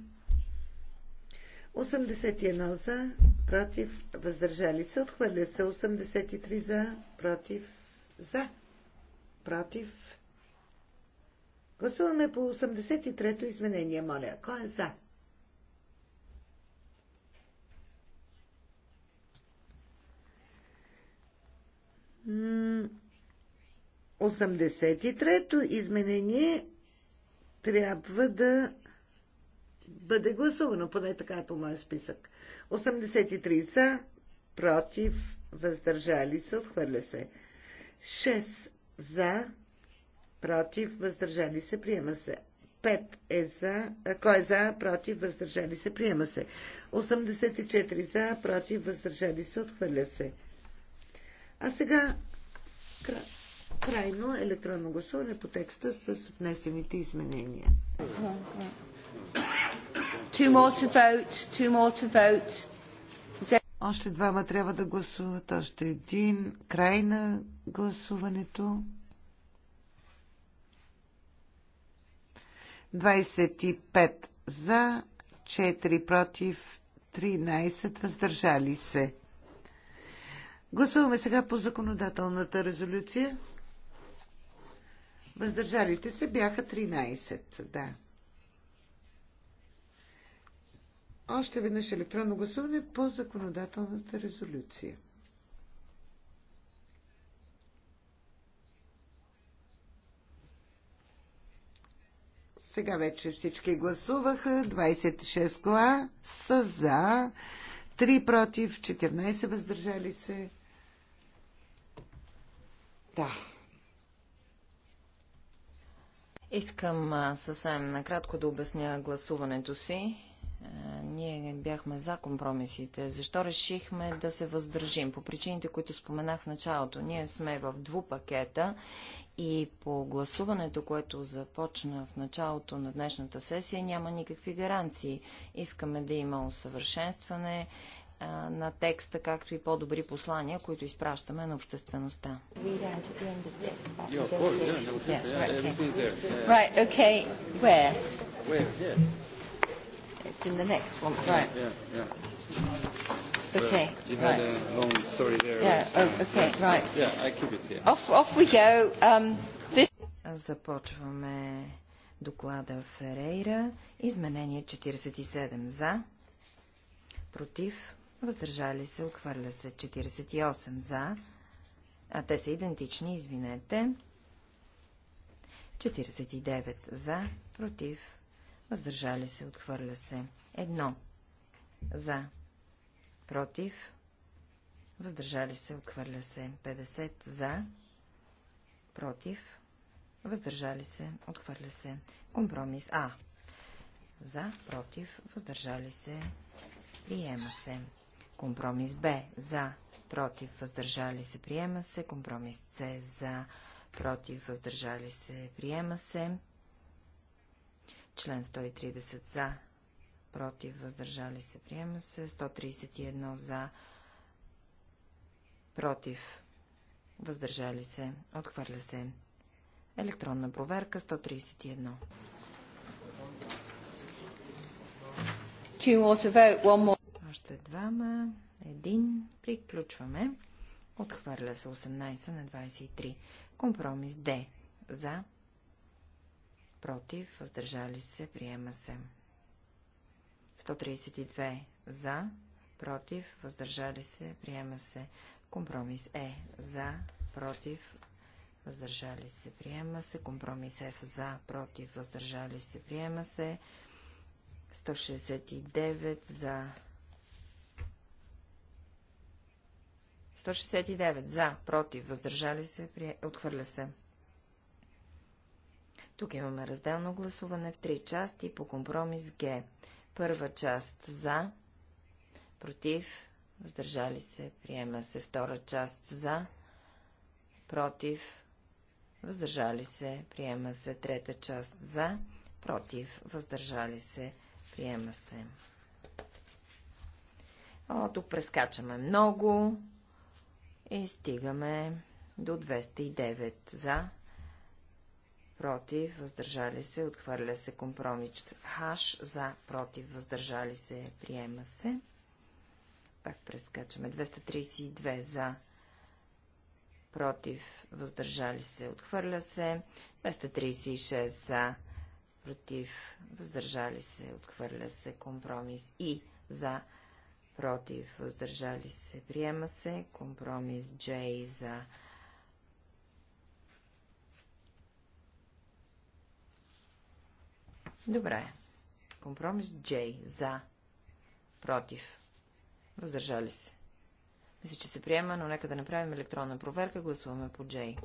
81 за, против, въздържали се, отхвърля се 83 за, против, за, против. Гласуваме по 83-то изменение, моля. Кой е за? М 83-то изменение трябва да бъде гласувано, поне така е по моя списък. 83 са, против, въздържали се, отхвърля се. 6 за, против, въздържали се, приема се. 5 е за, кой е за, против, въздържали се, приема се. 84 за, против, въздържали се, отхвърля се. А сега крайно електронно гласуване по текста с внесените изменения. Two more to vote. Two more to vote. Още двама трябва да гласуват. Още един. Край на гласуването. 25 за, 4 против, 13 въздържали се. Гласуваме сега по законодателната резолюция. Въздържалите се бяха 13, да. Още веднъж електронно гласуване по законодателната резолюция. Сега вече всички гласуваха. 26 кола са за, 3 против, 14 въздържали се. Да. Искам съвсем накратко да обясня гласуването си ние бяхме за компромисите. Защо решихме да се въздържим? По причините, които споменах в началото. Ние сме в двупакета и по гласуването, което започна в началото на днешната сесия, няма никакви гаранции. Искаме да има усъвършенстване на текста, както и по-добри послания, които изпращаме на обществеността. Right, okay. Where? Where? It's in the next one, right? Yeah, yeah. Okay. You had a long story there. Yeah. Oh, okay. Right. Yeah, I keep it here. Off, off we go. Um, this... Започваме доклада Ферейра. Изменение 47 за, против, въздържали се, отхвърля се 48 за, а те са идентични, извинете. 49 за, против, въздържали се, отхвърля се. Едно. За, против, въздържали се, отхвърля се. 50 за, против, въздържали се, отхвърля се. Компромис А. За, против, въздържали се, приема се. Компромис Б. За, против, въздържали се, приема се. Компромис С. За, против, въздържали се, приема се. Член 130 за, против, въздържали се, приема се. 131 за, против, въздържали се, отхвърля се. Електронна проверка 131. Още двама, един, приключваме. Отхвърля се 18 на 23. Компромис Д. За, против, въздържали се, приема се. 132 за, против, въздържали се, приема се. Компромис Е за, против, въздържали се, приема се. Компромис Ф за, против, въздържали се, приема се. 169 за. 169 за, против, въздържали се, при... отхвърля се. Тук имаме разделно гласуване в три части по компромис Г. Първа част за, против, въздържали се, приема се. Втора част за, против, въздържали се, приема се. Трета част за, против, въздържали се, приема се. О, тук прескачаме много и стигаме до 209 за, против, въздържали се, отхвърля се компромис хаш, за, против, въздържали се, приема се. Пак прескачаме. 232 за, против, въздържали се, отхвърля се. 236 за, против, въздържали се, отхвърля се, компромис и за, против, въздържали се, приема се, компромис J за, против, Добре. Компромис J. За. Против. Въздържали се. Мисля, че се приема, но нека да направим електронна проверка. Гласуваме по J.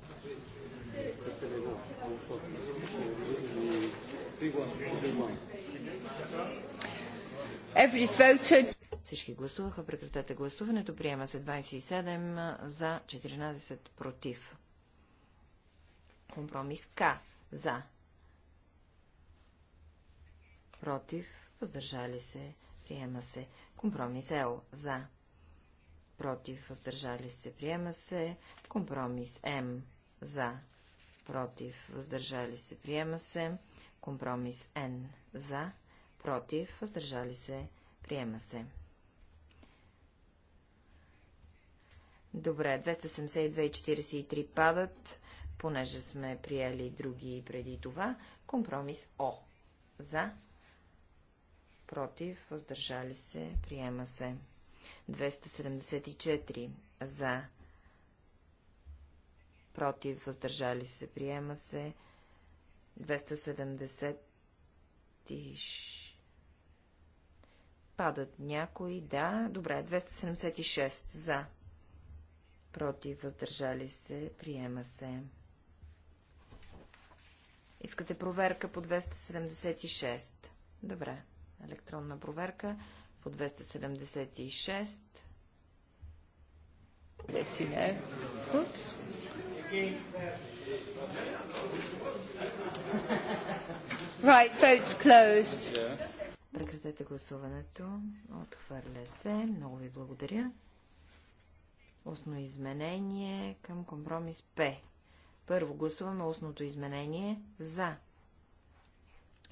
Всички гласуваха. Прекратете гласуването. Приема се 27 за 14 против. Компромис К. За против, въздържали се, приема се. Компромис Л за, против, въздържали се, приема се. Компромис М за, против, въздържали се, приема се. Компромис Н за, против, въздържали се, приема се. Добре, 272 и 43 падат, понеже сме приели други преди това. Компромис О. За, против, въздържали се, приема се. 274 за, против, въздържали се, приема се. 270 Падат някои, да, добре, 276 за, против, въздържали се, приема се. Искате проверка по 276. Добре електронна проверка по 276. Yes, Right, vote's closed. Прекратете гласуването. Отхвърля се. Много ви благодаря. Устно изменение към компромис П. Първо гласуваме устното изменение за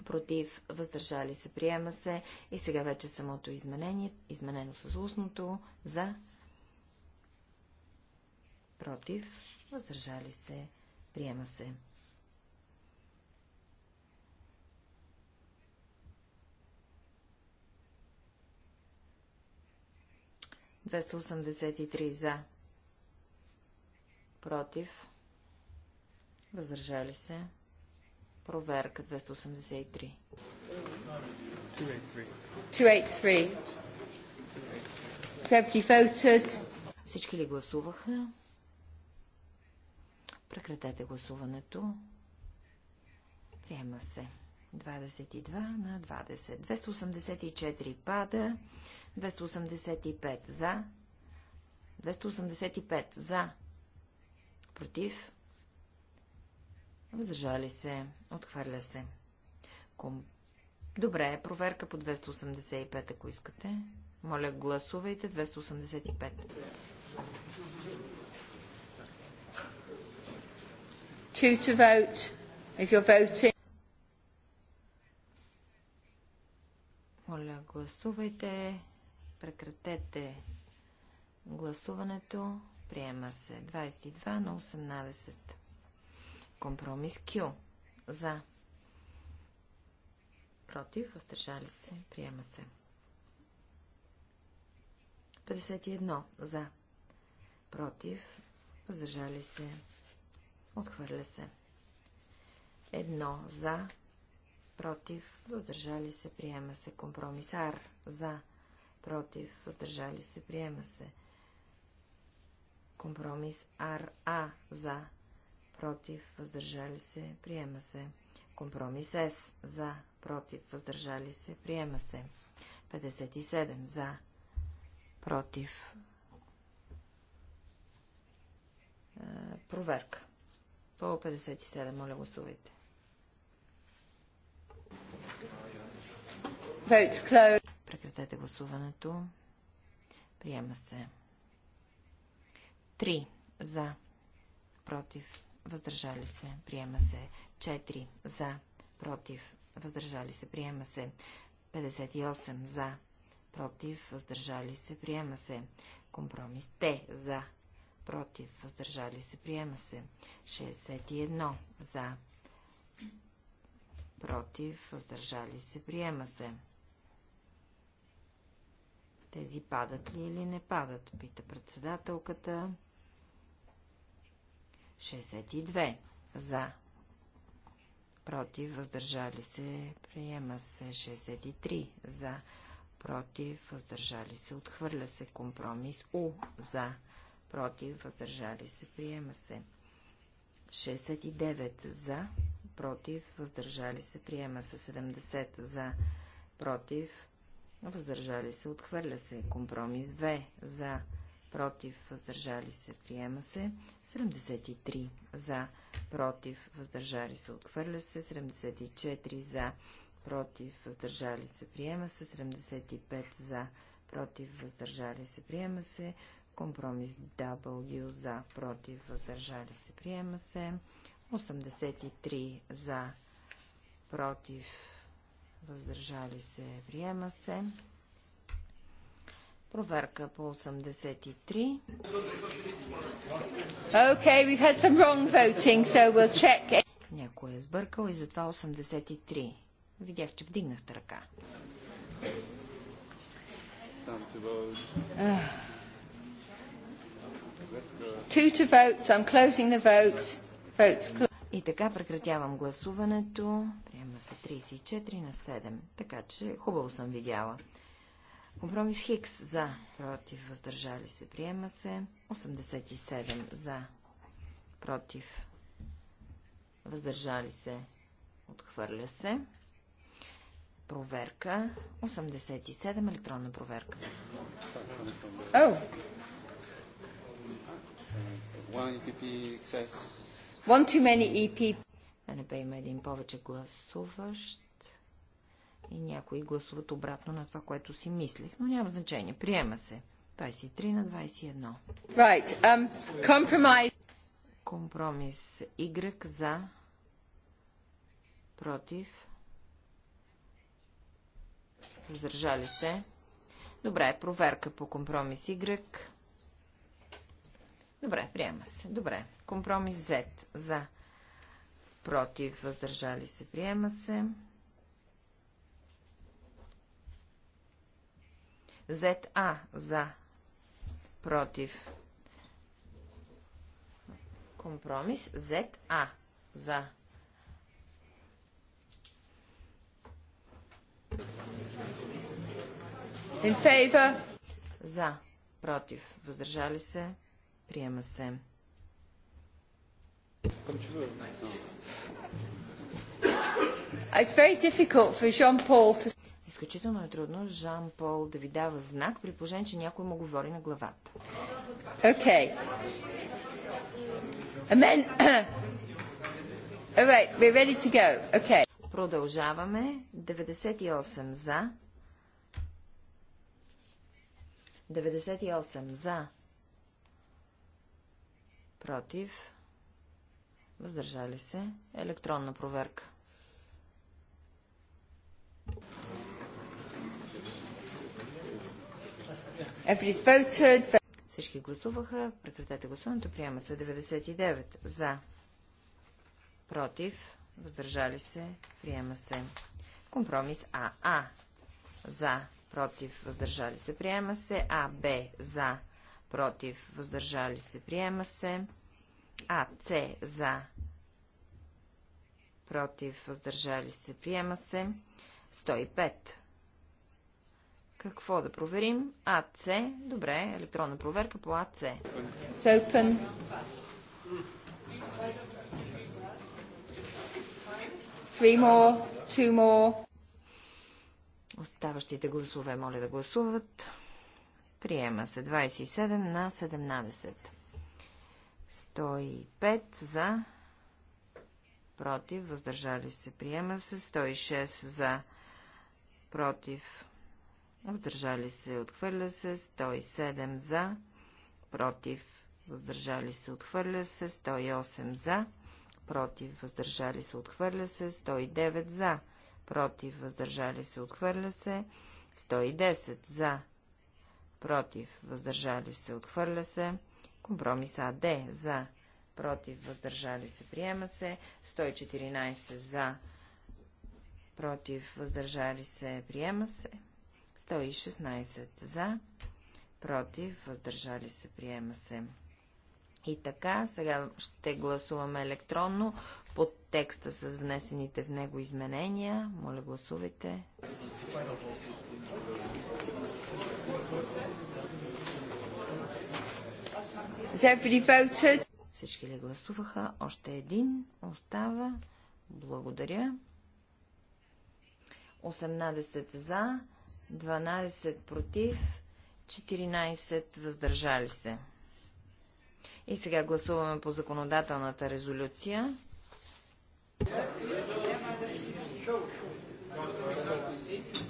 против, въздържали се, приема се. И сега вече самото изменение, изменено с устното, за, против, въздържали се, приема се. Двеста за, против, въздържали се, Проверка 283. 283. Всички ли гласуваха? Прекратете гласуването. Приема се. 22 на 20. 284 пада. 285 за. 285 за. Против. Въздържали се. Отхвърля се. Ком... Добре, проверка по 285, ако искате. Моля, гласувайте 285. Two to vote, if you're voting. Моля, гласувайте. Прекратете гласуването. Приема се 22 на 18. Компромис Q. За. Против. Въздържали се. Приема се. 51. За. Против. Въздържали се. Отхвърля се. Едно За. Против. Въздържали се. Приема се. Компромисар. За. Против. Въздържали се. Приема се. Компромис РА. За против, въздържали се, приема се. Компромис С. За, против, въздържали се, приема се. 57. За, против. Е, проверка. По 57, моля гласувайте. Прекратете гласуването. Приема се. 3. За. Против въздържали се, приема се. 4 за, против, въздържали се, приема се. 58 за, против, въздържали се, приема се. Компромис Т за, против, въздържали се, приема се. 61 за, против, въздържали се, приема се. Тези падат ли или не падат, пита председателката. 62 за. Против, въздържали се, приема се 63 за. Против, въздържали се, отхвърля се компромис У за. Против, въздържали се, приема се 69 за. Против, въздържали се, приема се 70 за. Против, въздържали се, отхвърля се компромис В за против, въздържали се, приема се. 73 за, против, въздържали се, отхвърля се. 74 за, против, въздържали се, приема се. 75 за, против, въздържали се, приема се. Компромис W за, против, въздържали се, приема се. 83 за, против, въздържали се, приема се. Проверка по 83. Okay, we've had some wrong voting, so we'll check Някой е сбъркал и затова 83. Видях, че вдигнахте ръка. Two to vote. I'm closing the vote. Votes И така прекратявам гласуването. Приема се 34 на 7. Така че хубаво съм видяла. Компромис Хикс за, против, въздържали се, приема се. 87 за, против, въздържали се, отхвърля се. Проверка. 87 електронна проверка. Oh. One too many EP. Е, има един повече гласуващ. И някои гласуват обратно на това, което си мислих, но няма значение. Приема се. 23 на 21. Right. Um, compromise. Компромис Y за против. Въздържали се. Добре, проверка по компромис Y. Добре, приема се. Добре. Компромис Z. За. Против. Въздържали се. Приема се. ЗА за, против. Компромис ЗА за. In favor. За, против, въздържали се, приема се. It's very difficult for Jean-Paul to Изключително е трудно Жан Пол да ви дава знак, при положение, че някой му говори на главата. Okay. Then... right, we're ready to go. Okay. Продължаваме. 98 за. 98 за. Против. Въздържали се. Електронна проверка. Всички гласуваха. Прекратете гласуването. Приема се 99. За. Против. Въздържали се. Приема се. Компромис АА. За. Против. Въздържали се. Приема се. АБ. За. Против. Въздържали се. Приема се. АЦ. За. Против. Въздържали се. Приема се. 105. Какво да проверим? АЦ. Добре, електронна проверка по АЦ. Open. Three more, two more. Оставащите гласове моля да гласуват. Приема се 27 на 17. 105 за, против, въздържали се. Приема се 106 за, против, въздържали се, отхвърля се, 107 за, против, въздържали се, отхвърля се, 108 за, против, въздържали се, отхвърля се, 109 за, против, въздържали се, отхвърля се, 110 за, против, въздържали се, отхвърля се, компромис АД за, против, въздържали се, приема се, 114 за, против, въздържали се, приема се. 116 за, против, въздържали се, приема се. И така, сега ще гласуваме електронно под текста с внесените в него изменения. Моля, гласувайте. Всички ли гласуваха? Още един остава. Благодаря. 18 за, 12 против, 14 въздържали се. И сега гласуваме по законодателната резолюция.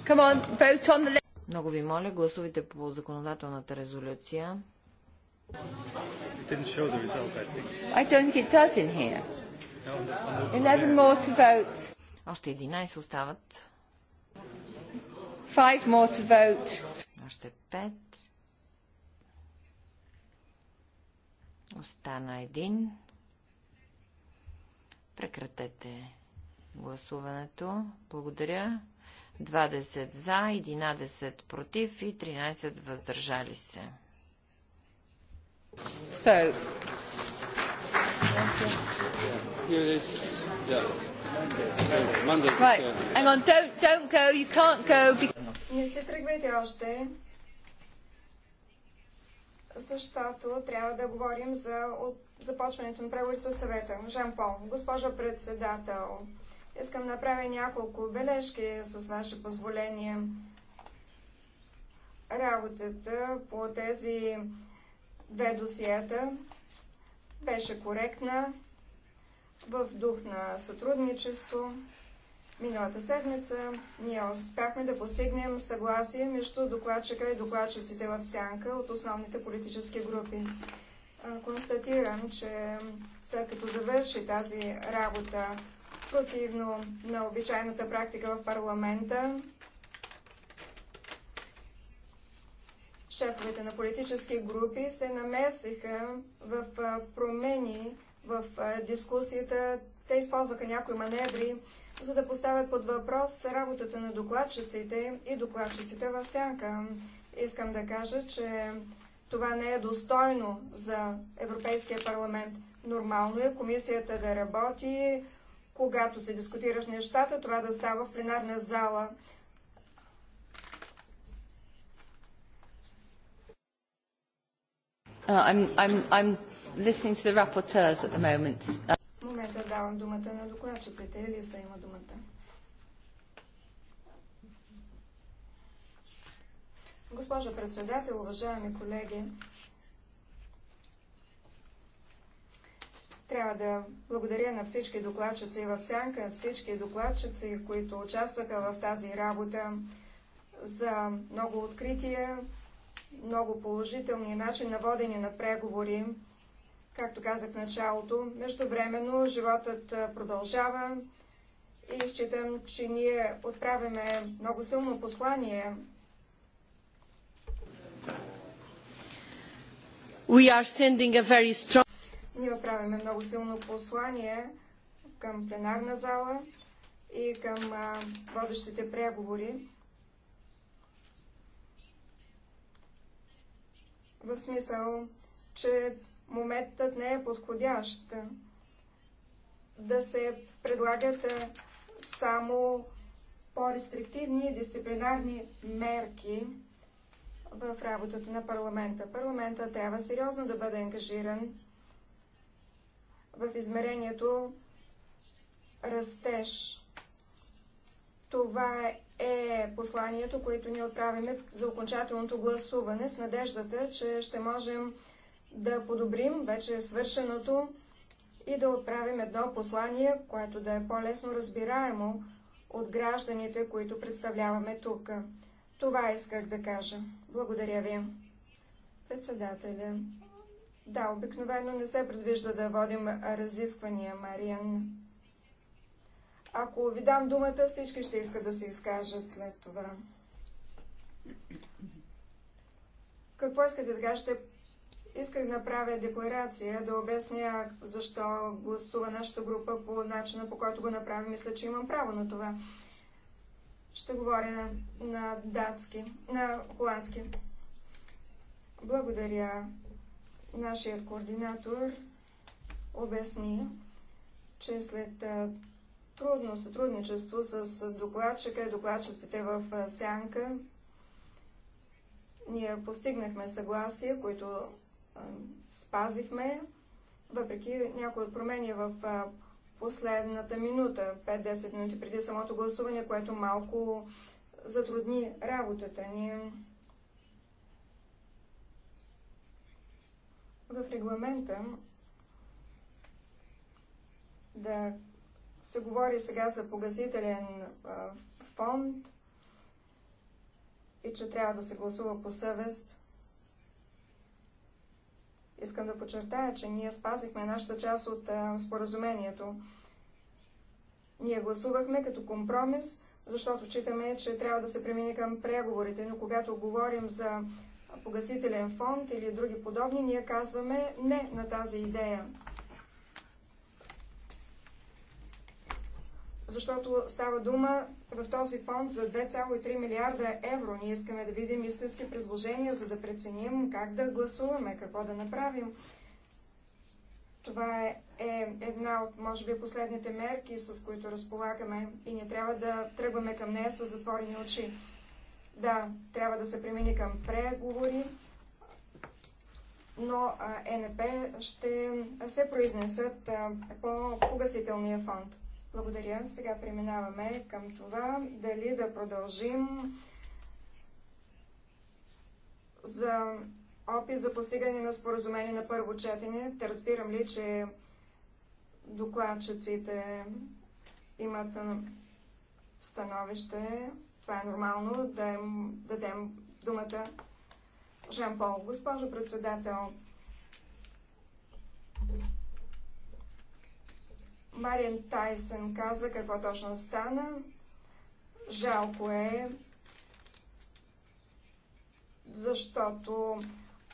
On, Много ви моля, гласувайте по законодателната резолюция. Result, no, Още 11 остават. Five more to vote. Още пет. Остана един. Прекратете гласуването. Благодаря. 20 за, 11 против и 13 въздържали се. So. Right. Hang on, don't, don't go, you can't go. Because... Не се тръгвайте още, защото трябва да говорим за от започването на преговори със съвета. Жан Пол, госпожа председател, искам да направя няколко бележки с ваше позволение. Работата по тези две досиета беше коректна, в дух на сътрудничество. Миналата седмица ние успяхме да постигнем съгласие между докладчика и докладчиците в сянка от основните политически групи. Констатирам, че след като завърши тази работа противно на обичайната практика в парламента, шефовете на политически групи се намесиха в промени в дискусията. Те използваха някои маневри, за да поставят под въпрос работата на докладчиците и докладчиците в сянка. Искам да кажа, че това не е достойно за Европейския парламент. Нормално е комисията да работи, когато се дискутира в нещата, това да става в пленарна зала. Uh, I'm, I'm, I'm listening to the rapporteurs at the moment. Uh момента давам думата на докладчиците. Елиса има думата. Госпожа председател, уважаеми колеги, трябва да благодаря на всички докладчици в сянка, всички докладчици, които участваха в тази работа за много открития, много положителни начин на водене на преговори. Както казах в началото, междувременно животът продължава и считам, че ние отправяме много силно послание. We are sending a very strong... Ние отправяме много силно послание към пленарна зала и към водещите преговори. В смисъл, че моментът не е подходящ да се предлагат само по-рестриктивни дисциплинарни мерки в работата на парламента. Парламента трябва сериозно да бъде ангажиран в измерението растеж. Това е посланието, което ни отправяме за окончателното гласуване с надеждата, че ще можем да подобрим вече свършеното и да отправим едно послание, което да е по-лесно разбираемо от гражданите, които представляваме тук. Това исках да кажа. Благодаря ви. Председателя. Да, обикновено не се предвижда да водим разисквания, Мариан. Ако ви дам думата, всички ще искат да се изкажат след това. Какво искате да кажете Исках да направя декларация, да обясня защо гласува нашата група по начина, по който го направи. Мисля, че имам право на това. Ще говоря на датски, на холандски. Благодаря. Нашият координатор обясни, че след трудно сътрудничество с докладчика и докладчиците в сянка, ние постигнахме съгласие, които спазихме, въпреки някои от промени в последната минута, 5-10 минути преди самото гласуване, което малко затрудни работата ни. В регламента да се говори сега за погасителен фонд и че трябва да се гласува по съвест – Искам да подчертая, че ние спазихме нашата част от споразумението. Ние гласувахме като компромис, защото читаме, че трябва да се премине към преговорите, но когато говорим за погасителен фонд или други подобни, ние казваме не на тази идея. защото става дума в този фонд за 2,3 милиарда евро. Ние искаме да видим истински предложения, за да преценим как да гласуваме, какво да направим. Това е, е, една от, може би, последните мерки, с които разполагаме и не трябва да тръгваме към нея с затворени очи. Да, трябва да се премини към преговори, но ЕНП ще се произнесат по погасителния фонд. Благодаря. Сега преминаваме към това дали да продължим за опит за постигане на споразумение на първо четене. Те разбирам ли, че докладчиците имат становище. Това е нормално да им дадем думата. Жан-Пол, госпожо председател, Мариан Тайсън каза какво точно стана. Жалко е, защото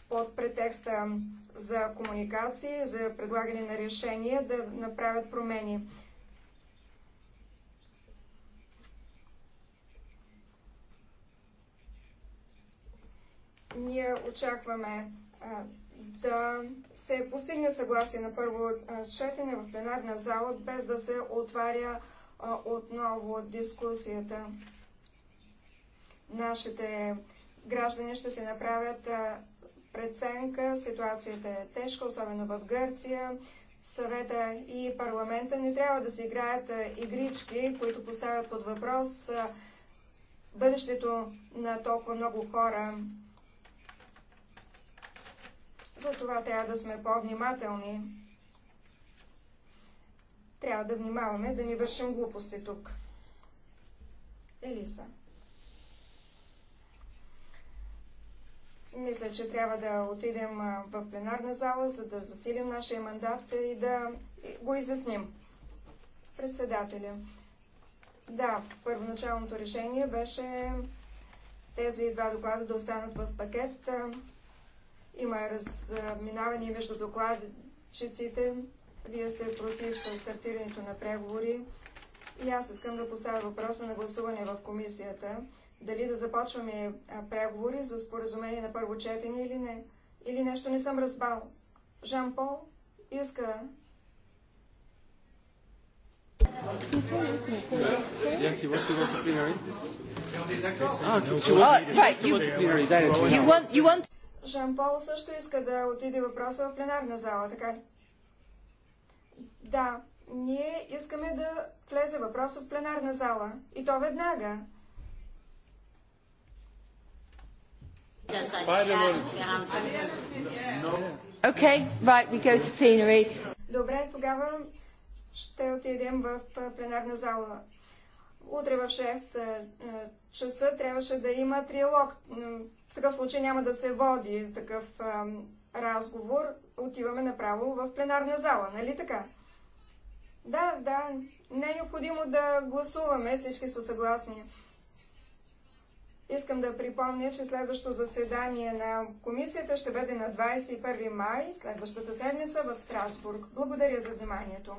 под претекста за комуникации, за предлагане на решения, да направят промени. Ние очакваме да се постигне съгласие на първо четене в пленарна зала, без да се отваря отново дискусията. Нашите граждани ще се направят преценка. Ситуацията е тежка, особено в Гърция. Съвета и парламента не трябва да се играят игрички, които поставят под въпрос бъдещето на толкова много хора. Затова трябва да сме по-внимателни. Трябва да внимаваме да ни вършим глупости тук. Елиса. Мисля, че трябва да отидем в пленарна зала, за да засилим нашия мандат и да го изясним. Председателя. Да, първоначалното решение беше тези два доклада да останат в пакет. Има разминаване между докладчиците. Вие сте против стартирането на преговори. И аз искам да поставя въпроса на гласуване в комисията. Дали да започваме преговори за споразумение на първо четене или не. Или нещо не съм разбал. Жан Пол иска Yeah, wants to go to plenary. to go to plenary. You want, you want. Жан Пол също иска да отиде въпроса в пленарна зала, така ли? Да, ние искаме да влезе въпроса в пленарна зала. И то веднага. Okay, right, we go to plenary. Добре, тогава ще отидем в пленарна зала. Утре в 6 е, е, часа трябваше да има триалог. В такъв случай няма да се води такъв е, разговор. Отиваме направо в пленарна зала, нали така? Да, да, не е необходимо да гласуваме, всички са съгласни. Искам да припомня, че следващото заседание на комисията ще бъде на 21 май, следващата седмица в Страсбург. Благодаря за вниманието.